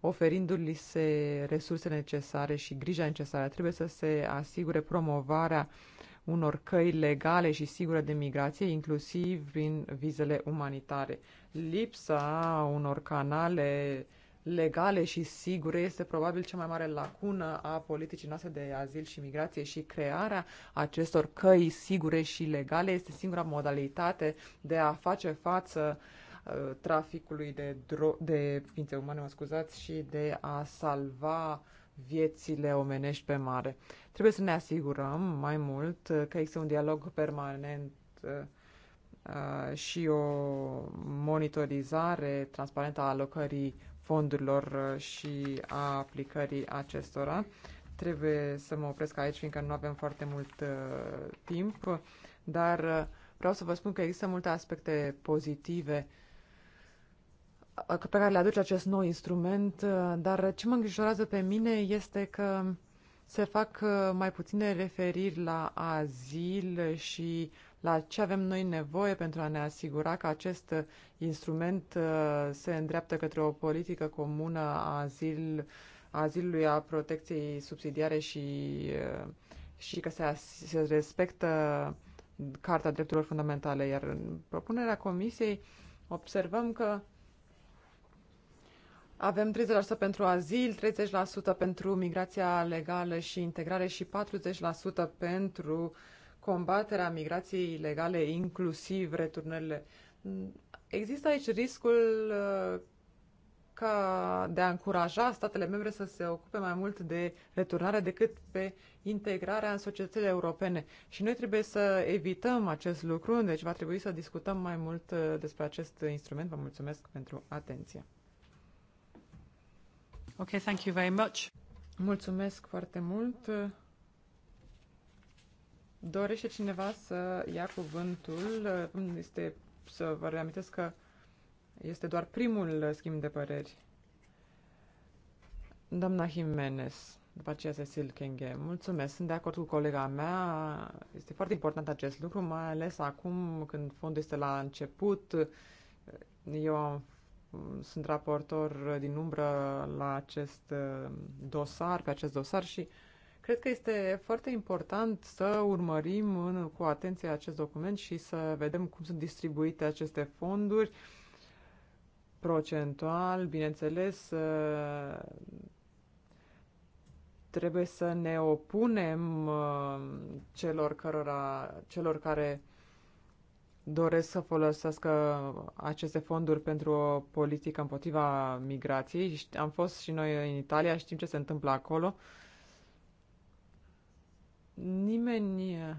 oferindu-li se resurse necesare și grija necesară. Trebuie să se asigure promovarea uh, unor căi legale și sigure de migrație, inclusiv prin vizele umanitare. Lipsa unor canale legale și sigure este probabil cea mai mare lacună a politicii noastre de azil și migrație și crearea acestor căi sigure și legale este singura modalitate de a face față uh, traficului de, dro- de ființe umane, mă scuzați, și de a salva viețile omenești pe mare. Trebuie să ne asigurăm mai mult că există un dialog permanent uh, uh, și o monitorizare transparentă a alocării fondurilor uh, și a aplicării acestora. Trebuie să mă opresc aici, fiindcă nu avem foarte mult timp, dar vreau să vă spun că există multe aspecte pozitive pe care le aduce acest nou instrument, uh, dar ce mă îngrijorează pe mine este că se fac uh, mai puține referiri la azil și la ce avem noi nevoie pentru a ne asigura că acest instrument uh, se îndreaptă către o politică comună a azil, a azilului, a protecției subsidiare și, și că se, se respectă Carta Drepturilor Fundamentale. Iar în propunerea Comisiei observăm că avem 30% pentru azil, 30% pentru migrația legală și integrare și 40% pentru combaterea migrației ilegale, inclusiv returnările. Există aici riscul uh, ca de a încuraja statele membre să se ocupe mai mult de returnare decât pe integrarea în societățile europene. Și noi trebuie să evităm acest lucru, deci va trebui să discutăm mai mult uh, despre acest instrument. Vă mulțumesc pentru atenție. Ok, thank you very much. Mulțumesc foarte mult. Dorește cineva să ia cuvântul? Este, să vă reamintesc că este doar primul schimb de păreri. Doamna Jimenez, după aceea Cecil Kenge, mulțumesc, sunt de acord cu colega mea, este foarte important acest lucru, mai ales acum când fondul este la început. Eu am sunt raportor din umbră la acest uh, dosar, pe acest dosar și cred că este foarte important să urmărim în, cu atenție acest document și să vedem cum sunt distribuite aceste fonduri procentual, bineînțeles, uh, trebuie să ne opunem uh, celor, cărora, celor care doresc să folosească aceste fonduri pentru o politică împotriva migrației. Am fost și noi în Italia, știm ce se întâmplă acolo. Nimeni eh,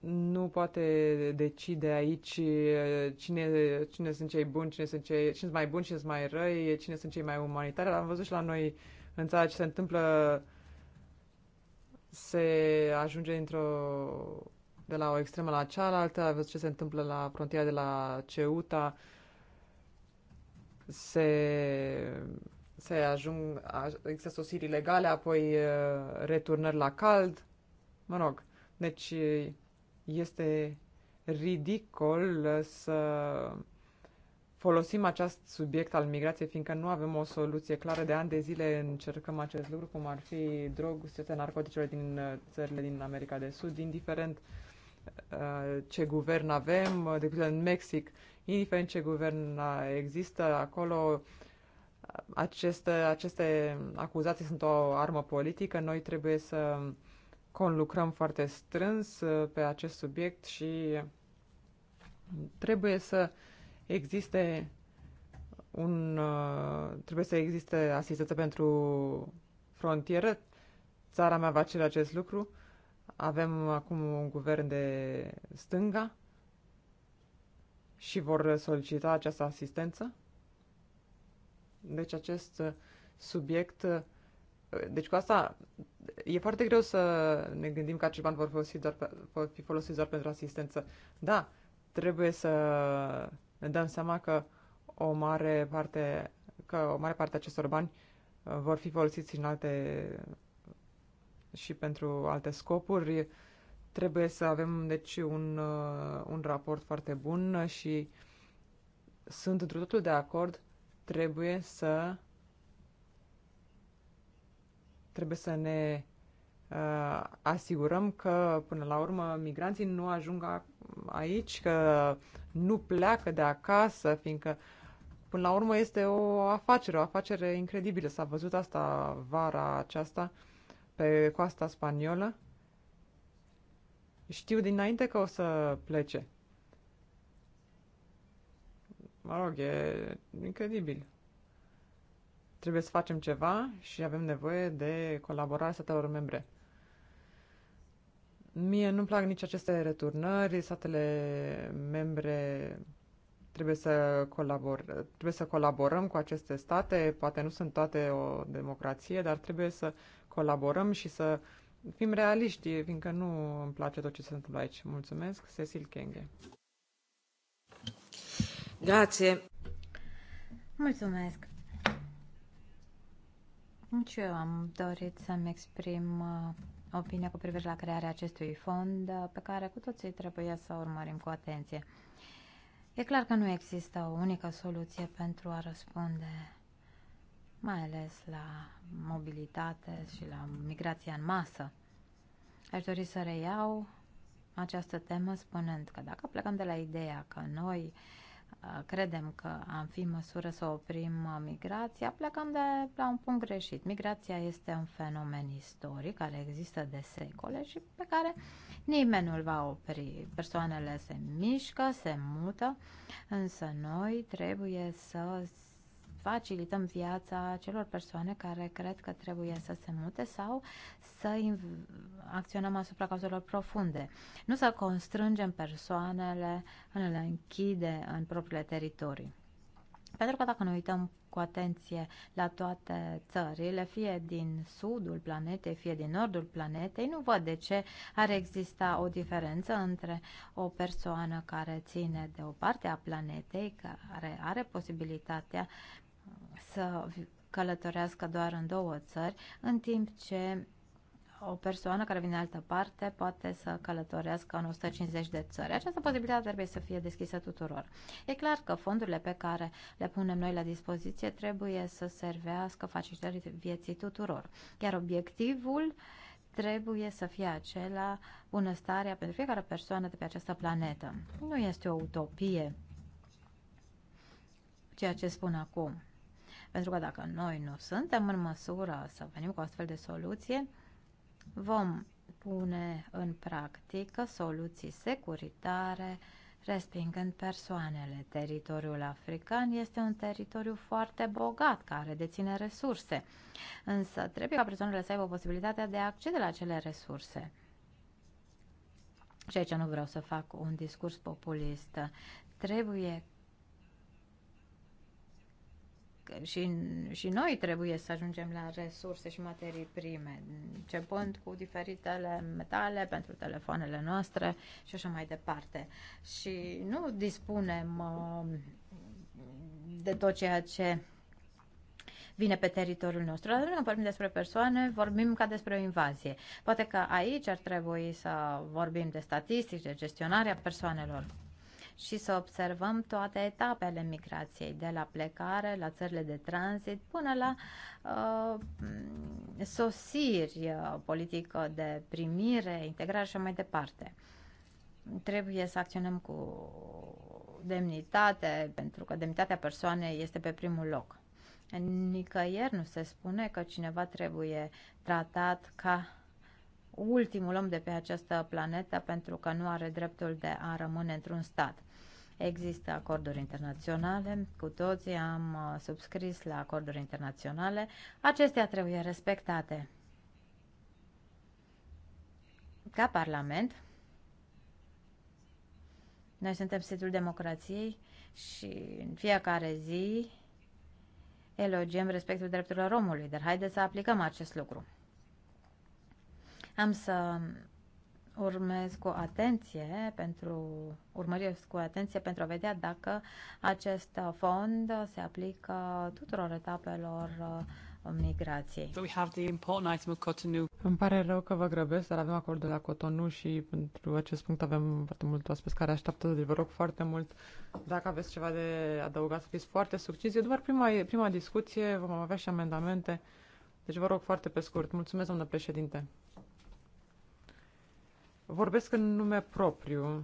nu poate decide aici eh, cine, cine sunt cei buni, cine sunt cei cine sunt mai buni, cine sunt mai răi, cine sunt cei mai umanitari. Am văzut și la noi în țara ce se întâmplă se ajunge într-o de la o extremă la cealaltă, a văzut ce se întâmplă la frontiera de la Ceuta, se, se ajung, există sosiri ilegale, apoi returnări la cald, mă rog, deci este ridicol să folosim acest subiect al migrației, fiindcă nu avem o soluție clară. De ani de zile încercăm acest lucru, cum ar fi droguri, sete narcoticele din uh, țările din America de Sud, indiferent uh, Uh, ce guvern avem, uh, de pildă în Mexic, indiferent ce guvern uh, există acolo, aceste, aceste acuzații sunt o armă politică. Noi trebuie să conlucrăm foarte strâns pe acest subiect și trebuie să existe un, trebuie să existe asistență pentru frontieră. Țara mea va cere acest lucru avem acum un guvern de stânga și vor solicita această asistență. Deci acest subiect deci cu asta e foarte greu să ne gândim că acești bani vor, folosi doar vor fi folosiți doar pentru asistență. Da, trebuie să ne dăm seama că o mare parte, că o mare parte a acestor bani vor fi folosiți în alte și pentru alte scopuri. Trebuie să avem, deci, un, uh, un raport foarte bun și sunt într totul de acord. Trebuie să trebuie să ne uh, asigurăm că, până la urmă, migranții nu ajung a, aici, că nu pleacă de acasă, fiindcă, până la urmă, este o afacere, o afacere incredibilă. S-a văzut asta vara aceasta. Uh, pe coasta spaniolă, știu dinainte că o să plece. Mă rog, e incredibil. Trebuie să facem ceva și avem nevoie de colaborarea statelor membre. Mie nu-mi plac nici aceste returnări, statele membre Trebuie să, colabor, trebuie să colaborăm cu aceste state, poate nu sunt toate o democrație, dar trebuie să colaborăm și să fim realiști, fiindcă nu îmi place tot ce se întâmplă aici. Mulțumesc, Cecil Kenge. Grație. Mulțumesc. Nici eu am dorit să-mi exprim uh, opinia cu privire la crearea acestui fond uh, pe care cu toții trebuie să urmărim cu atenție. E clar că nu există o unică soluție pentru a răspunde mai ales la mobilitate și la migrația în masă. Aș dori să reiau această temă spunând că dacă plecăm de la ideea că noi uh, credem că am fi în măsură să oprim uh, migrația, plecăm de la un punct greșit. Migrația este un fenomen istoric care există de secole și pe care uh, Nimeni nu-l va opri. Persoanele se mișcă, se mută, însă noi trebuie să facilităm viața celor persoane care cred că trebuie să se mute sau să acționăm asupra cauzelor profunde. Nu să constrângem persoanele în le închide în propriile teritorii. Pentru că dacă ne uităm cu atenție la toate țările, fie din sudul planetei, fie din nordul planetei, nu văd de ce ar exista o diferență între o persoană care ține de o parte a planetei, care are posibilitatea uh, să călătorească doar în două țări, în timp ce o persoană care vine în altă parte poate să călătorească în 150 de țări. Această posibilitate trebuie să fie deschisă tuturor. E clar că fondurile pe care le punem noi la dispoziție trebuie să servească facilitării vieții tuturor. Iar obiectivul trebuie să fie acela bunăstarea pentru fiecare persoană de pe această planetă. Nu este o utopie ceea ce spun acum. Pentru că dacă noi nu suntem în măsură să venim cu astfel de soluție, vom pune în practică soluții securitare, respingând persoanele. Teritoriul african este un teritoriu foarte bogat, care deține resurse, însă trebuie ca persoanele să aibă posibilitatea de a accede la acele resurse. Și aici nu vreau să fac un discurs populist. Trebuie și, și noi trebuie să ajungem la resurse și materii prime, începând cu diferitele metale pentru telefoanele noastre și așa mai departe. Și nu dispunem uh, de tot ceea ce vine pe teritoriul nostru. Dar nu vorbim despre persoane, vorbim ca despre o invazie. Poate că aici ar trebui să vorbim de statistici, de gestionarea persoanelor și să observăm toate etapele migrației, de la plecare, la țările de tranzit, până la uh, sosiri, uh, politică de primire, integrare și mai departe. Trebuie să acționăm cu demnitate, pentru că demnitatea persoanei este pe primul loc. Nicăieri nu se spune că cineva trebuie tratat ca ultimul om de pe această planetă pentru că nu are dreptul de a rămâne într-un stat. Există acorduri internaționale, cu toții am uh, subscris la acorduri internaționale. Acestea trebuie respectate. Ca Parlament, noi suntem setul democrației și în fiecare zi elogiem respectul drepturilor omului, dar haideți să aplicăm acest lucru. Am să urmez cu atenție pentru urmăresc cu atenție pentru a vedea dacă acest fond se aplică tuturor etapelor uh, migrației. So we have the important item of Cotonou. Îmi pare rău că vă grăbesc, dar avem acordul la Cotonou și pentru acest punct avem foarte mult oaspeți care așteaptă, deci vă rog foarte mult dacă aveți ceva de adăugat să fiți foarte succes. E doar prima, prima discuție, vom avea și amendamente, deci vă rog foarte pe scurt. Mulțumesc, doamnă președinte. Vorbesc în nume propriu.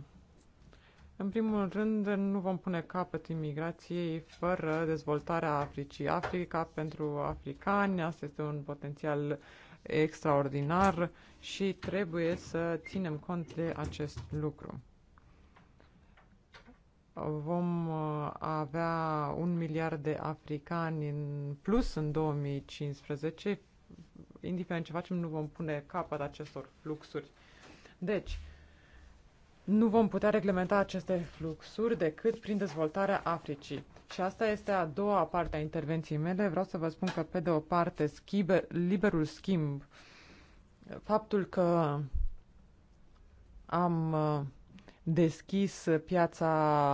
În primul rând, nu vom pune capăt imigrației fără dezvoltarea Africii. Africa pentru africani, asta este un potențial extraordinar și trebuie să ținem cont de acest lucru. Vom uh, avea un miliard de africani în plus în 2015. Indiferent ce facem, nu vom pune capăt acestor fluxuri deci, nu vom putea reglementa aceste fluxuri decât prin dezvoltarea Africii. Și asta este a doua parte a intervenției mele. Vreau să vă spun că, pe de o parte, schibe, liberul schimb, faptul că am uh, deschis piața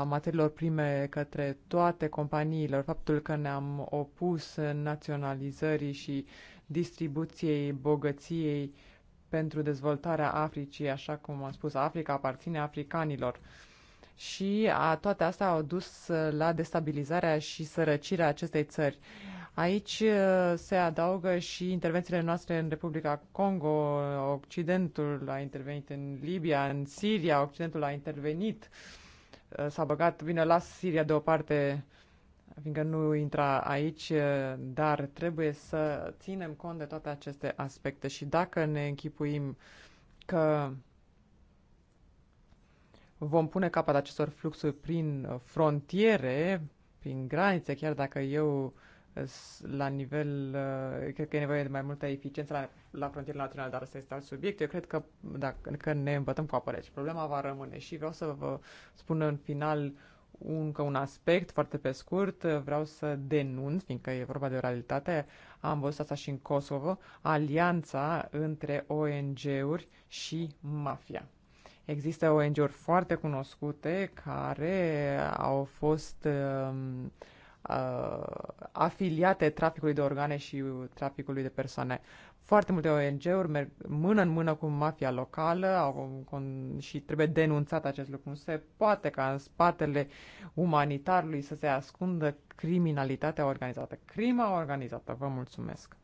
materiilor prime către toate companiilor, faptul că ne-am opus naționalizării și distribuției bogăției uh, pentru dezvoltarea Africii, așa cum am spus, Africa aparține africanilor. Și a, toate astea au dus la destabilizarea și sărăcirea acestei țări. Aici se adaugă și intervențiile noastre în Republica Congo, Occidentul a intervenit în Libia, în Siria, Occidentul a intervenit, s-a băgat, bine, las Siria deoparte, uh, fiindcă nu intra aici, eh, dar trebuie să ținem cont de toate aceste aspecte și dacă ne închipuim că vom pune capăt acestor fluxuri prin frontiere, prin granițe, chiar dacă eu eh, la nivel, eh, cred că e nevoie de mai multă eficiență la, la frontierele naționale, dar asta este alt subiect. Eu cred că, dacă, că ne îmbătăm cu apă rece. Problema va rămâne și vreau să vă spun în final încă un aspect foarte pe scurt, vreau să denunț, fiindcă e vorba de o realitate, am văzut asta și în Kosovo, alianța între ONG-uri și mafia. Există ONG-uri foarte cunoscute care au fost uh, uh, afiliate traficului de organe și traficului de persoane. Foarte multe ONG-uri merg mână în mână cu mafia locală au, con, și trebuie denunțat acest lucru. Nu se poate ca în spatele umanitarului să se ascundă criminalitatea organizată, crima organizată. Vă mulțumesc!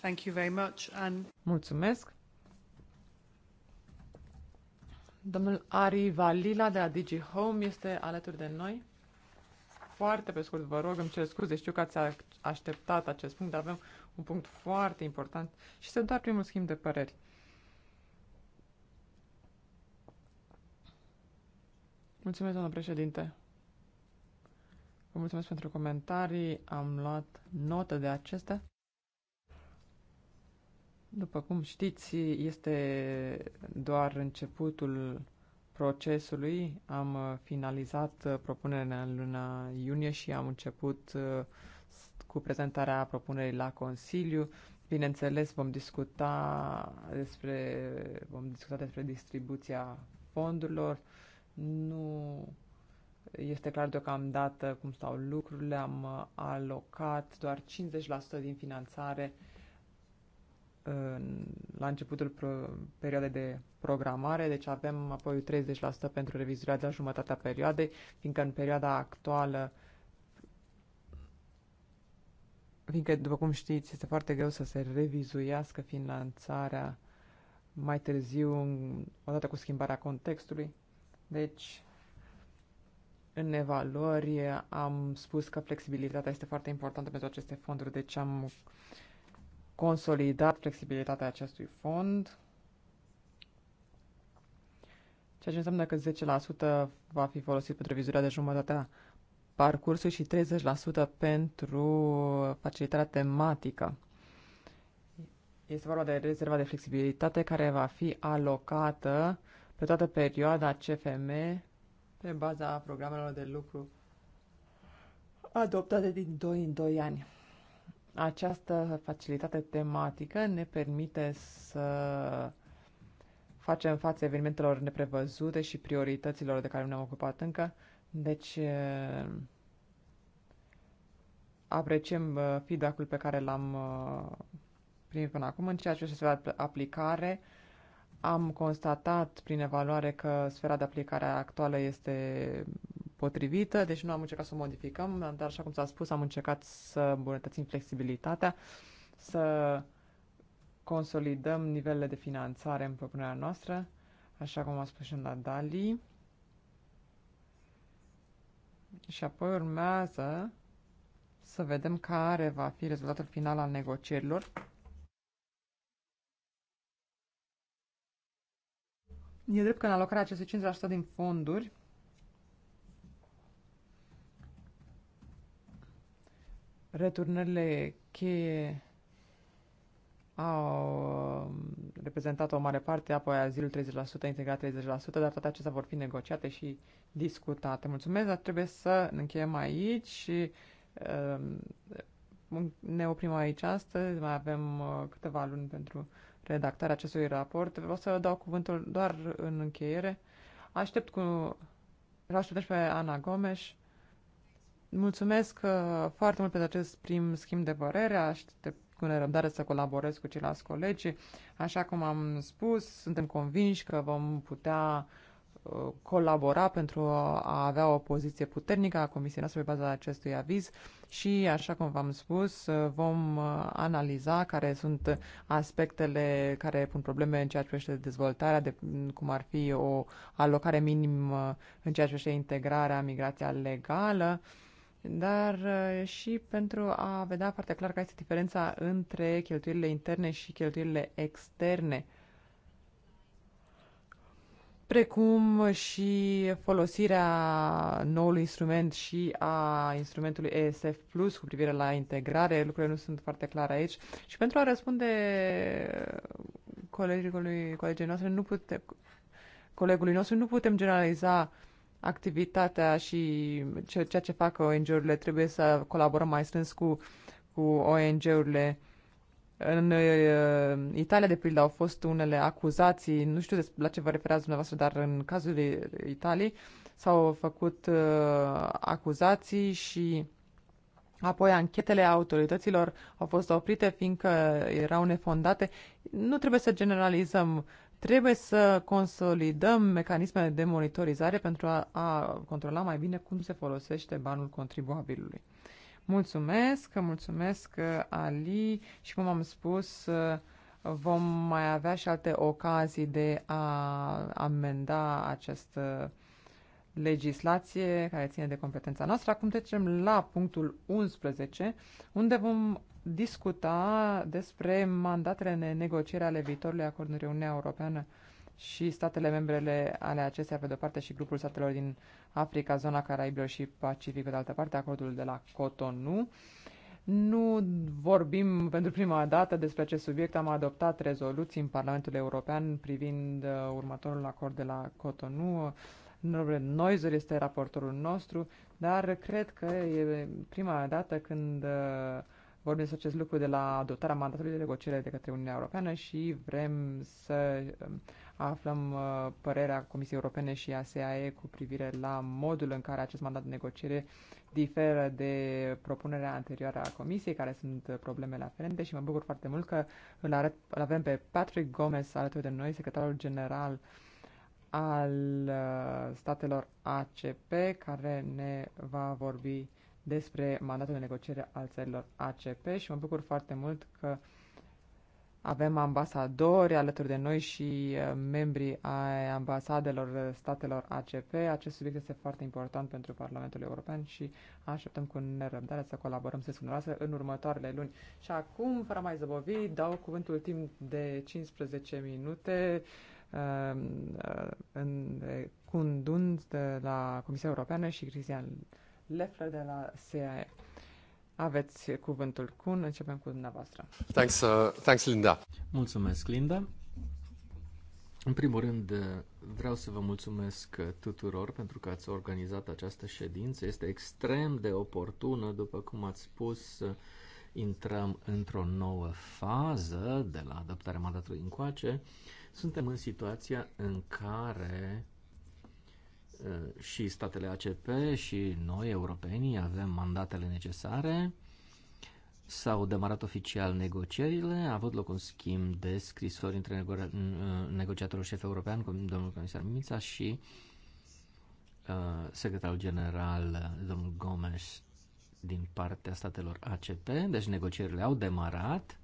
Thank you very much and... Mulțumesc! Domnul Ari Valila de la DigiHome este alături de noi foarte pe scurt, vă rog, îmi cer scuze, știu că ați așteptat acest punct, dar avem un punct foarte important și este doar primul schimb de păreri. Mulțumesc, doamnă președinte. Vă mulțumesc pentru comentarii, am luat notă de acestea. După cum știți, este doar începutul procesului. Am uh, finalizat uh, propunerea în luna iunie și am început uh, cu prezentarea propunerii la Consiliu. Bineînțeles, vom discuta despre, vom discuta despre distribuția fondurilor. Nu este clar deocamdată cum stau lucrurile. Am alocat doar 50% din finanțare uh, la începutul perioadei de programare, deci avem apoi 30% pentru revizuirea de la jumătatea perioadei, fiindcă în perioada actuală, fiindcă, după cum știți, este foarte greu să se revizuiască finanțarea mai târziu, odată cu schimbarea contextului. Deci, în evaluări am spus că flexibilitatea este foarte importantă pentru aceste fonduri, deci am consolidat flexibilitatea acestui fond, ceea ce înseamnă că 10% va fi folosit pentru revizuirea de jumătatea parcursului și 30% pentru facilitarea tematică. Este vorba de rezerva de flexibilitate care va fi alocată pe toată perioada CFM pe baza programelor de lucru adoptate din 2 în 2 ani. Această facilitate tematică ne permite să facem față evenimentelor neprevăzute și priorităților de care nu ne-am ocupat încă. Deci, apreciem feedback-ul pe care l-am primit până acum. În ceea ce se aplicare, am constatat prin evaluare că sfera de aplicare actuală este potrivită, deci nu am încercat să o modificăm, dar așa cum s-a spus, am încercat să îmbunătățim flexibilitatea, să consolidăm nivelele de finanțare în propunerea noastră, așa cum a spus și la Dali. Și apoi urmează să vedem care va fi rezultatul final al negocierilor. E drept că în alocarea acestui 50% din fonduri Returnările cheie au um, reprezentat o mare parte, apoi azilul 30%, integrat 30%, dar toate acestea vor fi negociate și discutate. Mulțumesc, dar trebuie să încheiem aici și um, ne oprim aici astăzi. Mai avem uh, câteva luni pentru redactarea acestui raport. Vreau să dau cuvântul doar în încheiere. Aștept cu... să pe Ana Gomes Mulțumesc uh, foarte mult pentru acest prim schimb de părere. Aștept cu nerăbdare să colaborez cu ceilalți colegi. Așa cum am spus, suntem convinși că vom putea uh, colabora pentru a avea o poziție puternică a Comisiei noastre pe baza acestui aviz și, așa cum v-am spus, uh, vom analiza care sunt aspectele care pun probleme în ceea ce privește dezvoltarea, de, cum ar fi o alocare minimă în ceea ce privește integrarea, migrația legală, dar eh, și pentru a vedea foarte clar care este diferența între cheltuielile interne și cheltuielile externe, precum și folosirea noului instrument și a instrumentului ESF Plus cu privire la integrare. Lucrurile nu sunt foarte clare aici. Și pentru a răspunde colegului, colegii noastre, nu pute, colegului nostru, nu putem generaliza uh, activitatea și ceea ce fac ONG-urile. Trebuie să colaborăm mai strâns cu, cu ONG-urile. În uh, Italia, de pildă, au fost unele acuzații, nu știu la ce vă referați dumneavoastră, dar în cazul Italiei s-au făcut uh, acuzații și Apoi, anchetele autorităților au fost oprite fiindcă erau nefondate. Nu trebuie să generalizăm. Trebuie să consolidăm mecanismele de monitorizare pentru a, a controla mai bine cum se folosește banul contribuabilului. Mulțumesc, mulțumesc Ali și cum am spus, vom mai avea și alte ocazii de a amenda această legislație care ține de competența noastră. Acum trecem la punctul 11, unde vom discuta despre mandatele de negociere ale viitorului acordului Uniunea Europeană și statele membrele ale acesteia pe de-o parte și grupul statelor din Africa, zona Caraibilor și Pacific pe de altă parte, acordul de la Cotonou. Nu vorbim pentru prima dată despre acest subiect. Am adoptat rezoluții în Parlamentul European privind uh, următorul acord de la Cotonou. Norbert Noizer este raportorul nostru, dar cred că e prima dată când uh, Vorbim despre acest lucru de la adoptarea mandatului de negociere de către Uniunea Europeană și vrem să um, aflăm uh, părerea Comisiei Europene și a SAE cu privire la modul în care acest mandat de negociere diferă de propunerea anterioară a Comisiei, care sunt problemele aferente și mă bucur foarte mult că îl, arăt, îl avem pe Patrick Gomez alături de noi, secretarul general al uh, statelor ACP, care ne va vorbi despre mandatul de negociere al țărilor ACP și mă bucur foarte mult că avem ambasadori alături de noi și uh, membrii ai ambasadelor uh, statelor ACP. Acest subiect este foarte important pentru Parlamentul European și așteptăm cu nerăbdare să colaborăm să sesunoasă în următoarele luni. Și acum, fără mai zăbovi, dau cuvântul timp de 15 minute uh, în, în, cu un de la Comisia Europeană și Cristian Leffler de la CIA. Aveți cuvântul CUN, începem cu dumneavoastră. Thanks, uh, thanks Linda. Mulțumesc, Linda. În primul rând, uh, vreau să vă mulțumesc uh, tuturor pentru că ați organizat această ședință. Este extrem de oportună, după cum ați spus, intrăm într-o nouă fază de la adaptarea mandatului încoace. Suntem în situația în care Eh, și statele ACP și noi, europenii, avem mandatele necesare. S-au demarat oficial negocierile, a avut loc un schimb de scrisori între nego- eh, negociatorul șef european, domnul comisar Mimița, și uh, secretarul general, domnul Gomes, din partea statelor ACP. Deci negocierile au demarat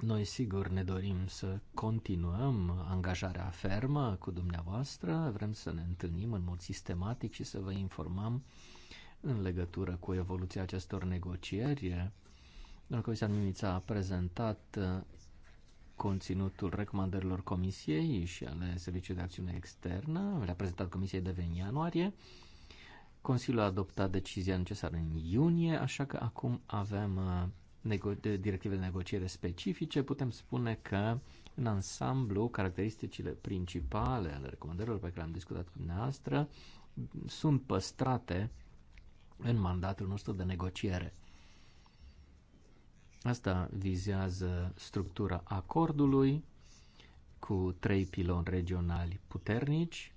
noi sigur ne dorim să continuăm angajarea fermă cu dumneavoastră, vrem să ne întâlnim în mod sistematic și să vă informăm în legătură cu evoluția acestor negocieri. Domnul comisar Mimița a prezentat uh, conținutul recomandărilor comisiei și ale Serviciului de Acțiune Externă, le-a prezentat comisiei de în ianuarie. Consiliul a adoptat decizia necesară în iunie, așa că acum avem uh, nego- directive de negociere specifice, putem spune că în ansamblu, caracteristicile principale ale recomandărilor pe care le-am discutat cu dumneavoastră sunt păstrate în mandatul nostru de negociere. Asta vizează structura acordului cu trei piloni regionali puternici.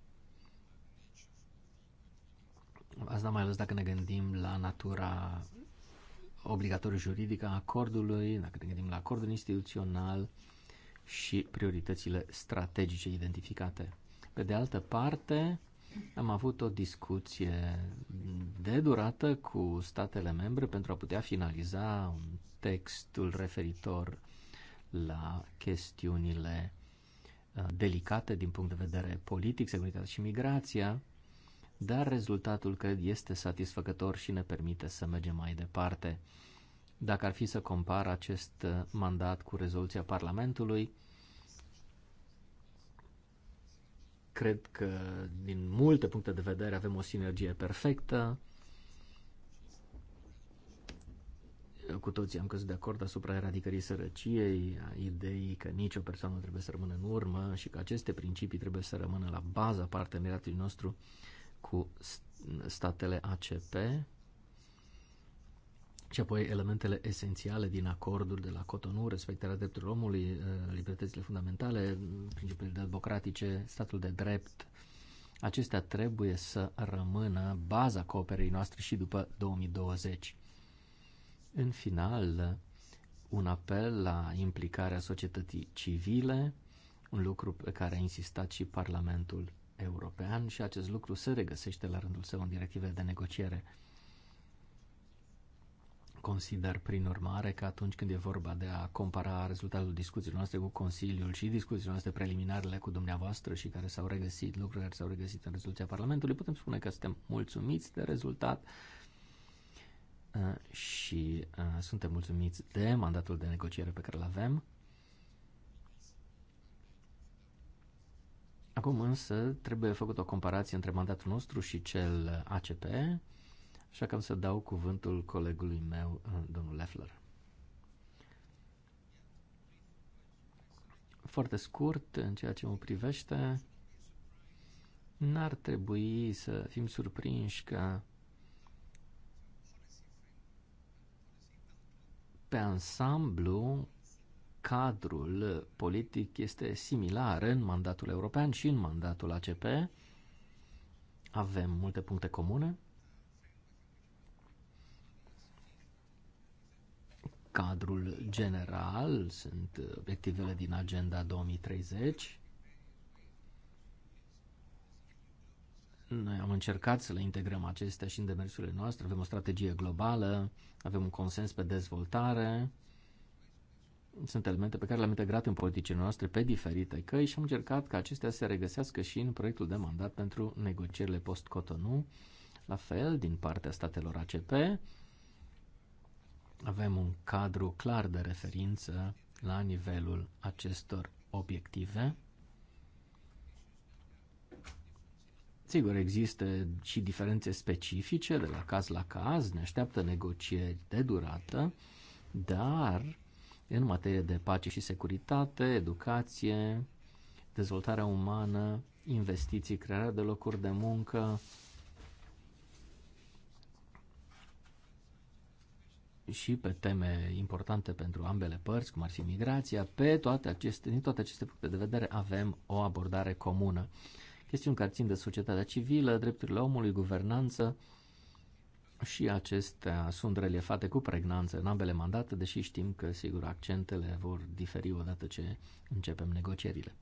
Asta mai ales dacă ne gândim la natura obligatoriu juridică a acordului, dacă ne gândim la acordul instituțional și prioritățile strategice identificate. Pe de altă parte, am avut o discuție de durată cu statele membre pentru a putea finaliza un textul referitor la chestiunile uh, delicate din punct de vedere politic, securitate și migrația dar rezultatul cred este satisfăcător și ne permite să mergem mai departe. Dacă ar fi să compar acest uh, mandat cu rezoluția Parlamentului, cred că din multe puncte de vedere avem o sinergie perfectă. Cu toții am căzut de acord asupra eradicării sărăciei, a ideii că nicio persoană trebuie să rămână în urmă și că aceste principii trebuie să rămână la baza parteneriatului nostru uh, cu statele ACP și apoi elementele esențiale din acordul de la Cotonou, respectarea drepturilor omului, eh, libertățile fundamentale, principiile democratice, statul de drept. Acestea trebuie să rămână baza cooperării noastre și după 2020. În final, un apel la implicarea societății civile, un lucru pe care a insistat și Parlamentul european și acest lucru se regăsește la rândul său în directivele de negociere. Consider, prin urmare, că atunci când e vorba de a compara rezultatul discuțiilor noastre cu Consiliul și discuțiilor noastre preliminarele cu dumneavoastră și care s-au regăsit, lucrurile care s-au regăsit în rezoluția Parlamentului, putem spune că suntem mulțumiți de rezultat uh, și uh, suntem mulțumiți de mandatul de negociere pe care îl avem Acum însă trebuie făcut o comparație între mandatul nostru și cel ACP, așa că am să dau cuvântul colegului meu, domnul Leffler. Foarte scurt, în ceea ce mă privește, n-ar trebui să fim surprinși că pe ansamblu cadrul politic este similar în mandatul european și în mandatul ACP. Avem multe puncte comune. Cadrul general sunt obiectivele din Agenda 2030. Noi am încercat să le integrăm acestea și în demersurile noastre. Avem o strategie globală, avem un consens pe dezvoltare, sunt elemente pe care le-am integrat în politicile noastre pe diferite căi și am încercat ca acestea să se regăsească și în proiectul de mandat pentru negocierile post-Cotonou. La fel, din partea statelor ACP, avem un cadru clar de referință la nivelul acestor obiective. Sigur, există și diferențe specifice de la caz la caz, ne așteaptă negocieri de durată, dar în materie de pace și securitate, educație, dezvoltarea umană, investiții, crearea de locuri de muncă și pe teme importante pentru ambele părți, cum ar fi migrația, pe toate aceste, din toate aceste puncte de vedere avem o abordare comună. Chestiuni care țin de societatea civilă, drepturile omului, guvernanță, și acestea sunt reliefate cu pregnanță în ambele mandate, deși știm că, sigur, accentele vor diferi odată ce începem negocierile.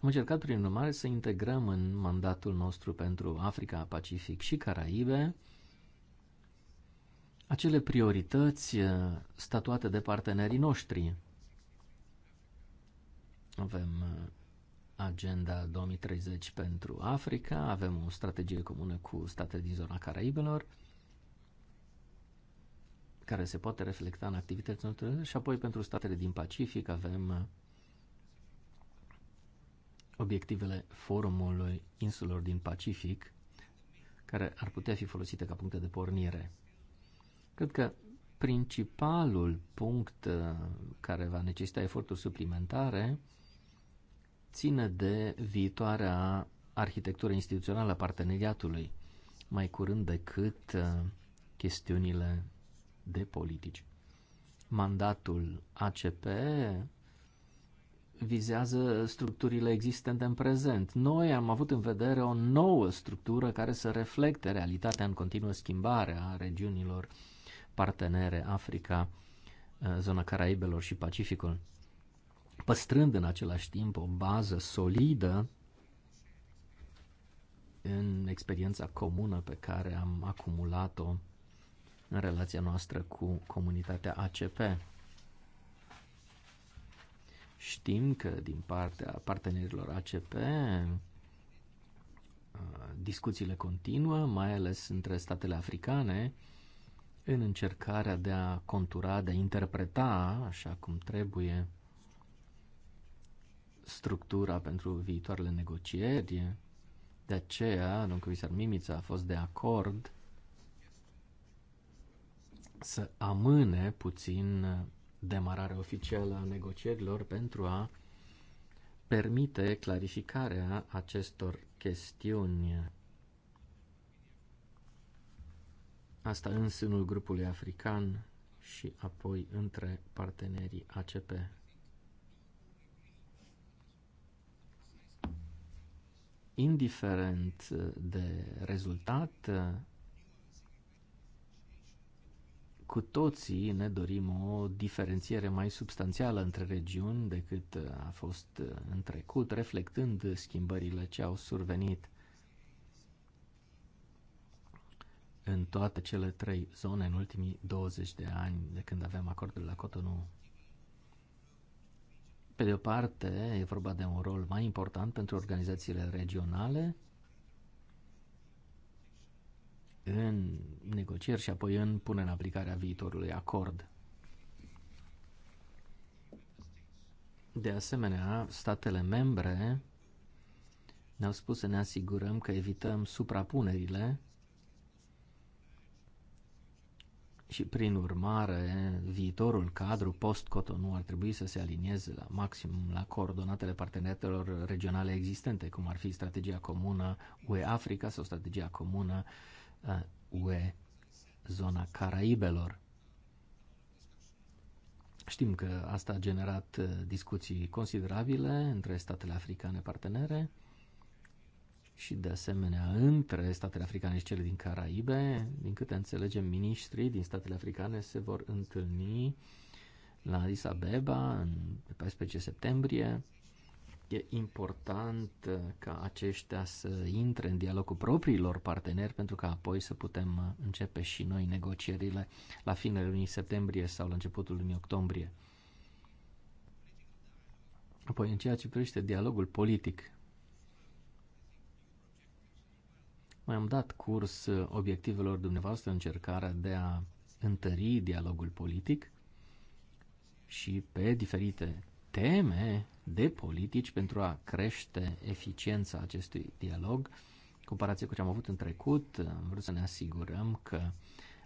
Am încercat, prin urmare, să integrăm în mandatul nostru pentru Africa, Pacific și Caraibe acele priorități uh, statuate de partenerii noștri. Avem uh, Agenda 2030 pentru Africa, avem o strategie comună cu statele din zona Caraibelor, care se poate reflecta în activitățile noastre și apoi pentru statele din Pacific avem obiectivele forumului insulor din Pacific, care ar putea fi folosite ca puncte de pornire. Cred că principalul punct uh, care va necesita eforturi suplimentare ține de viitoarea arhitectură instituțională a parteneriatului, mai curând decât uh, chestiunile de politici. Mandatul ACP vizează structurile existente în prezent. Noi am avut în vedere o nouă structură care să reflecte realitatea în continuă schimbare a regiunilor partenere Africa, uh, zona Caraibelor și Pacificul păstrând în același timp o bază solidă în experiența comună pe care am acumulat-o în relația noastră cu comunitatea ACP. Știm că din partea partenerilor ACP discuțiile continuă, mai ales între statele africane, în încercarea de a contura, de a interpreta așa cum trebuie structura pentru viitoarele negocieri. De aceea, domnul comisar Mimița a fost de acord să amâne puțin demararea oficială a negocierilor pentru a permite clarificarea acestor chestiuni. Asta în sânul grupului african și apoi între partenerii ACP. indiferent uh, de rezultat, uh, cu toții ne dorim o diferențiere mai substanțială între regiuni decât uh, a fost în trecut, reflectând schimbările ce au survenit în toate cele trei zone în ultimii 20 de ani de când avem acordul la Cotonou. Pe de o parte, e vorba de un rol mai important pentru organizațiile regionale în negocieri și apoi în punerea în aplicare a viitorului acord. De asemenea, statele membre ne-au spus să ne asigurăm că evităm suprapunerile și prin urmare viitorul cadru post-Cotonou ar trebui să se alinieze la maximum la coordonatele parteneriatelor regionale existente, cum ar fi strategia comună UE-Africa sau strategia comună uh, UE-zona Caraibelor. Știm că asta a generat uh, discuții considerabile între statele africane partenere și de asemenea între statele africane și cele din Caraibe. Din câte înțelegem, miniștrii din statele africane se vor întâlni la Addis Abeba în 14 septembrie. E important uh, ca aceștia să intre în dialog cu propriilor parteneri pentru ca apoi să putem uh, începe și noi negocierile la finele lunii septembrie sau la începutul lunii octombrie. Apoi, în ceea ce privește dialogul politic Mai am dat curs uh, obiectivelor dumneavoastră încercarea de a întări dialogul politic și pe diferite teme de politici pentru a crește eficiența acestui dialog. În comparație cu ce am avut în trecut, uh, am vrut să ne asigurăm că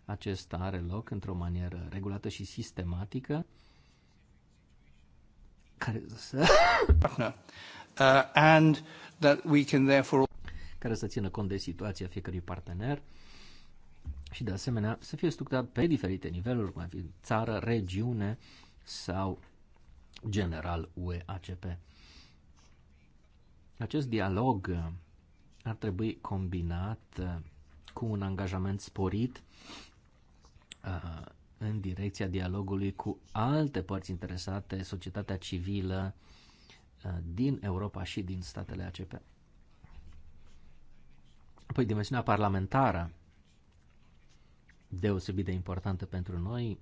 acesta are loc într-o manieră regulată și sistematică care să... (laughs) uh, and that we can therefore care să țină cont de situația fiecărui partener și de asemenea să fie structurat pe diferite niveluri, cum ar fi țară, regiune sau general ue Acest dialog uh, ar trebui combinat uh, cu un angajament sporit uh, în direcția dialogului cu alte părți interesate, societatea civilă din Europa și din statele ACP. Păi dimensiunea parlamentară, deosebit de importantă pentru noi,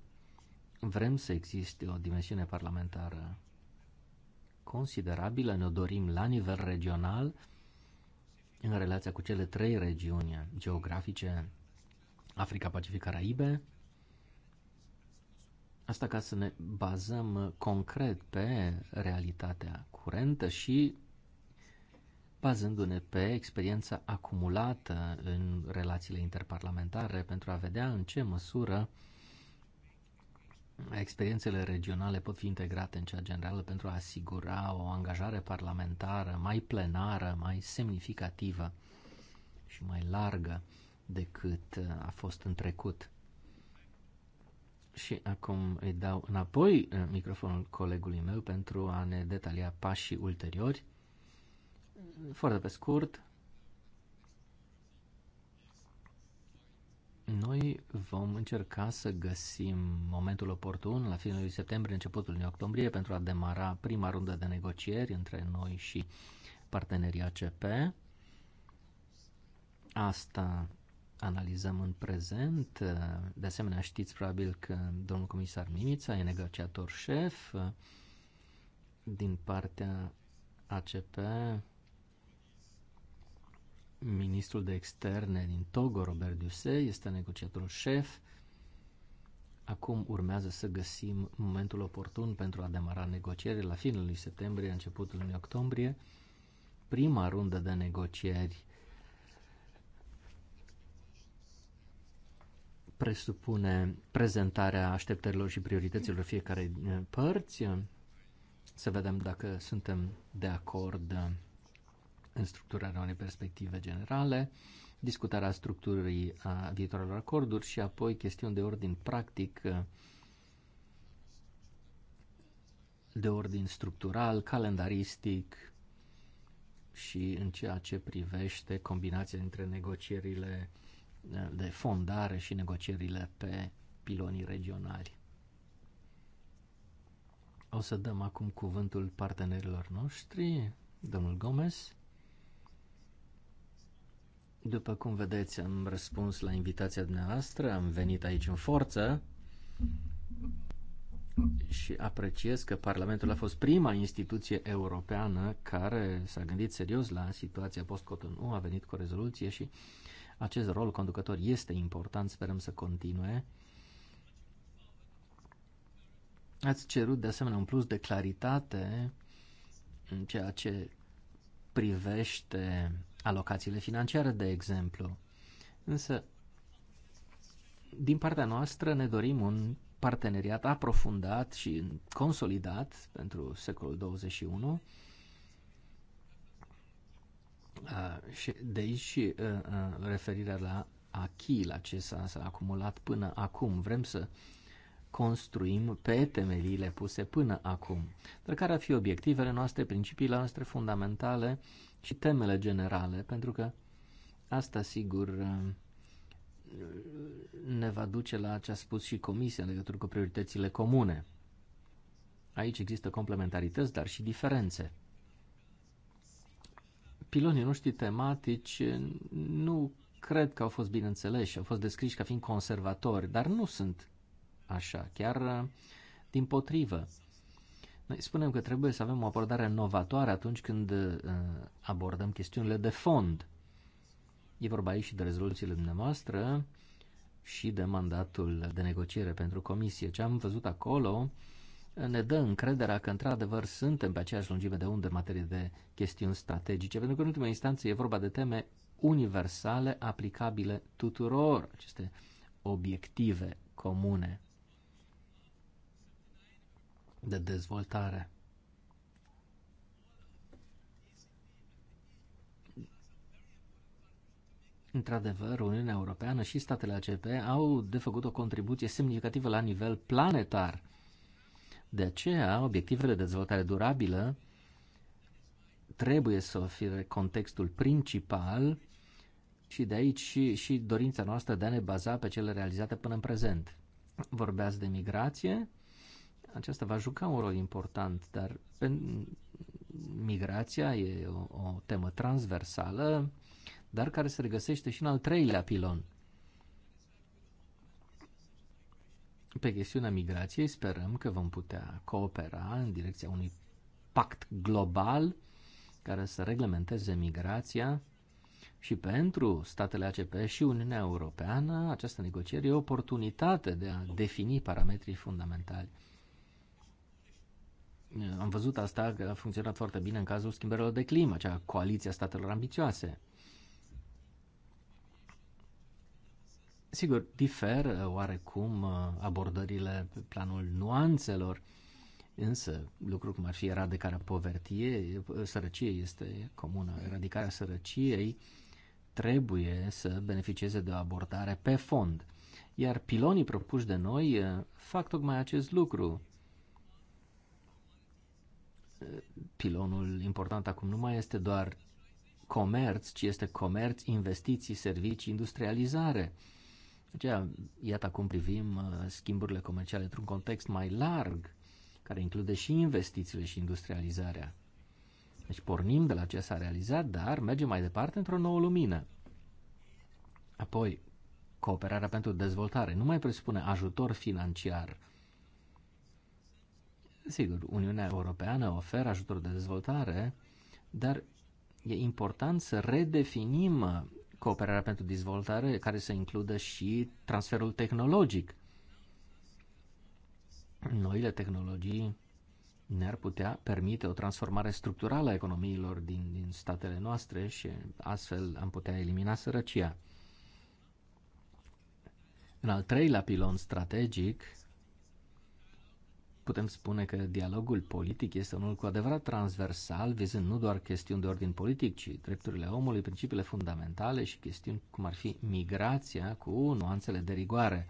vrem să existe o dimensiune parlamentară considerabilă, ne-o dorim la nivel regional, în relația cu cele trei regiuni geografice, Africa, Pacific, Caraibe. Asta ca să ne bazăm concret pe realitatea curentă și bazându-ne pe experiența acumulată în relațiile interparlamentare pentru a vedea în ce măsură experiențele regionale pot fi integrate în cea generală pentru a asigura o angajare parlamentară mai plenară, mai semnificativă și mai largă decât a fost în trecut. Și acum îi dau înapoi microfonul colegului meu pentru a ne detalia pașii ulteriori. Foarte pe scurt, noi vom încerca să găsim momentul oportun la finalul lui septembrie, începutul lui octombrie, pentru a demara prima rundă de negocieri între noi și partenerii ACP. Asta analizăm în prezent. De asemenea, știți probabil că domnul comisar Mimița e negociator șef din partea ACP ministrul de externe din Togo, Robert Duse, este negociatorul șef. Acum urmează să găsim momentul oportun pentru a demara negocieri la finul lui septembrie, începutul lui octombrie. Prima rundă de negocieri presupune prezentarea așteptărilor și priorităților fiecare eh, părți. Să vedem dacă suntem de acord eh, în structurarea unei perspective generale, discutarea structurii a viitorilor acorduri și apoi chestiuni de ordin practic, de ordin structural, calendaristic și în ceea ce privește combinația dintre negocierile de fondare și negocierile pe pilonii regionali. O să dăm acum cuvântul partenerilor noștri, domnul Gomez. După cum vedeți, am răspuns la invitația dumneavoastră, am venit aici în forță și apreciez că Parlamentul a fost prima instituție europeană care s-a gândit serios la situația post-Cotonou, a venit cu o rezoluție și acest rol conducător este important, sperăm să continue. Ați cerut de asemenea un plus de claritate în ceea ce privește alocațiile financiare, de exemplu. Însă, din partea noastră ne dorim un parteneriat aprofundat și consolidat pentru secolul 21. Și de aici și referirea la achila ce s-a, acumulat până acum. Vrem să construim pe temeliile puse până acum. Dar care ar fi obiectivele noastre, principiile noastre fundamentale și temele generale, pentru că asta, sigur, ne va duce la ce a spus și Comisia în legătură cu prioritățile comune. Aici există complementarități, dar și diferențe. Pilonii noștri tematici nu cred că au fost bine înțeleși, au fost descriși ca fiind conservatori, dar nu sunt așa, chiar din potrivă. Noi spunem că trebuie să avem o abordare novatoare atunci când uh, abordăm chestiunile de fond. E vorba aici și de rezoluțiile dumneavoastră și de mandatul de negociere pentru comisie. Ce am văzut acolo uh, ne dă încrederea că într-adevăr suntem pe aceeași lungime de undă în materie de chestiuni strategice, pentru că în ultima instanță e vorba de teme universale, aplicabile tuturor aceste obiective comune de dezvoltare. Într-adevăr, Uniunea Europeană și statele ACP au de făcut o contribuție semnificativă la nivel planetar. De aceea, obiectivele de dezvoltare durabilă trebuie să ofere contextul principal și de aici și, și dorința noastră de a ne baza pe cele realizate până în prezent. Vorbeați de migrație, aceasta va juca un rol important, dar migrația e o, o temă transversală, dar care se regăsește și în al treilea pilon. Pe chestiunea migrației sperăm că vom putea coopera în direcția unui pact global care să reglementeze migrația și pentru statele ACP și Uniunea Europeană, această negociere e o oportunitate de a defini parametrii fundamentali. Am văzut asta că a funcționat foarte bine în cazul schimbărilor de climă, acea coaliție a statelor ambițioase. Sigur, diferă oarecum uh, abordările pe planul nuanțelor, însă lucru cum ar fi eradicarea povertiei, uh, sărăciei este comună, eradicarea sărăciei trebuie să beneficieze de o abordare pe fond. Iar pilonii propuși de noi uh, fac tocmai acest lucru pilonul important acum nu mai este doar comerț, ci este comerț, investiții, servicii, industrializare. Deci, iată acum privim uh, schimburile comerciale într-un context mai larg, care include și investițiile și industrializarea. Deci pornim de la ce s-a realizat, dar mergem mai departe într-o nouă lumină. Apoi, cooperarea pentru dezvoltare nu mai presupune ajutor financiar, Sigur, Uniunea Europeană oferă ajutor de dezvoltare, dar e important să redefinim cooperarea pentru dezvoltare care să includă și transferul tehnologic. Noile tehnologii ne-ar putea permite o transformare structurală a economiilor din, din statele noastre și astfel am putea elimina sărăcia. În al treilea pilon strategic, putem spune că dialogul politic este unul cu adevărat transversal, vizând nu doar chestiuni de ordin politic, ci drepturile omului, principiile fundamentale și chestiuni cum ar fi migrația cu nuanțele de rigoare,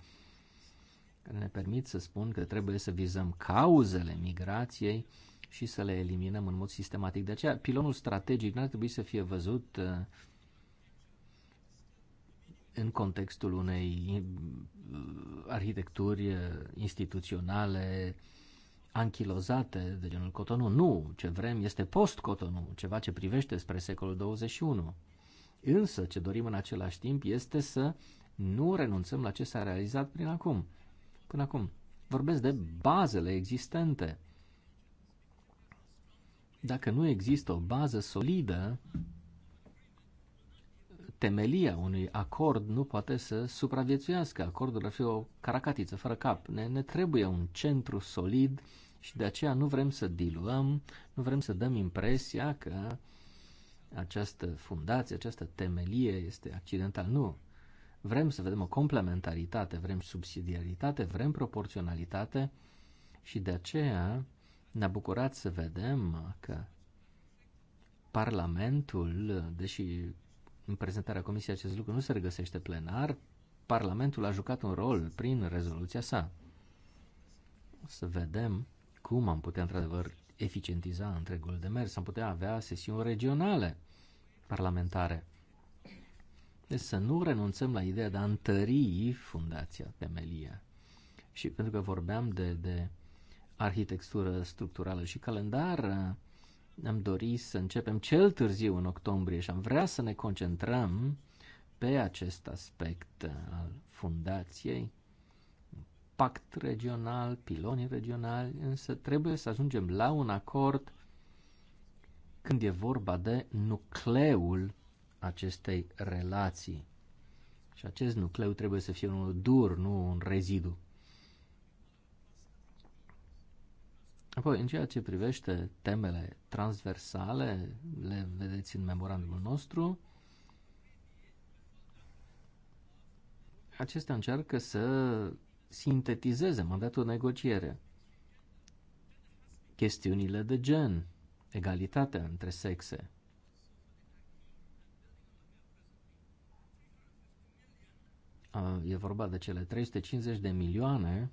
care ne permit să spun că trebuie să vizăm cauzele migrației și să le eliminăm în mod sistematic. De aceea, pilonul strategic n-ar trebui să fie văzut uh, în contextul unei uh, arhitecturi uh, instituționale anchilozate de genul Cotonou. Nu, ce vrem este post-Cotonou, ceva ce privește spre secolul 21. Însă, ce dorim în același timp este să nu renunțăm la ce s-a realizat prin acum. Până acum. Vorbesc de bazele existente. Dacă nu există o bază solidă, temelia unui acord nu poate să supraviețuiască. Acordul ar fi o caracatiță fără cap. Ne, ne trebuie un centru solid și de aceea nu vrem să diluăm, nu vrem să dăm impresia că această fundație, această temelie este accidental. Nu. Vrem să vedem o complementaritate, vrem subsidiaritate, vrem proporționalitate și de aceea ne-a bucurat să vedem că Parlamentul, deși în prezentarea Comisiei acest lucru nu se regăsește plenar, Parlamentul a jucat un rol prin rezoluția sa. să vedem cum am putea într-adevăr eficientiza întregul demers, am putea avea sesiuni regionale parlamentare. Deci să nu renunțăm la ideea de a întări fundația, temelia. Și pentru că vorbeam de, de arhitectură structurală și calendar, am dorit să începem cel târziu în octombrie și am vrea să ne concentrăm pe acest aspect al fundației, pact regional, piloni regionali, însă trebuie să ajungem la un acord când e vorba de nucleul acestei relații. Și acest nucleu trebuie să fie unul dur, nu un rezidu. Apoi, în ceea ce privește temele transversale, le vedeți în memorandumul nostru, acestea încearcă să sintetizeze mandatul negociere. Chestiunile de gen, egalitatea între sexe. E vorba de cele 350 de milioane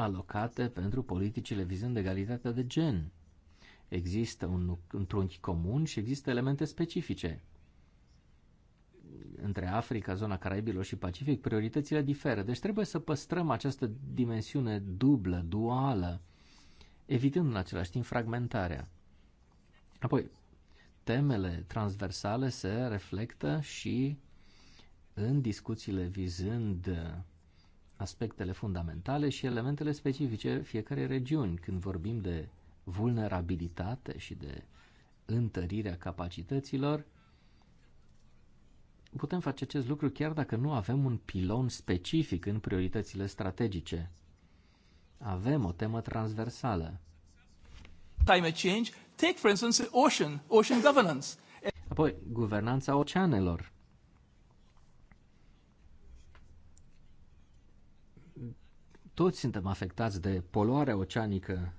alocate pentru politicile vizând egalitatea de gen. Există un, un trunchi comun și există elemente specifice. Între Africa, zona Caraibilor și Pacific, prioritățile diferă. Deci trebuie să păstrăm această dimensiune dublă, duală, evitând în același timp fragmentarea. Apoi, temele transversale se reflectă și în discuțiile vizând aspectele fundamentale și elementele specifice fiecare regiuni. Când vorbim de vulnerabilitate și de întărirea capacităților, putem face acest lucru chiar dacă nu avem un pilon specific în prioritățile strategice. Avem o temă transversală. Climate change, take for instance ocean, ocean governance. Apoi, guvernanța oceanelor. Toți suntem afectați de poluarea oceanică.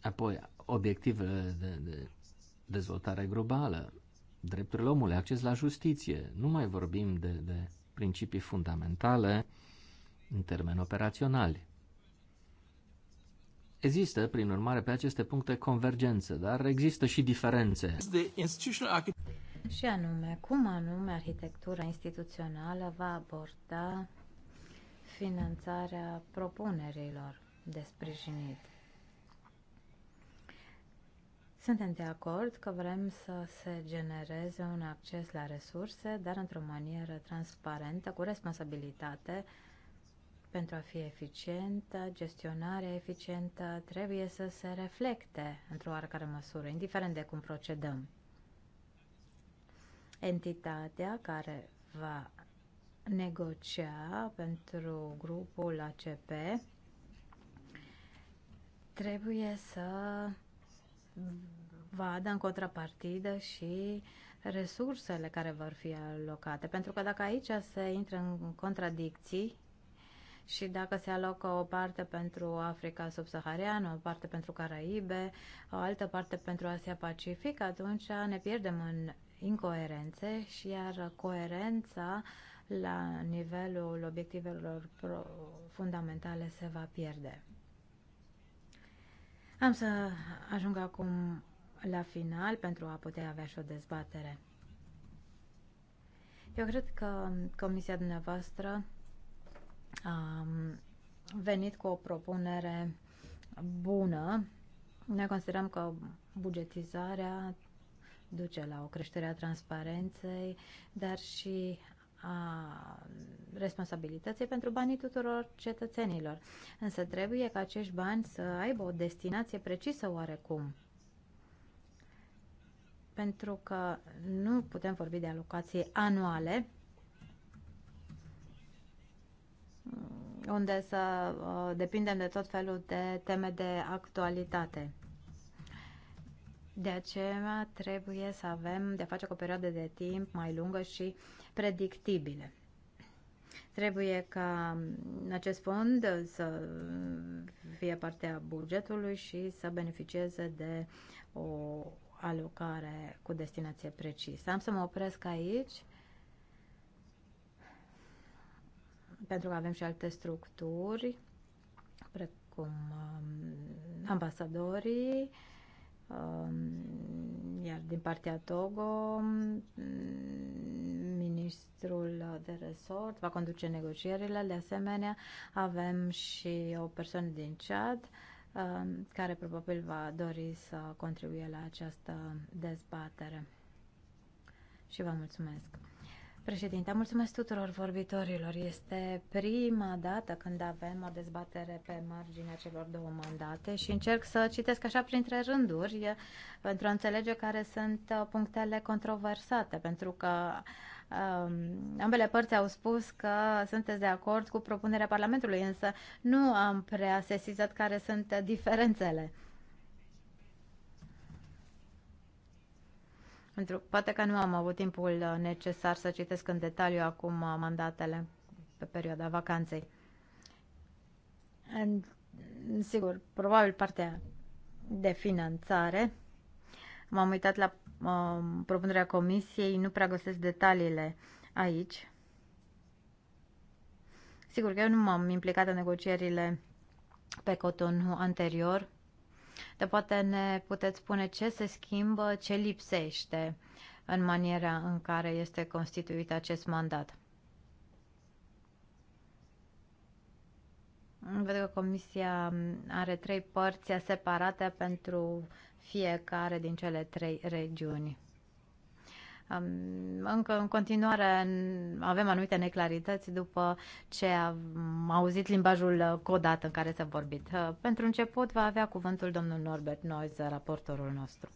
Apoi, obiectivele de, de dezvoltare globală, drepturile omului, acces la justiție. Nu mai vorbim de, de principii fundamentale în termeni operaționali. Există, prin urmare, pe aceste puncte convergență, dar există și diferențe. Și anume, cum anume arhitectura instituțională va aborda finanțarea propunerilor de sprijinit. Suntem de acord că vrem să se genereze un acces la resurse, dar într-o manieră transparentă, cu responsabilitate, pentru a fi eficientă, gestionarea eficientă trebuie să se reflecte într-o oarecare măsură, indiferent de cum procedăm. Entitatea care va negocia pentru grupul ACP, trebuie să vadă în contrapartidă și resursele care vor fi alocate. Pentru că dacă aici se intră în contradicții și dacă se alocă o parte pentru Africa subsahariană, o parte pentru Caraibe, o altă parte pentru Asia Pacific, atunci ne pierdem în incoerențe și iar coerența uh, la nivelul obiectivelor fundamentale se va pierde. Am să ajung acum la final pentru a putea avea și o dezbatere. Eu cred că comisia dumneavoastră a venit cu o propunere bună. Ne considerăm că bugetizarea duce la o creștere a transparenței, dar și a responsabilității pentru banii tuturor cetățenilor. Însă trebuie ca acești bani să aibă o destinație precisă oarecum. Pentru că nu putem vorbi de alocații anuale, unde să uh, depindem de tot felul de teme de actualitate. De aceea trebuie să avem de face cu o perioadă de timp mai lungă și predictibile. Trebuie ca acest fond să fie partea bugetului și să beneficieze de o alocare cu destinație precisă. Am să mă opresc aici pentru că avem și alte structuri precum um, ambasadorii Um, iar din partea Togo, um, ministrul de resort va conduce negocierile. De asemenea, avem și o persoană din Chad um, care probabil va dori să contribuie la această dezbatere. Și vă mulțumesc! Președinte, mulțumesc tuturor vorbitorilor. Este prima dată când avem o dezbatere pe marginea celor două mandate și încerc să citesc așa printre rânduri pentru a înțelege care sunt uh, punctele controversate, pentru că um, ambele părți au spus că sunteți de acord cu propunerea Parlamentului, însă nu am prea sesizat care sunt uh, diferențele. Pentru, poate că nu am avut timpul uh, necesar să citesc în detaliu acum uh, mandatele pe perioada vacanței. And, sigur, probabil partea de finanțare. M-am uitat la um, propunerea comisiei, nu prea găsesc detaliile aici. Sigur că eu nu m-am implicat în negocierile pe Cotonou anterior, dar poate ne puteți spune ce se schimbă, ce lipsește în maniera în care este constituit acest mandat. Văd că Comisia are trei părți separate pentru fiecare din cele trei regiuni. Încă în continuare avem anumite neclarități după ce am auzit limbajul uh, codat în care s-a vorbit. Uh, pentru început va avea cuvântul domnul Norbert Noiz, raportorul nostru.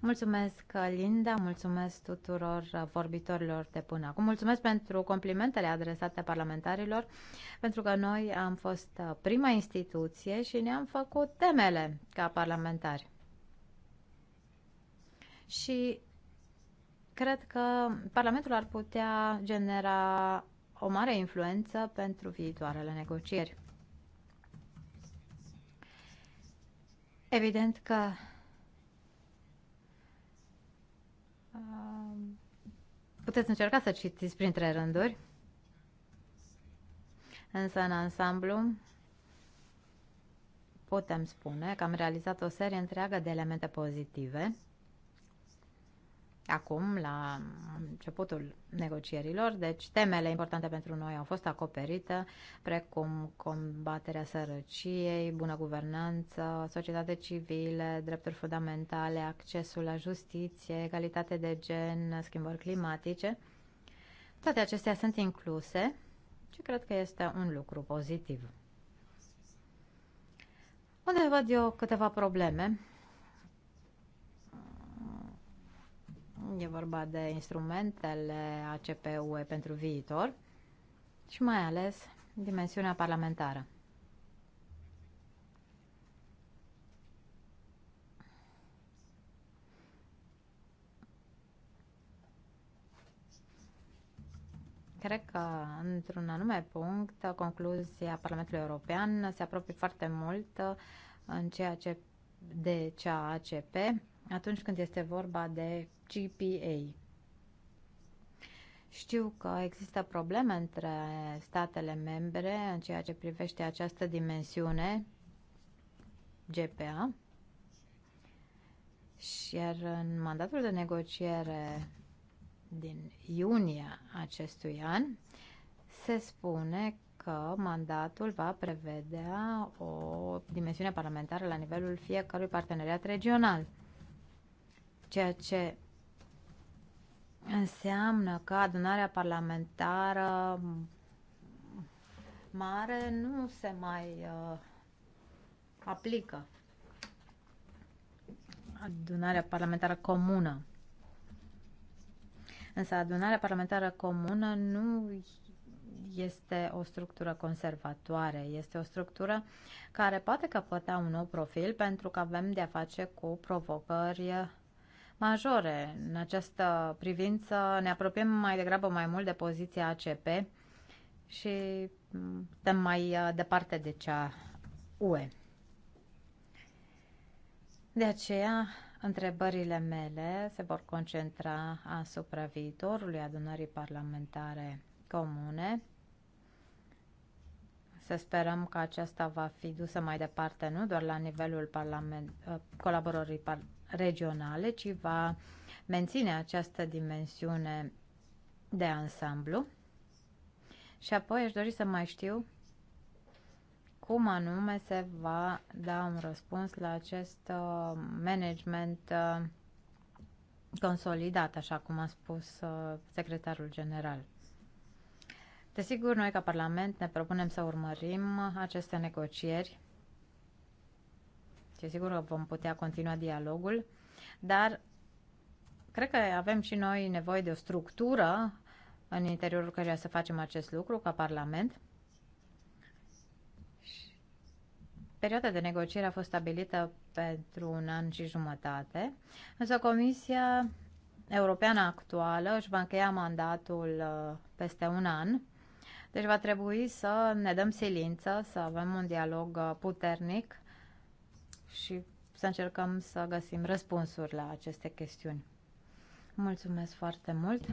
Mulțumesc, Linda, mulțumesc tuturor uh, vorbitorilor de până acum. Mulțumesc pentru complimentele adresate parlamentarilor, pentru că noi am fost prima instituție și ne-am făcut temele ca parlamentari. Și Cred că Parlamentul ar putea genera o mare influență pentru viitoarele negocieri. Evident că uh, puteți încerca să citiți printre rânduri, însă în ansamblu putem spune că am realizat o serie întreagă de elemente pozitive acum la începutul negocierilor, deci temele importante pentru noi au fost acoperite, precum combaterea sărăciei, bună guvernanță, societate civile, drepturi fundamentale, accesul la justiție, egalitate de gen, schimbări climatice. Toate acestea sunt incluse și cred că este un lucru pozitiv. Unde văd eu câteva probleme E vorba de instrumentele ACPUE pentru viitor și mai ales dimensiunea parlamentară. Cred că, într-un anume punct, concluzia Parlamentului European se apropie foarte mult uh, în ceea ce de cea ACP atunci când este vorba de GPA. Știu că există probleme între statele membre în ceea ce privește această dimensiune GPA, iar în mandatul de negociere din iunie acestui an se spune că mandatul va prevedea o dimensiune parlamentară la nivelul fiecărui parteneriat regional, ceea ce înseamnă că adunarea parlamentară mare nu se mai uh, aplică. Adunarea parlamentară comună. Însă adunarea parlamentară comună nu este o structură conservatoare, este o structură care poate căpăta un nou profil pentru că avem de-a face cu provocări majore. În această privință ne apropiem mai degrabă mai mult de poziția ACP și suntem mm, mai uh, departe de cea UE. De aceea, întrebările mele se vor concentra asupra viitorului adunării parlamentare comune. Să sperăm că aceasta va fi dusă mai departe nu doar la nivelul parlament, uh, colaborării par, regionale, ci va menține această dimensiune de ansamblu. Și apoi aș dori să mai știu cum anume se va da un răspuns la acest uh, management uh, consolidat, așa cum a spus uh, secretarul general. Desigur, noi ca Parlament ne propunem să urmărim aceste negocieri și sigur că vom putea continua dialogul, dar cred că avem și noi nevoie de o structură în interiorul căreia să facem acest lucru ca Parlament. Perioada de negociere a fost stabilită pentru un an și jumătate, însă Comisia Europeană actuală își va încheia mandatul uh, peste un an, deci va trebui să ne dăm silință, să avem un dialog uh, puternic și să încercăm să găsim răspunsuri la aceste chestiuni. Mulțumesc foarte mult!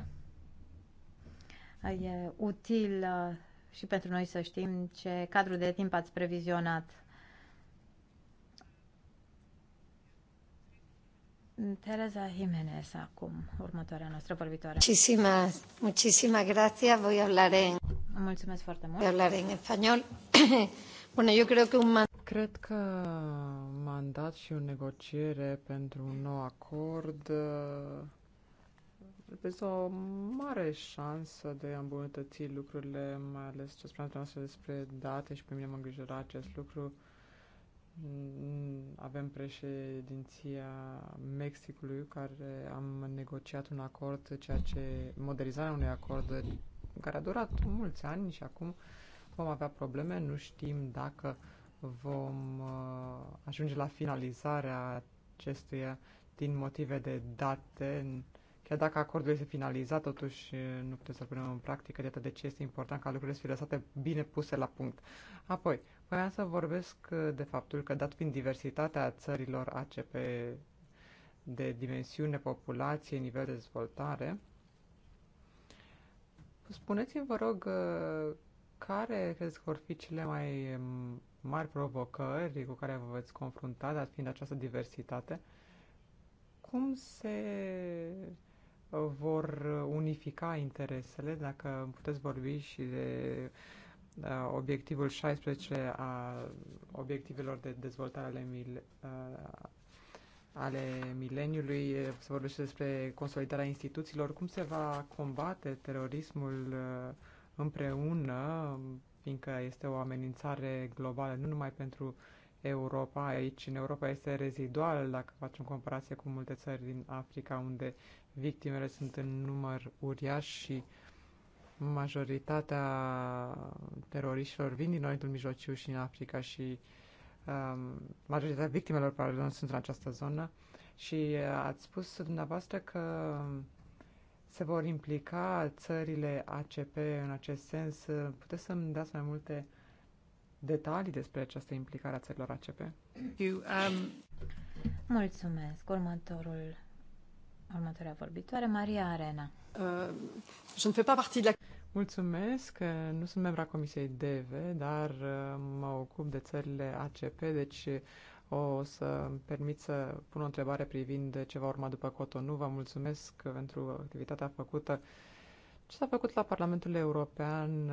E util uh, și pentru noi să știm ce cadru de timp ați previzionat. Teresa Jiménez, acum, următoarea noastră vorbitoare. Muchísimas, muchísimas gracias. Voy a hablar en... Mulțumesc foarte mult. Voy a hablar en español. (clears throat) bueno, yo creo que un Cred că mandat și o negociere pentru un nou acord Este o mare șansă de a îmbunătăți lucrurile, mai ales ce spuneam noastră despre date și pe mine mă îngrijora acest lucru. Avem președinția Mexicului care am negociat un acord, ceea ce modernizarea unui acord care a durat mulți ani și acum vom avea probleme, nu știm dacă uh, vom uh, ajunge la finalizarea acestuia din motive de date. Chiar dacă acordul este finalizat, totuși uh, nu putem să-l punem în practică, de de ce este important ca lucrurile să fie lăsate bine puse la punct. Apoi, voiam să vorbesc uh, de faptul că, dat fiind diversitatea țărilor ACP de dimensiune, populație, nivel de dezvoltare, spuneți-mi, vă rog, care credeți că vor fi cele mai mm, mari provocări cu care vă veți confrunta, dar fiind această diversitate, cum se uh, vor unifica interesele, dacă puteți vorbi și de uh, obiectivul 16 a obiectivelor de dezvoltare ale, mil, uh, ale mileniului, se vorbește despre consolidarea instituțiilor, cum se va combate terorismul împreună fiindcă este o amenințare globală, nu numai pentru Europa. Aici, în Europa, este rezidual dacă facem comparație cu multe țări din Africa, unde victimele sunt în număr uriaș și majoritatea teroriștilor vin din Orientul Mijlociu și în Africa și um, majoritatea victimelor, pardon, sunt în această zonă. Și uh, ați spus dumneavoastră că se vor implica țările ACP în acest sens? Puteți să-mi dați mai multe detalii despre această implicare a țărilor ACP? You, um... Mulțumesc. Următorul, următoarea vorbitoare, Maria Arena. Uh, je ne fais pas partie de la... Mulțumesc, nu sunt membra Comisiei DV, dar uh, mă ocup de țările ACP, deci o să îmi permit să pun o întrebare privind ce va urma după Cotonou. Vă mulțumesc pentru activitatea făcută. Ce s-a făcut la Parlamentul European,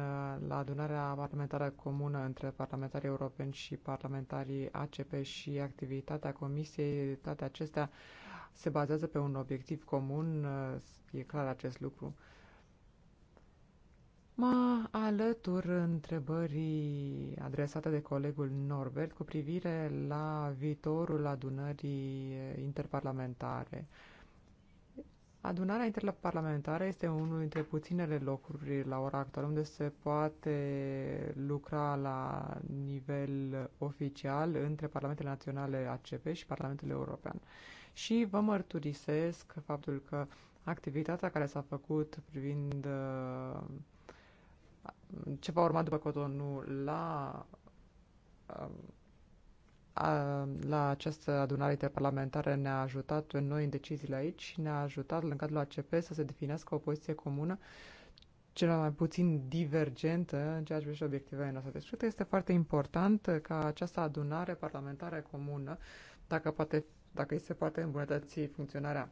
la adunarea parlamentară comună între parlamentarii europeni și parlamentarii ACP și activitatea Comisiei, toate acestea se bazează pe un obiectiv comun, e clar acest lucru. Mă alătur întrebării adresate de colegul Norbert cu privire la viitorul adunării interparlamentare. Adunarea interparlamentară este unul dintre puținele locuri la ora actuală unde se poate lucra la nivel oficial între Parlamentele Naționale ACP și Parlamentul European. Și vă mărturisesc faptul că activitatea care s-a făcut privind uh, ce va urma după Cotonou la, um, la această adunare interparlamentară ne-a ajutat în noi în deciziile aici, ne-a ajutat în cadrul ACP să se definească o poziție comună cel mai puțin divergentă în ceea ce privește obiectivele noastre. Deci, cred că este foarte important ca această adunare parlamentară comună, dacă, poate, dacă îi se poate îmbunătăți funcționarea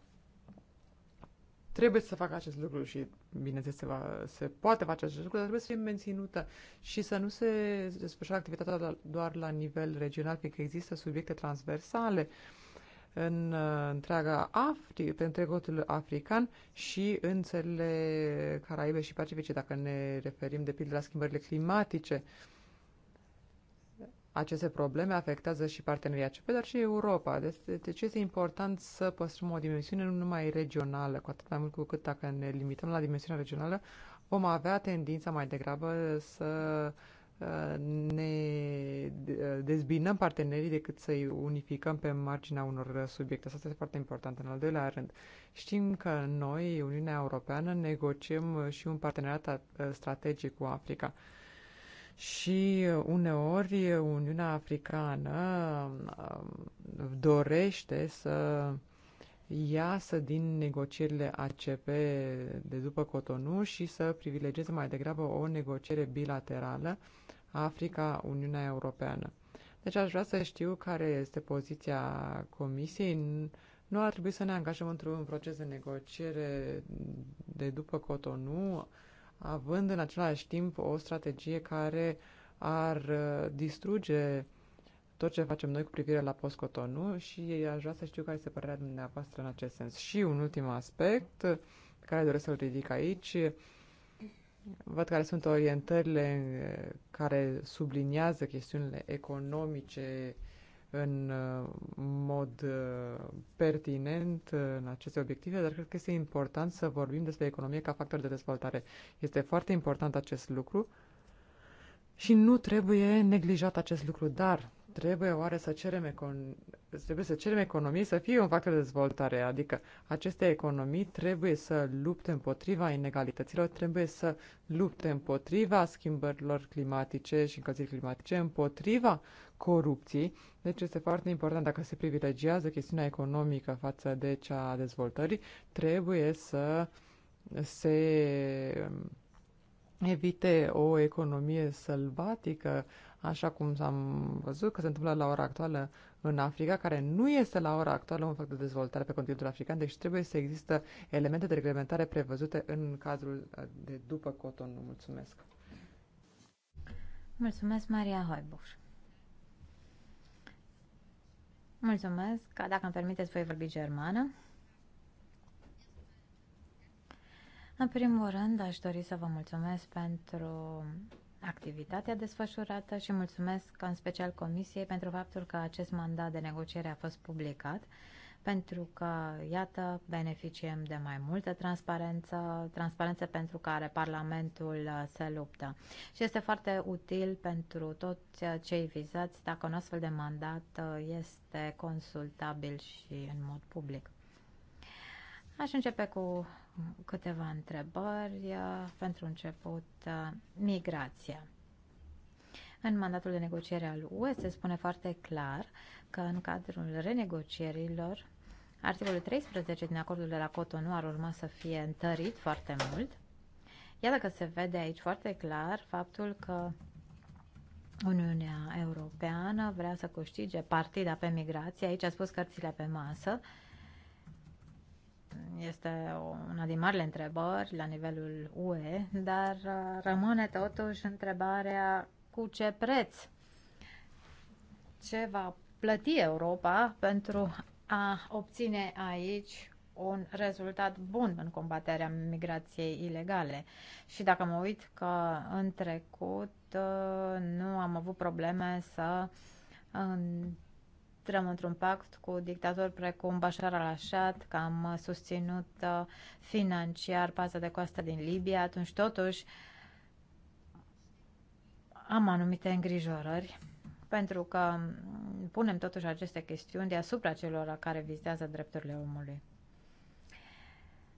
trebuie să facă acest lucru și, bineînțeles, se, va, se poate face acest lucru, dar trebuie să fie menținută și să nu se desfășoare activitatea doar la nivel regional, fiindcă există subiecte transversale în uh, întreaga Africa, pe întregul african și în țările Caraibe și Pacifice, dacă ne referim de pildă la schimbările climatice. Uh, aceste probleme afectează și partenerii ACP, dar și Europa. Deci, deci este important să păstrăm o dimensiune nu numai regională, cu atât mai mult cu cât dacă ne limităm la dimensiunea regională, vom avea tendința mai degrabă să uh, ne uh, dezbinăm partenerii decât să-i unificăm pe marginea unor subiecte. Asta este foarte important. În al doilea rând, știm că noi, Uniunea Europeană, negociem și un parteneriat uh, strategic cu Africa și uneori Uniunea Africană um, dorește să iasă din negocierile ACP de după Cotonou și să privilegieze mai degrabă o negociere bilaterală Africa-Uniunea Europeană. Deci aș vrea să știu care este poziția Comisiei. Nu ar trebui să ne angajăm într-un proces de negociere de după Cotonou având în același timp o strategie care ar uh, distruge tot ce facem noi cu privire la postcotonul și aș vrea să știu care este părerea dumneavoastră în acest sens. Și un ultim aspect care doresc să-l ridic aici, văd care sunt orientările care subliniază chestiunile economice în uh, mod uh, pertinent uh, în aceste obiective, dar cred că este important să vorbim despre economie ca factor de dezvoltare. Este foarte important acest lucru și nu trebuie neglijat acest lucru, dar trebuie oare să cerem econ- trebuie să cerem economii să fie un factor de dezvoltare, adică aceste economii trebuie să lupte împotriva inegalităților, trebuie să lupte împotriva schimbărilor climatice și încălzirii climatice, împotriva corupției. Deci este foarte important dacă se privilegiază chestiunea economică față de cea a dezvoltării, trebuie să se um, evite o economie sălbatică, așa cum am văzut că se întâmplă la ora actuală în Africa, care nu este la ora actuală un fapt de dezvoltare pe continentul african, deci trebuie să există elemente de reglementare prevăzute în cadrul uh, de după coton. Mulțumesc! Mulțumesc, Maria Hoibuș! Mulțumesc, dacă îmi permiteți, voi vorbi germană. În primul rând, aș dori să vă mulțumesc pentru activitatea desfășurată și mulțumesc în special Comisiei pentru faptul că acest mandat de negociere a fost publicat, pentru că, iată, beneficiem de mai multă transparență, transparență pentru care Parlamentul uh, se luptă. Și este foarte util pentru toți uh, cei vizați dacă un astfel de mandat uh, este consultabil și în mod public. Aș începe cu câteva întrebări. Uh, pentru început, uh, migrația. În mandatul de negociere al UE se spune foarte clar că în cadrul renegocierilor articolul 13 din acordul de la Cotonou ar urma să fie întărit foarte mult. Iată că se vede aici foarte clar faptul că Uniunea Europeană vrea să câștige partida pe migrație. Aici a spus cărțile pe masă. Uh, este una din marile întrebări la nivelul UE, dar uh, rămâne totuși întrebarea cu ce preț ce va plăti Europa pentru a obține aici un rezultat bun în combaterea migrației ilegale. Și dacă mă uit că în trecut uh, nu am avut probleme să intrăm într-un pact cu dictatori precum Bashar al-Assad, că am uh, susținut uh, financiar paza de coastă din Libia, atunci totuși am anumite îngrijorări pentru că um, punem totuși aceste chestiuni deasupra celor care vizează drepturile omului.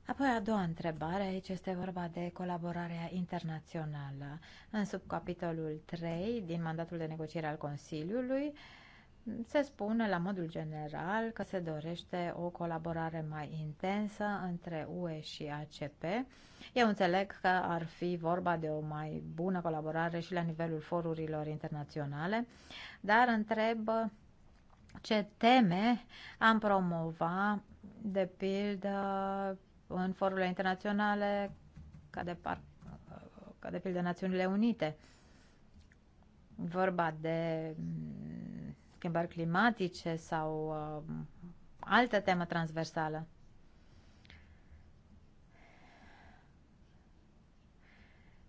Apoi a doua întrebare, aici este vorba de colaborarea internațională. În subcapitolul 3 din mandatul de negociere al Consiliului, uh, se spune la modul general că se dorește o colaborare mai intensă între UE și ACP. Eu înțeleg că ar fi vorba de o mai bună colaborare și la nivelul forurilor internaționale, dar întreb ce teme am promova, de pildă, în forurile internaționale, ca de, par, ca de pildă Națiunile Unite. Vorba de schimbări climatice sau uh, altă temă transversală.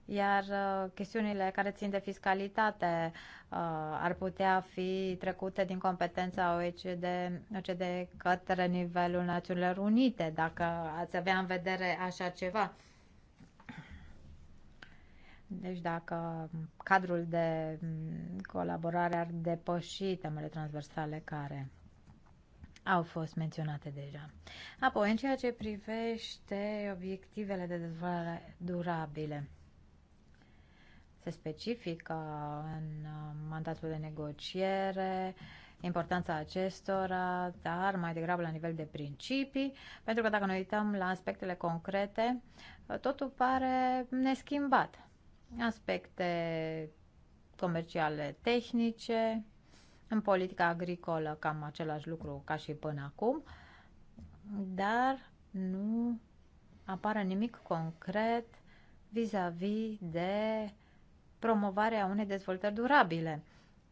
Iar uh, chestiunile care țin de fiscalitate uh, ar putea fi trecute din competența OECD, OECD către nivelul Națiunilor Unite, dacă ați avea în vedere așa ceva. Uh, deci dacă cadrul de colaborare ar depăși temele transversale care au fost menționate deja. Apoi, în ceea ce privește obiectivele de dezvoltare durabile, se specifică în uh, mandatul de negociere importanța acestora, dar mai degrabă la nivel de principii, pentru că dacă ne uităm la aspectele concrete, uh, totul pare neschimbat aspecte comerciale tehnice, în politica agricolă cam același lucru ca și până acum, dar nu apare nimic concret vis-a-vis -vis de promovarea unei dezvoltări durabile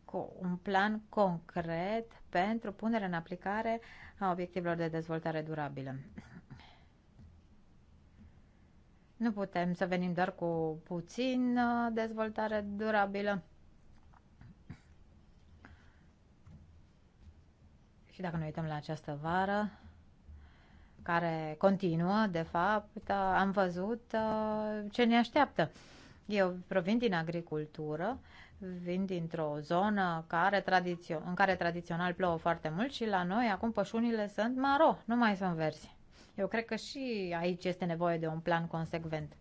cu un plan concret pentru punerea în aplicare a obiectivelor de dezvoltare durabilă. Nu putem să venim doar cu puțin uh, dezvoltare durabilă. Și dacă ne uităm la această vară, care continuă, de fapt, uh, am văzut uh, ce ne așteaptă. Eu provin din agricultură, vin dintr-o zonă care tradițio- în care tradițional plouă foarte mult și la noi acum pășunile sunt maro, nu mai sunt verzi. Eu cred că și aici este nevoie de un plan consecvent.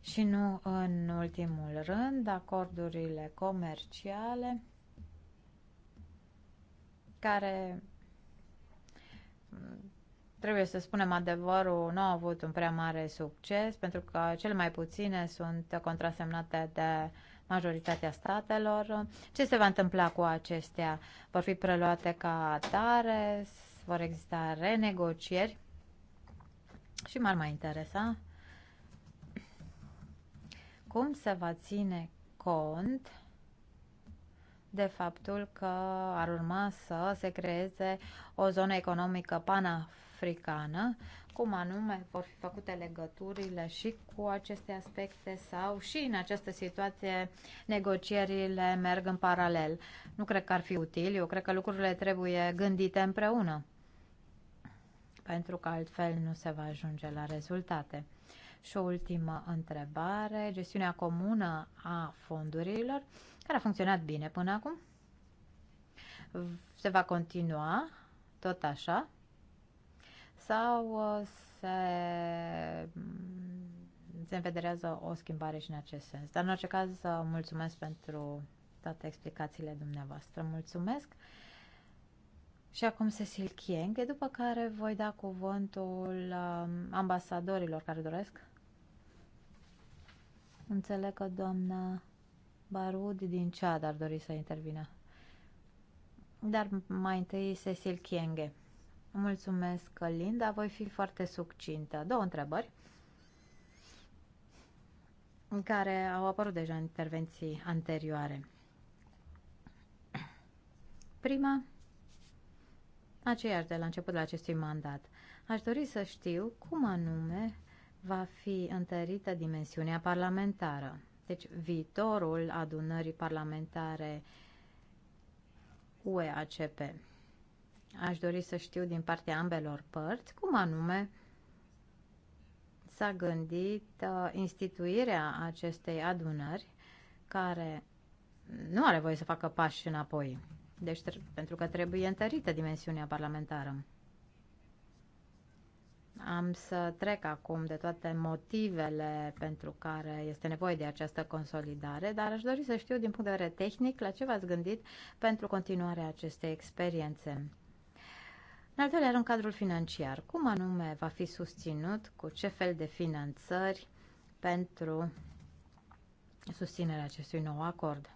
Și nu în ultimul rând, acordurile comerciale care trebuie să spunem adevărul, nu au avut un prea mare succes, pentru că cele mai puține sunt contrasemnate de majoritatea statelor. Ce se va întâmpla cu acestea? Vor fi preluate ca atare vor exista renegocieri și m-ar mai interesa cum se va ține cont de faptul că ar urma să se creeze o zonă economică panafricană, cum anume vor fi făcute legăturile și cu aceste aspecte sau și în această situație negocierile merg în paralel. Nu cred că ar fi util, eu cred că lucrurile trebuie gândite împreună pentru că altfel nu se va ajunge la rezultate. Și o ultimă întrebare, gestiunea comună a fondurilor, care a funcționat bine până acum, se va continua tot așa sau uh, se, mm, se învederează o schimbare și în acest sens. Dar în orice caz, uh, mulțumesc pentru toate explicațiile dumneavoastră. Mulțumesc! și acum Cecil Chienghe, după care voi da cuvântul um, ambasadorilor care doresc. Înțeleg că doamna Barud din Cead ar dori să intervină. Dar mai întâi Cecil Chienghe. Mulțumesc, Linda. Voi fi foarte succintă. Două întrebări care au apărut deja în intervenții anterioare. Prima aceiași de la începutul acestui mandat. Aș dori să știu cum anume va fi întărită dimensiunea parlamentară. Deci viitorul adunării parlamentare UEACP. Aș dori să știu din partea ambelor părți cum anume s-a gândit uh, instituirea acestei adunări care nu are voie să facă pași înapoi deci pentru că trebuie întărită dimensiunea parlamentară. Am să trec acum de toate motivele pentru care este nevoie de această consolidare, dar aș dori să știu din punct de vedere tehnic la ce v-ați gândit pentru continuarea acestei experiențe. În al doilea rând, cadrul financiar. Cum anume va fi susținut, cu ce fel de finanțări pentru susținerea acestui nou acord?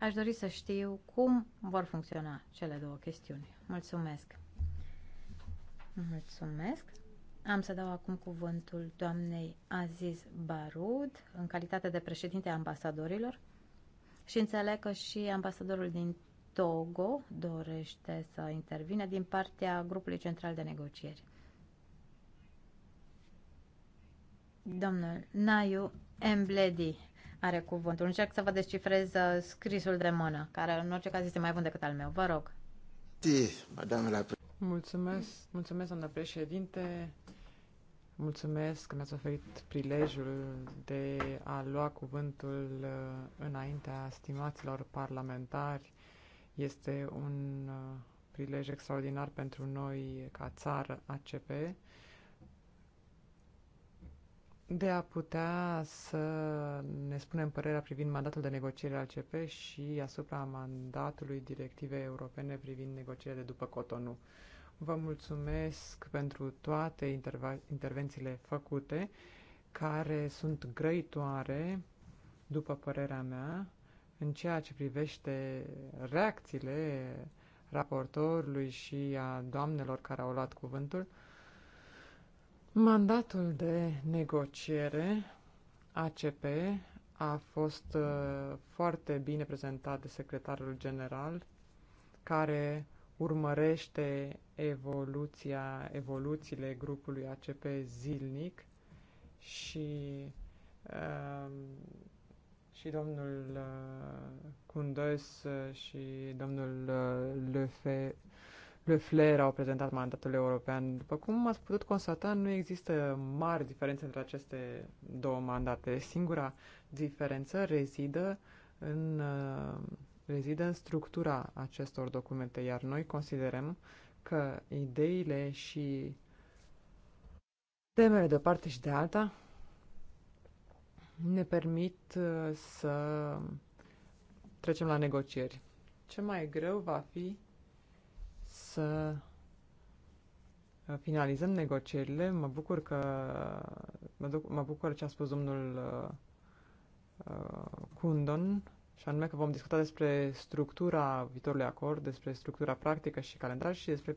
Aș dori să știu cum vor funcționa cele două chestiuni. Mulțumesc! Mulțumesc! Am să dau acum cuvântul doamnei Aziz Barud, în calitate de președinte a ambasadorilor. Și înțeleg că și ambasadorul din Togo dorește să intervine din partea grupului central de negocieri. Domnul Naiu Embledi are cuvântul. Încerc să vă descifrez uh, scrisul de mână, care în orice caz este mai bun decât al meu. Vă rog. Mulțumesc, mulțumesc, doamna președinte. Mulțumesc că mi-ați oferit prilejul de a lua cuvântul uh, înaintea stimaților parlamentari. Este un uh, prilej extraordinar pentru noi ca țară ACP de a putea să ne spunem părerea privind mandatul de negociere al CP și asupra mandatului directivei europene privind negocierile de după Cotonou. Vă mulțumesc pentru toate intervențiile făcute, care sunt grăitoare, după părerea mea, în ceea ce privește reacțiile raportorului și a doamnelor care au luat cuvântul. Mandatul de negociere ACP a fost uh, foarte bine prezentat de secretarul general, care urmărește evoluția, evoluțiile grupului ACP zilnic și, uh, și domnul uh, Cundes și domnul Lefe le Flair au prezentat mandatul european. După cum ați putut constata, nu există mari diferențe între aceste două mandate. Singura diferență rezidă în, uh, rezidă în structura acestor documente, iar noi considerăm că ideile și temele de o parte și de alta ne permit uh, să trecem la negocieri. Ce mai greu va fi să uh, finalizăm negocierile. Mă bucur că mă, duc, mă bucur ce a spus domnul uh, uh, Kundon și anume că vom discuta despre structura viitorului acord, despre structura practică și calendar și despre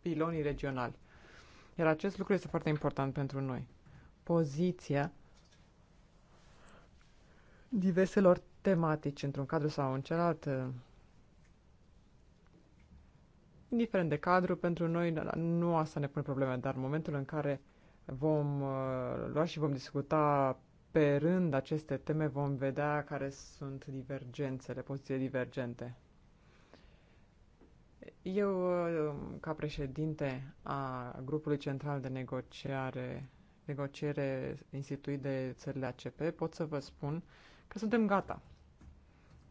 pilonii regionali. Iar acest lucru este foarte important pentru noi. Poziția diverselor tematici într-un cadru sau în celălalt uh, indiferent de cadru, pentru noi nu asta ne pune probleme, dar în momentul în care vom uh, lua și vom discuta pe rând aceste teme, vom vedea care sunt divergențele, poziții divergente. Eu, uh, ca președinte a grupului central de negociare, negociere instituit de țările ACP, pot să vă spun că suntem gata.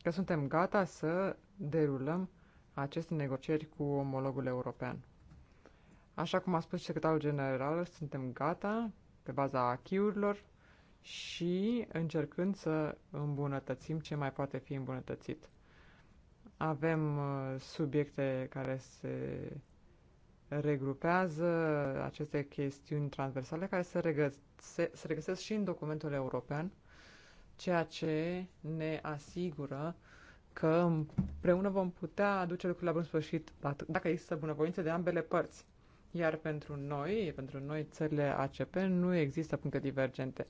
Că suntem gata să derulăm aceste negocieri cu omologul european. Așa cum a spus secretarul general, suntem gata pe baza achiurilor și încercând să îmbunătățim ce mai poate fi îmbunătățit. Avem uh, subiecte care se regrupează aceste chestiuni transversale care se, regăse, se regăsesc și în documentul european, ceea ce ne asigură că împreună vom putea aduce lucrurile la bun sfârșit dacă există bunăvoință de ambele părți. Iar pentru noi, pentru noi țările ACP, nu există puncte divergente.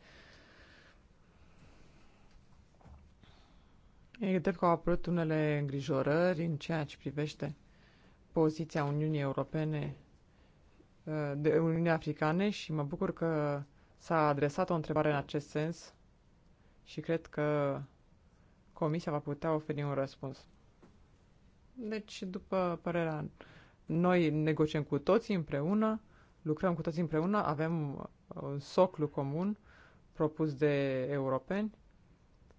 E drept că au apărut unele îngrijorări în ceea ce privește poziția Uniunii Europene, uh, de Uniunii Africane și mă bucur că s-a adresat o întrebare în acest sens și cred că Comisia va putea oferi un răspuns. Deci, după părerea noi negociem cu toții împreună, lucrăm cu toții împreună, avem uh, un soclu comun propus de europeni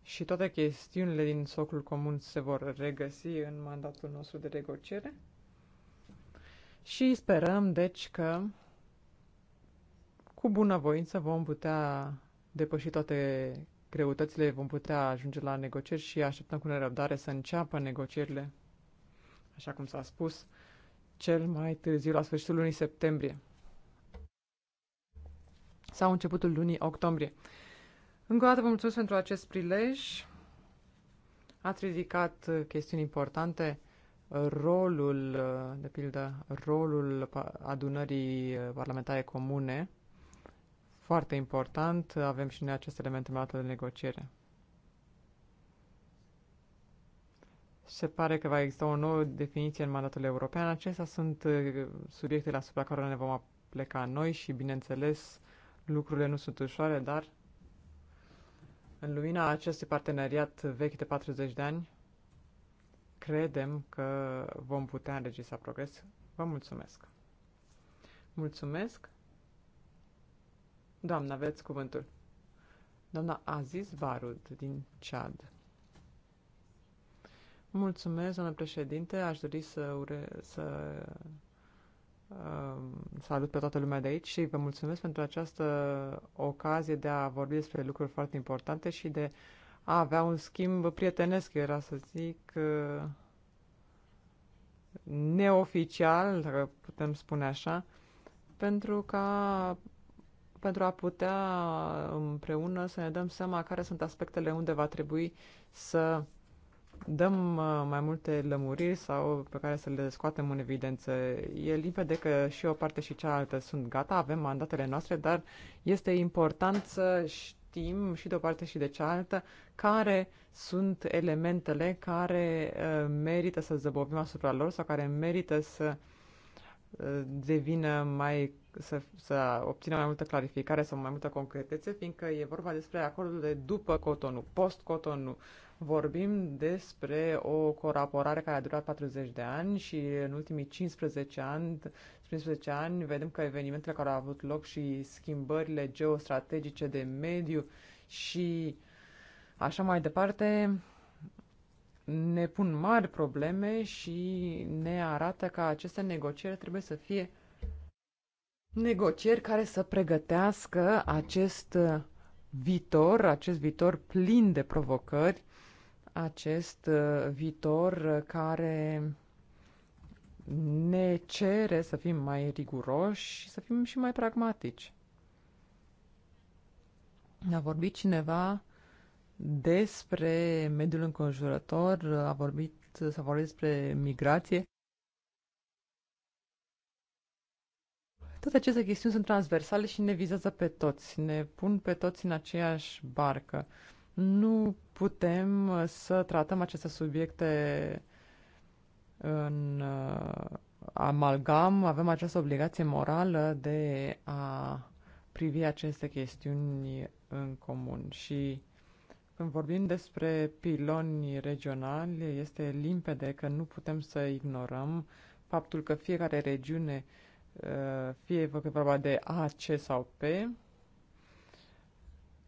și toate chestiunile din soclul comun se vor regăsi în mandatul nostru de negociere. Și sperăm, deci, că cu bunăvoință vom putea depăși toate greutățile, vom putea ajunge la negocieri și așteptăm cu nerăbdare să înceapă negocierile, așa cum s-a spus, cel mai târziu la sfârșitul lunii septembrie sau începutul lunii octombrie. Încă o dată vă mulțumesc pentru acest prilej. Ați ridicat chestiuni importante, rolul, de pildă, rolul adunării parlamentare comune, foarte important. Avem și noi acest element în de negociere. Se pare că va exista o nouă definiție în mandatul european. Acestea sunt uh, subiectele asupra care ne vom pleca noi și, bineînțeles, lucrurile nu sunt ușoare, dar în lumina acestui parteneriat vechi de 40 de ani, credem că vom putea înregistra progres. Vă mulțumesc! Mulțumesc! Doamna, aveți cuvântul. Doamna Aziz Barud, din Chad. Mulțumesc, doamnă președinte. Aș dori să, ure, să uh, salut pe toată lumea de aici și vă mulțumesc pentru această ocazie de a vorbi despre lucruri foarte importante și de a avea un schimb prietenesc, era să zic, uh, neoficial, dacă putem spune așa, pentru ca pentru a putea împreună să ne dăm seama care sunt aspectele unde va trebui să dăm uh, mai multe lămuriri sau pe care să le scoatem în evidență. E limpede că și o parte și cealaltă sunt gata, avem mandatele noastre, dar este important să știm și de o parte și de cealaltă care sunt elementele care uh, merită să zăbovim asupra lor sau care merită să uh, devină mai să, să obțină mai multă clarificare sau mai multă concretețe, fiindcă e vorba despre acordul de după Cotonou, post-Cotonou. Vorbim despre o coraporare care a durat 40 de ani și în ultimii 15 ani, 15 ani vedem că evenimentele care au avut loc și schimbările geostrategice de mediu și așa mai departe ne pun mari probleme și ne arată că aceste negocieri trebuie să fie negocieri care să pregătească acest uh, viitor, acest viitor plin de provocări, acest uh, viitor uh, care ne cere să fim mai riguroși și să fim și mai pragmatici. A vorbit cineva despre mediul înconjurător, a vorbit, s-a vorbit despre migrație. Toate aceste chestiuni sunt transversale și ne vizează pe toți, ne pun pe toți în aceeași barcă. Nu putem uh, să tratăm aceste subiecte în uh, amalgam, avem această obligație morală de a privi aceste chestiuni în comun. Și când vorbim despre piloni regionali, este limpede că nu putem să ignorăm faptul că fiecare regiune fie că e vorba de A, C sau P,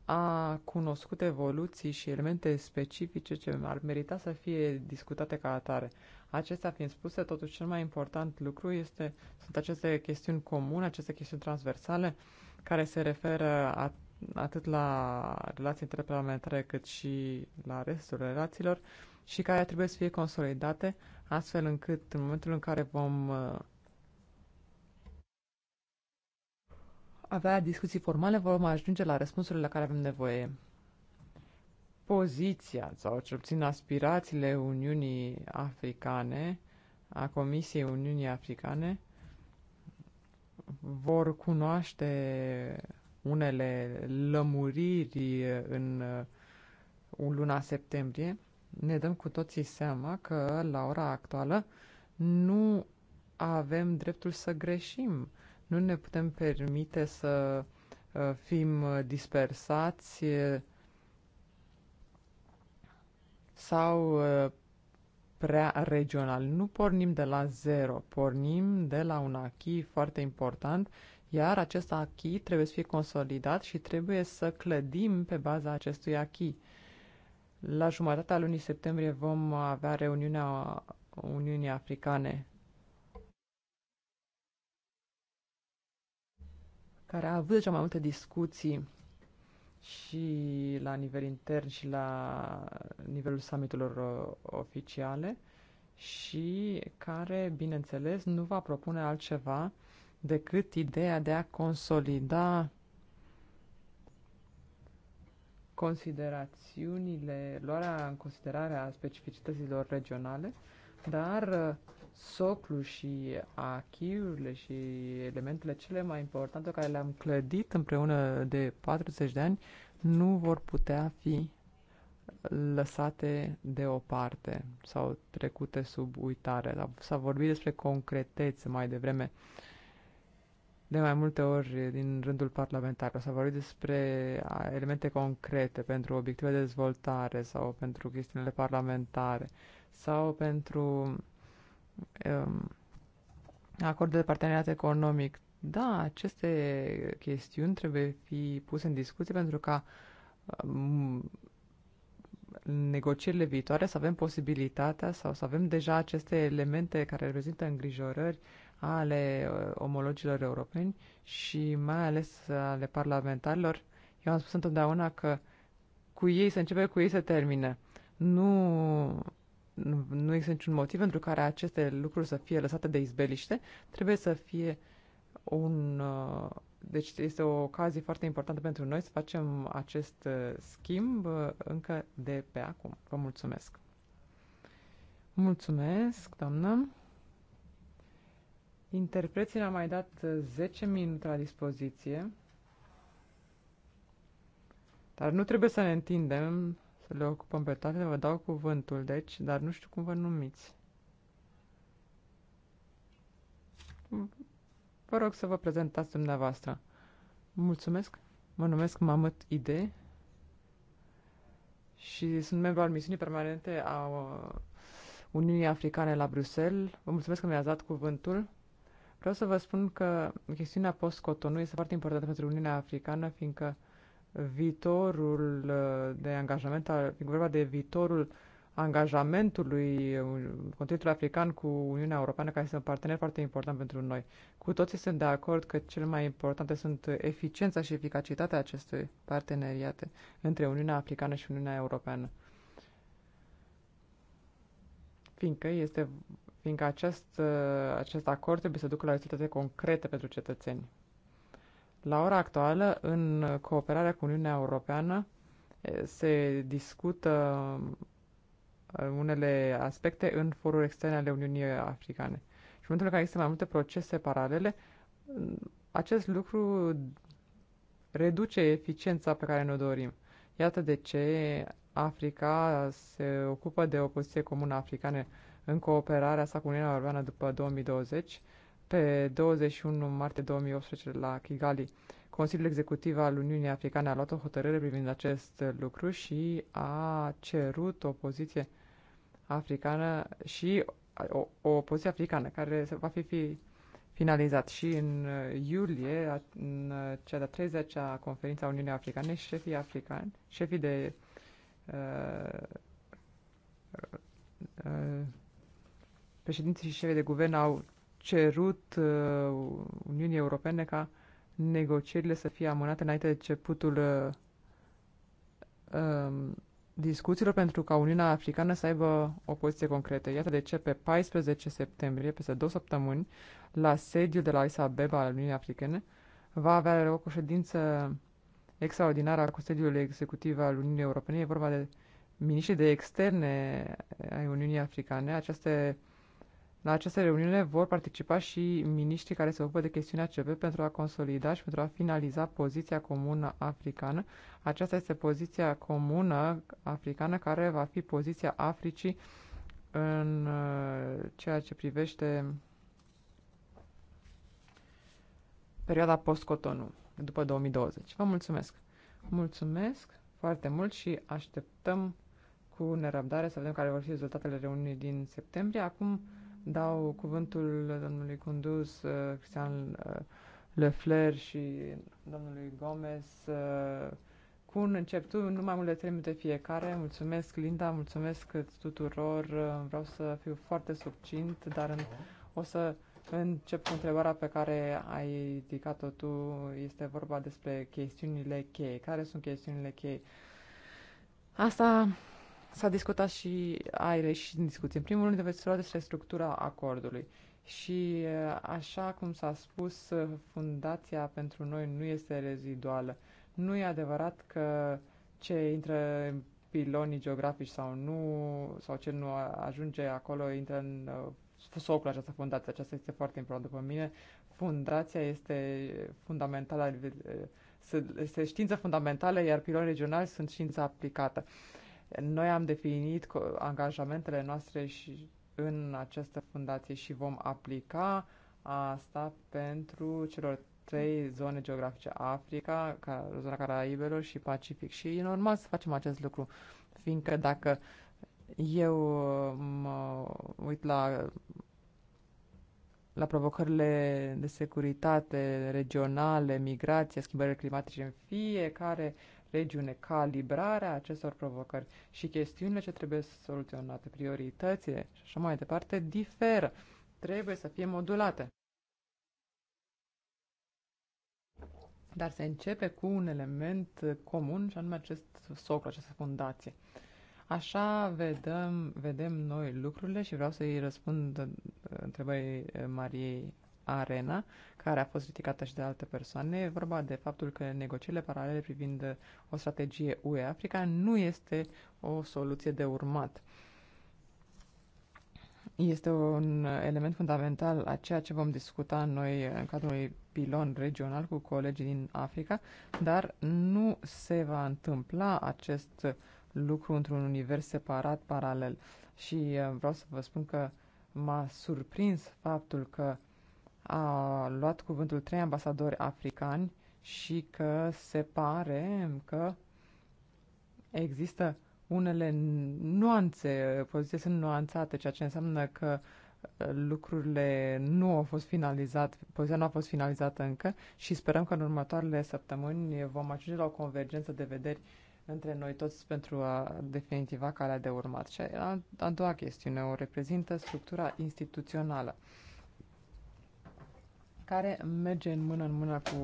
a cunoscut evoluții și elemente specifice ce ar merita să fie discutate ca atare. Acestea fiind spuse, totuși cel mai important lucru este, sunt aceste chestiuni comune, aceste chestiuni transversale, care se referă at- atât la relații interparlamentare cât și la restul relațiilor și care trebuie să fie consolidate, astfel încât în momentul în care vom uh, avea discuții formale, vom ajunge la răspunsurile la care avem nevoie. Poziția, sau cel puțin aspirațiile Uniunii Africane, a Comisiei Uniunii Africane, vor cunoaște unele lămuriri în luna septembrie, ne dăm cu toții seama că, la ora actuală, nu avem dreptul să greșim nu ne putem permite să uh, fim uh, dispersați uh, sau prea regional. Nu pornim de la zero, pornim de la un achi foarte important, iar acest achi trebuie să fie consolidat și trebuie să clădim pe baza acestui achi. La jumătatea lunii septembrie vom avea reuniunea Uniunii Africane care a avut deja mai multe discuții și la nivel intern și la nivelul summiturilor uh, oficiale și care, bineînțeles, nu va propune altceva decât ideea de a consolida considerațiunile, luarea în considerare a specificităților regionale, dar uh, soclu și achiurile și elementele cele mai importante care le-am clădit împreună de 40 de ani nu vor putea fi lăsate deoparte sau trecute sub uitare. S-a vorbit despre concretețe mai devreme de mai multe ori din rândul parlamentar. S-a vorbit despre elemente concrete pentru obiective de dezvoltare sau pentru chestiunile parlamentare sau pentru Um, acordul de parteneriat economic. Da, aceste chestiuni trebuie fi puse în discuție pentru ca um, negocierile viitoare să avem posibilitatea sau să avem deja aceste elemente care reprezintă îngrijorări ale uh, omologilor europeni și mai ales ale parlamentarilor. Eu am spus întotdeauna că cu ei se începe, cu ei se termină. Nu nu există niciun motiv pentru care aceste lucruri să fie lăsate de izbeliște. Trebuie să fie un... Uh, deci este o ocazie foarte importantă pentru noi să facem acest uh, schimb uh, încă de pe acum. Vă mulțumesc! Mulțumesc, doamnă! Interpreții ne-au mai dat 10 minute la dispoziție, dar nu trebuie să ne întindem să le ocupăm pe toate, vă dau cuvântul, deci, dar nu știu cum vă numiți. Vă rog să vă prezentați dumneavoastră. Mulțumesc, mă numesc Mamăt Ide și sunt membru al misiunii permanente a uh, Uniunii Africane la Bruxelles. Vă mulțumesc că mi-ați dat cuvântul. Vreau să vă spun că chestiunea post-Cotonou este foarte importantă pentru Uniunea Africană, fiindcă viitorul uh, de angajament, vorba de viitorul angajamentului uh, continentului african cu Uniunea Europeană, care este un partener foarte important pentru noi. Cu toții sunt de acord că cele mai importante sunt eficiența și eficacitatea acestui parteneriate între Uniunea Africană și Uniunea Europeană. Fiindcă, este, fiindcă acest, uh, acest acord trebuie să ducă la rezultate concrete pentru cetățeni. La ora actuală, în cooperarea cu Uniunea Europeană, se discută uh, unele aspecte în foruri externe ale Uniunii Africane. Și în momentul în care există mai multe procese paralele, mm, acest lucru reduce eficiența pe care ne-o dorim. Iată de ce Africa se ocupă de o poziție comună africane în cooperarea sa cu Uniunea Europeană după 2020 pe 21 martie 2018 la Kigali, Consiliul Executiv al Uniunii Africane a luat o hotărâre privind acest lucru și a cerut o poziție africană și o, o poziție africană care va fi, fi finalizat și în iulie, în cea de-a 30-a conferință a Uniunii Africane, șefii africani, șefii de uh, uh, președinții și șefii de guvern au cerut uh, Uniunii Europene ca negocierile să fie amânate înainte de începutul uh, um, discuțiilor pentru ca Uniunea Africană să aibă o poziție concretă. Iată de ce pe 14 septembrie, peste două săptămâni, la sediul de la Isa Beba al Uniunii Africane, va avea loc o ședință extraordinară a Consiliului Executiv al Uniunii Europene. E vorba de miniștri de externe ai Uniunii Africane. Aceste la această reuniune vor participa și miniștrii care se ocupă de chestiunea CP pentru a consolida și pentru a finaliza poziția comună africană. Aceasta este poziția comună africană care va fi poziția Africii în uh, ceea ce privește perioada post-Cotonou, după 2020. Vă mulțumesc! Mulțumesc foarte mult și așteptăm cu nerăbdare să vedem care vor fi rezultatele reuniunii din septembrie. Acum dau cuvântul domnului Condus, uh, Cristian uh, Lefler și domnului Gomez uh, cu un început, nu mai mult de 3 minute fiecare. Mulțumesc, Linda, mulțumesc tuturor. Vreau să fiu foarte succint, dar în, o să încep cu întrebarea pe care ai ridicat-o tu. Este vorba despre chestiunile cheie. Care sunt chestiunile cheie? Asta S-a discutat și aile și în discuție. În primul rând, veți lua despre structura acordului. Și uh, așa cum s-a spus, uh, fundația pentru noi nu este reziduală. Nu e adevărat că ce intră în pilonii geografici sau nu, sau ce nu ajunge acolo, intră în uh, socul această fundație. Aceasta este foarte importantă după mine. Fundația este fundamentală, este știință fundamentală, iar pilonii regionali sunt știința aplicată. Uh, noi am definit angajamentele noastre și în această fundație și vom aplica asta pentru celor trei zone geografice, Africa, zona Caraibelor și Pacific. Și e normal să facem acest lucru, fiindcă dacă eu uh, mă uit la, la provocările de securitate regionale, migrație, schimbările climatice în fiecare uh, regiune, calibrarea acestor provocări și chestiunile ce trebuie soluționate, prioritățile și așa mai departe, diferă. Trebuie să fie modulate. Dar se începe cu un element comun și anume acest soclu, această fundație. Așa vedem, vedem noi lucrurile și vreau să-i răspund întrebării Mariei Arena, care a fost ridicată și de alte persoane. E vorba de faptul că negocierile paralele privind o strategie UE-Africa nu este o soluție de urmat. Este un element fundamental a ceea ce vom discuta noi în cadrul unui pilon regional cu colegii din Africa, dar nu se va întâmpla acest lucru într-un univers separat, paralel. Și uh, vreau să vă spun că m-a surprins faptul că uh, a luat cuvântul trei ambasadori africani și că se pare că există unele nuanțe, poziții sunt nuanțate, ceea ce înseamnă că uh, lucrurile nu au fost finalizate, poziția nu a fost finalizată încă și sperăm că în următoarele săptămâni vom ajunge la o convergență de vederi între noi toți pentru a definitiva calea de urmat. Și a, a doua chestiune o reprezintă structura instituțională care merge în mână în mână cu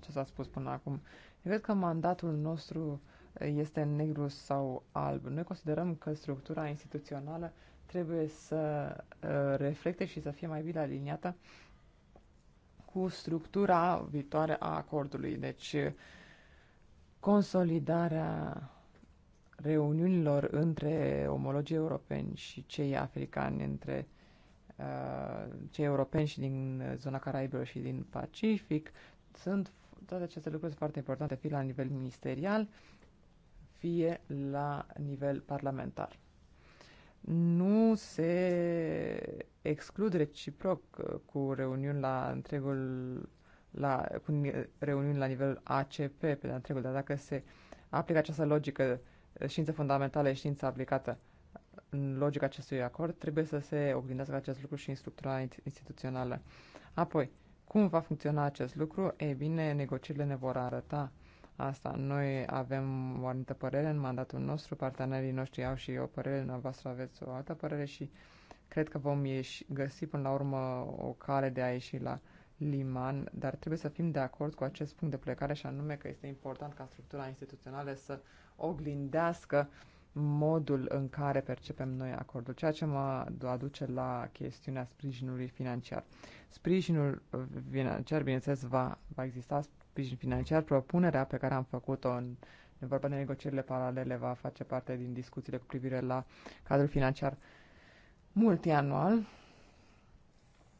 ce s-a spus până acum. Eu cred că mandatul nostru este negru sau alb. Noi considerăm că structura instituțională trebuie să uh, reflecte și să fie mai bine aliniată cu structura viitoare a acordului. Deci, consolidarea reuniunilor între omologii europeni și cei africani, între Uh, cei europeni și din zona Caraibelor și din Pacific. Sunt toate aceste lucruri sunt foarte importante, fie la nivel ministerial, fie la nivel parlamentar. Nu se exclud reciproc uh, cu reuniuni la întregul la, cu reuniuni la nivel ACP pe de întregul, dar dacă se aplică această logică uh, știință fundamentală știință aplicată în logica acestui acord, trebuie să se oglindească acest lucru și în structura instituțională. Apoi, cum va funcționa acest lucru? Ei bine, negocierile ne vor arăta asta. Noi avem o anumită părere în mandatul nostru, partenerii noștri au și o părere, dumneavoastră aveți o altă părere și cred că vom ieși, găsi până la urmă o cale de a ieși la liman, dar trebuie să fim de acord cu acest punct de plecare și anume că este important ca structura instituțională să oglindească uh, modul în care percepem noi acordul, ceea ce mă aduce la chestiunea sprijinului financiar. Sprijinul uh, financiar, bineînțeles, va, va exista sprijin financiar. Propunerea pe care am făcut-o în, în vorba de negocierile paralele va face parte din discuțiile cu privire la cadrul financiar multianual.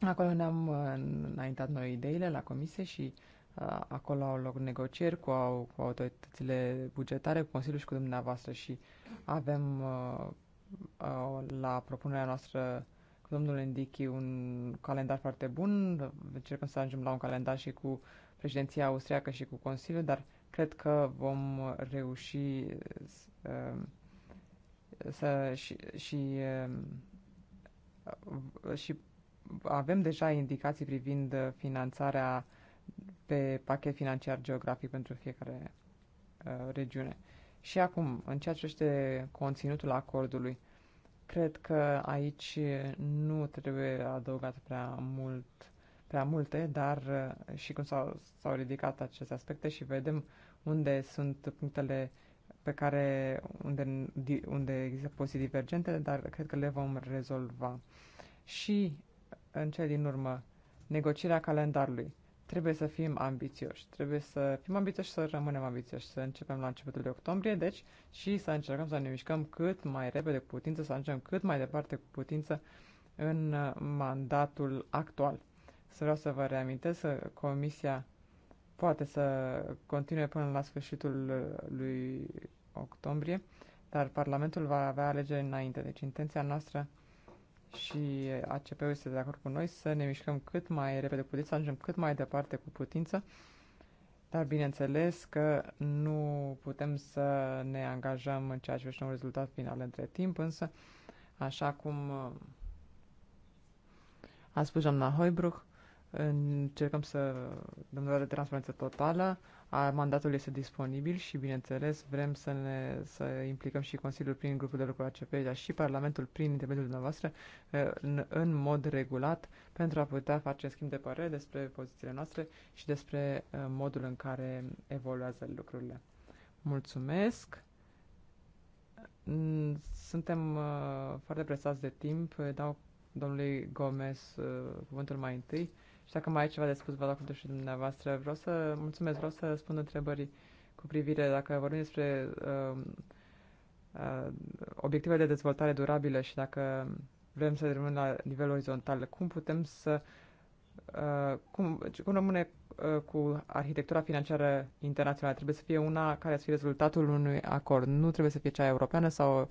Acolo ne-am uh, înaintat noi ideile la comisie și uh, Uh, acolo au loc negocieri cu, au, cu autoritățile bugetare, cu Consiliul și cu dumneavoastră și avem uh, uh, la propunerea noastră cu domnul Endichi un calendar foarte bun. Încercăm să ajungem la un calendar și cu președinția austriacă și cu Consiliul, dar cred că vom reuși uh, să și, și, uh, și avem deja indicații privind finanțarea uh, pe pachet financiar geografic pentru fiecare uh, regiune. Și acum, în ceea ce privește conținutul acordului, cred că aici nu trebuie adăugat prea mult prea multe, dar uh, și cum s-au, s-au ridicat aceste aspecte și vedem unde sunt punctele pe care, unde, unde există poziții divergente, dar cred că le vom rezolva. Și, în cele din urmă, negocierea calendarului. Trebuie să fim ambițioși, trebuie să fim ambițioși să rămânem ambițioși, să începem la începutul de octombrie, deci, și să încercăm să ne mișcăm cât mai repede cu putință, să ajungem cât mai departe cu putință în mandatul actual. Să vreau să vă reamintesc că Comisia poate să continue până la sfârșitul lui octombrie, dar Parlamentul va avea alegeri înainte, deci intenția noastră și ACP-ul este de acord cu noi să ne mișcăm cât mai repede cu să ajungem cât mai departe cu putință, dar bineînțeles că nu putem să ne angajăm în ceea ce un rezultat final între timp, însă, așa cum a spus doamna Hoibruch, încercăm să dăm doar de transparență totală, mandatul este disponibil și, bineînțeles, vrem să ne să implicăm și Consiliul prin grupul de lucru ACP, dar și Parlamentul prin intermediul dumneavoastră în, în mod regulat pentru a putea face schimb de părere despre pozițiile noastre și despre modul în care evoluează lucrurile. Mulțumesc! Suntem foarte presați de timp. Dau domnului Gomez cuvântul mai întâi dacă mai ai ceva de spus, vă dau cuvântul și dumneavoastră. Vreau să mulțumesc, vreau să spun întrebări cu privire, dacă vorbim despre uh, um, uh, obiective de dezvoltare durabilă și dacă vrem să rămânem la nivel orizontal, cum putem să uh, cum, cum rămâne uh, cu arhitectura financiară internațională? Trebuie să fie una care să fie rezultatul unui acord. Nu trebuie să fie cea europeană sau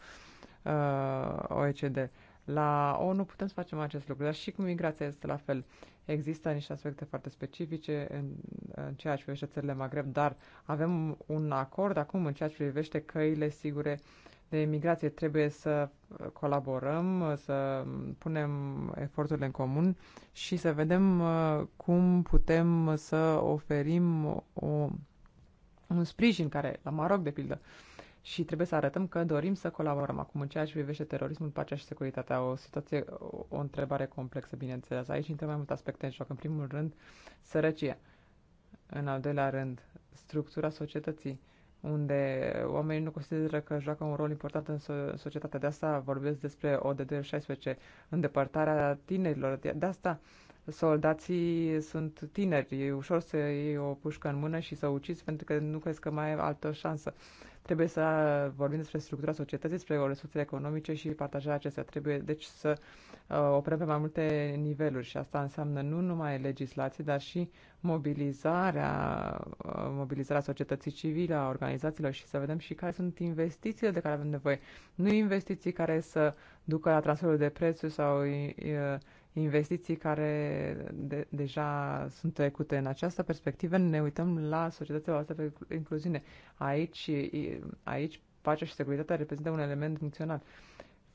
uh, OECD. La ONU putem să facem acest lucru, dar și cu migrația este la fel. Există niște aspecte foarte specifice în, în ceea ce privește țările Maghreb, dar avem un acord acum în ceea ce privește căile sigure de imigrație. Trebuie să colaborăm, să punem eforturile în comun și să vedem uh, cum putem să oferim o, un sprijin care, la Maroc, de pildă, uh, și trebuie să arătăm că dorim să colaborăm acum în ceea ce privește terorismul, pacea și securitatea. O situație, o, o întrebare complexă, bineînțeles. Aici intră mai multe aspecte în joc. În primul rând, sărăcia. În al doilea rând, structura societății unde oamenii nu consideră că joacă un rol important în societate. De asta vorbesc despre ODD-16, îndepărtarea tinerilor. De asta soldații sunt tineri, e ușor să iei o pușcă în mână și să uciți pentru că nu crezi că mai e altă șansă. Trebuie să vorbim despre structura societății, despre resursele economice și partajarea acestea. Trebuie, deci, să uh, operăm pe mai multe niveluri și asta înseamnă nu numai legislație, dar și mobilizarea, uh, mobilizarea societății civile, a organizațiilor și să vedem și care sunt investițiile de care avem nevoie. Nu investiții care să ducă la transferul de prețuri sau uh, investiții care de, deja sunt trecute. În această perspectivă ne uităm la societatea asta pe incluziune. Aici, aici pacea și securitatea reprezintă un element funcțional.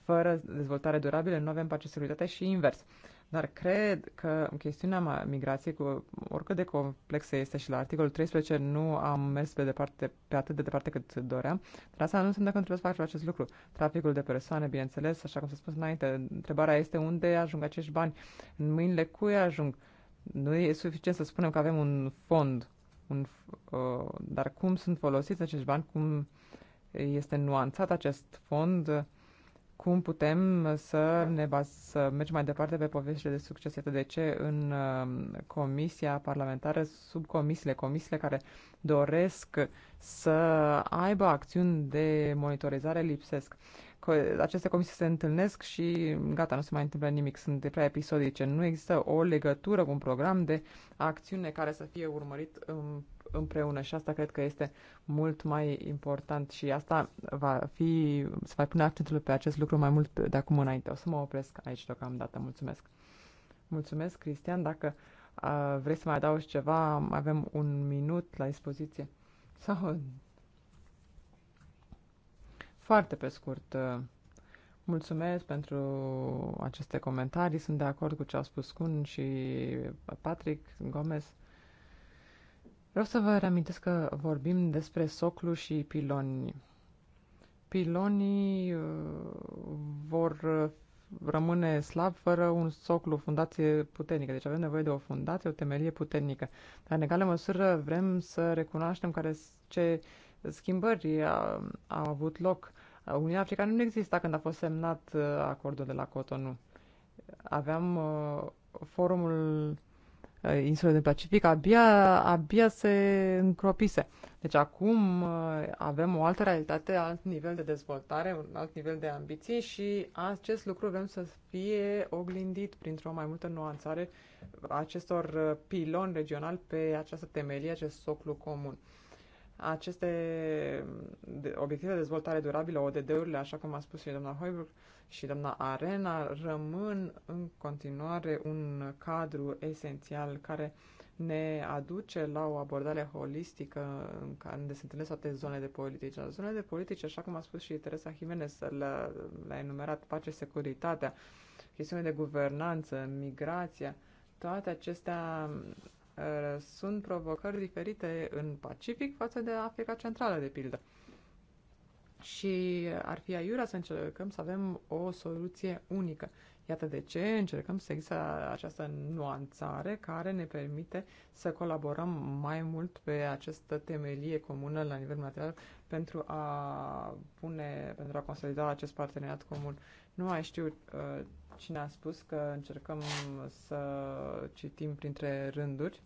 Fără dezvoltare durabilă nu avem pace și securitate și invers. Uh, dar cred că chestiunea migrației, cu oricât de complexă este și la articolul 13, nu am mers pe, departe, pe atât de departe cât doream, dar asta nu înseamnă că nu trebuie să facem acest lucru. Traficul de persoane, bineînțeles, așa cum s-a spus înainte, întrebarea este unde ajung acești bani, în mâinile cui ajung. Nu e suficient să spunem că avem un fond, un, uh, dar cum sunt folosiți acești bani, cum este nuanțat acest fond, cum putem să ne bas- să mergem mai departe pe poveștile de succes. Iată de ce în um, comisia parlamentară, sub comisiile, comisiile care doresc să aibă acțiuni de monitorizare lipsesc. Aceste comisii se întâlnesc și gata, nu se mai întâmplă nimic, sunt de prea episodice. Nu există o legătură cu un program de acțiune care să fie urmărit împreună și asta cred că este mult mai important și asta va fi, se va pune accentul pe acest lucru mai mult de acum înainte. O să mă opresc aici deocamdată. Mulțumesc! Mulțumesc, Cristian. Dacă uh, vrei să mai adaugi ceva, avem un minut la dispoziție. Sau... Foarte pe scurt. Mulțumesc pentru aceste comentarii. Sunt de acord cu ce au spus Cun și Patrick Gomez. Vreau să vă reamintesc că vorbim despre soclu și piloni. Pilonii uh, vor rămâne slab fără un soclu, o fundație puternică. Deci avem nevoie de o fundație, o temelie puternică. Dar în egală măsură vrem să recunoaștem care, ce schimbări au avut loc. Uniunea Africană nu exista când a fost semnat uh, acordul de la Cotonou. Aveam uh, forumul Uh, insulele din Pacific abia, abia se încropise. Deci acum uh, avem o altă realitate, alt nivel de dezvoltare, un alt nivel de ambiții și acest lucru vrem să fie oglindit printr-o mai multă nuanțare acestor uh, piloni regional pe această temelie, acest soclu comun. Aceste um, obiective de dezvoltare durabilă, ODD-urile, așa cum a spus și doamna Hoiberg, și doamna Arena rămân în continuare un cadru esențial care ne aduce la o abordare holistică în care se întâlnesc toate zonele de politici. Zonele de politici, așa cum a spus și Teresa Jimenez, l a enumerat pace, securitatea, chestiunea de guvernanță, migrația, toate acestea uh, sunt provocări diferite în Pacific față de Africa Centrală, de pildă și ar fi aiurea să încercăm să avem o soluție unică. Iată de ce încercăm să există această nuanțare care ne permite să colaborăm mai mult pe această temelie comună la nivel material pentru a pune, pentru a consolida acest parteneriat comun. Nu mai știu uh, cine a spus că încercăm să citim printre rânduri.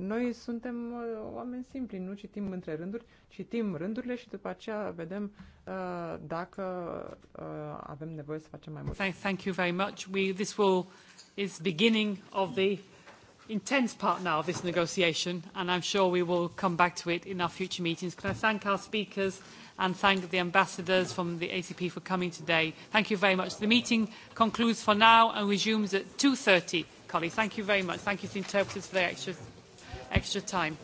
Noi suntem uh, oameni simpli, nu citim între rânduri, citim rândurile și după aceea vedem uh, dacă uh, avem nevoie să facem mai mult. Thank, thank you very much. We, this will is beginning of the intense part now of this negotiation and I'm sure we will come back to it in our future meetings. Can I thank our speakers and thank the ambassadors from the ACP for coming today. Thank you very much. The meeting concludes for now and resumes at 2.30. Colleagues, thank you very much. Thank you to the interpreters for their extra extra time.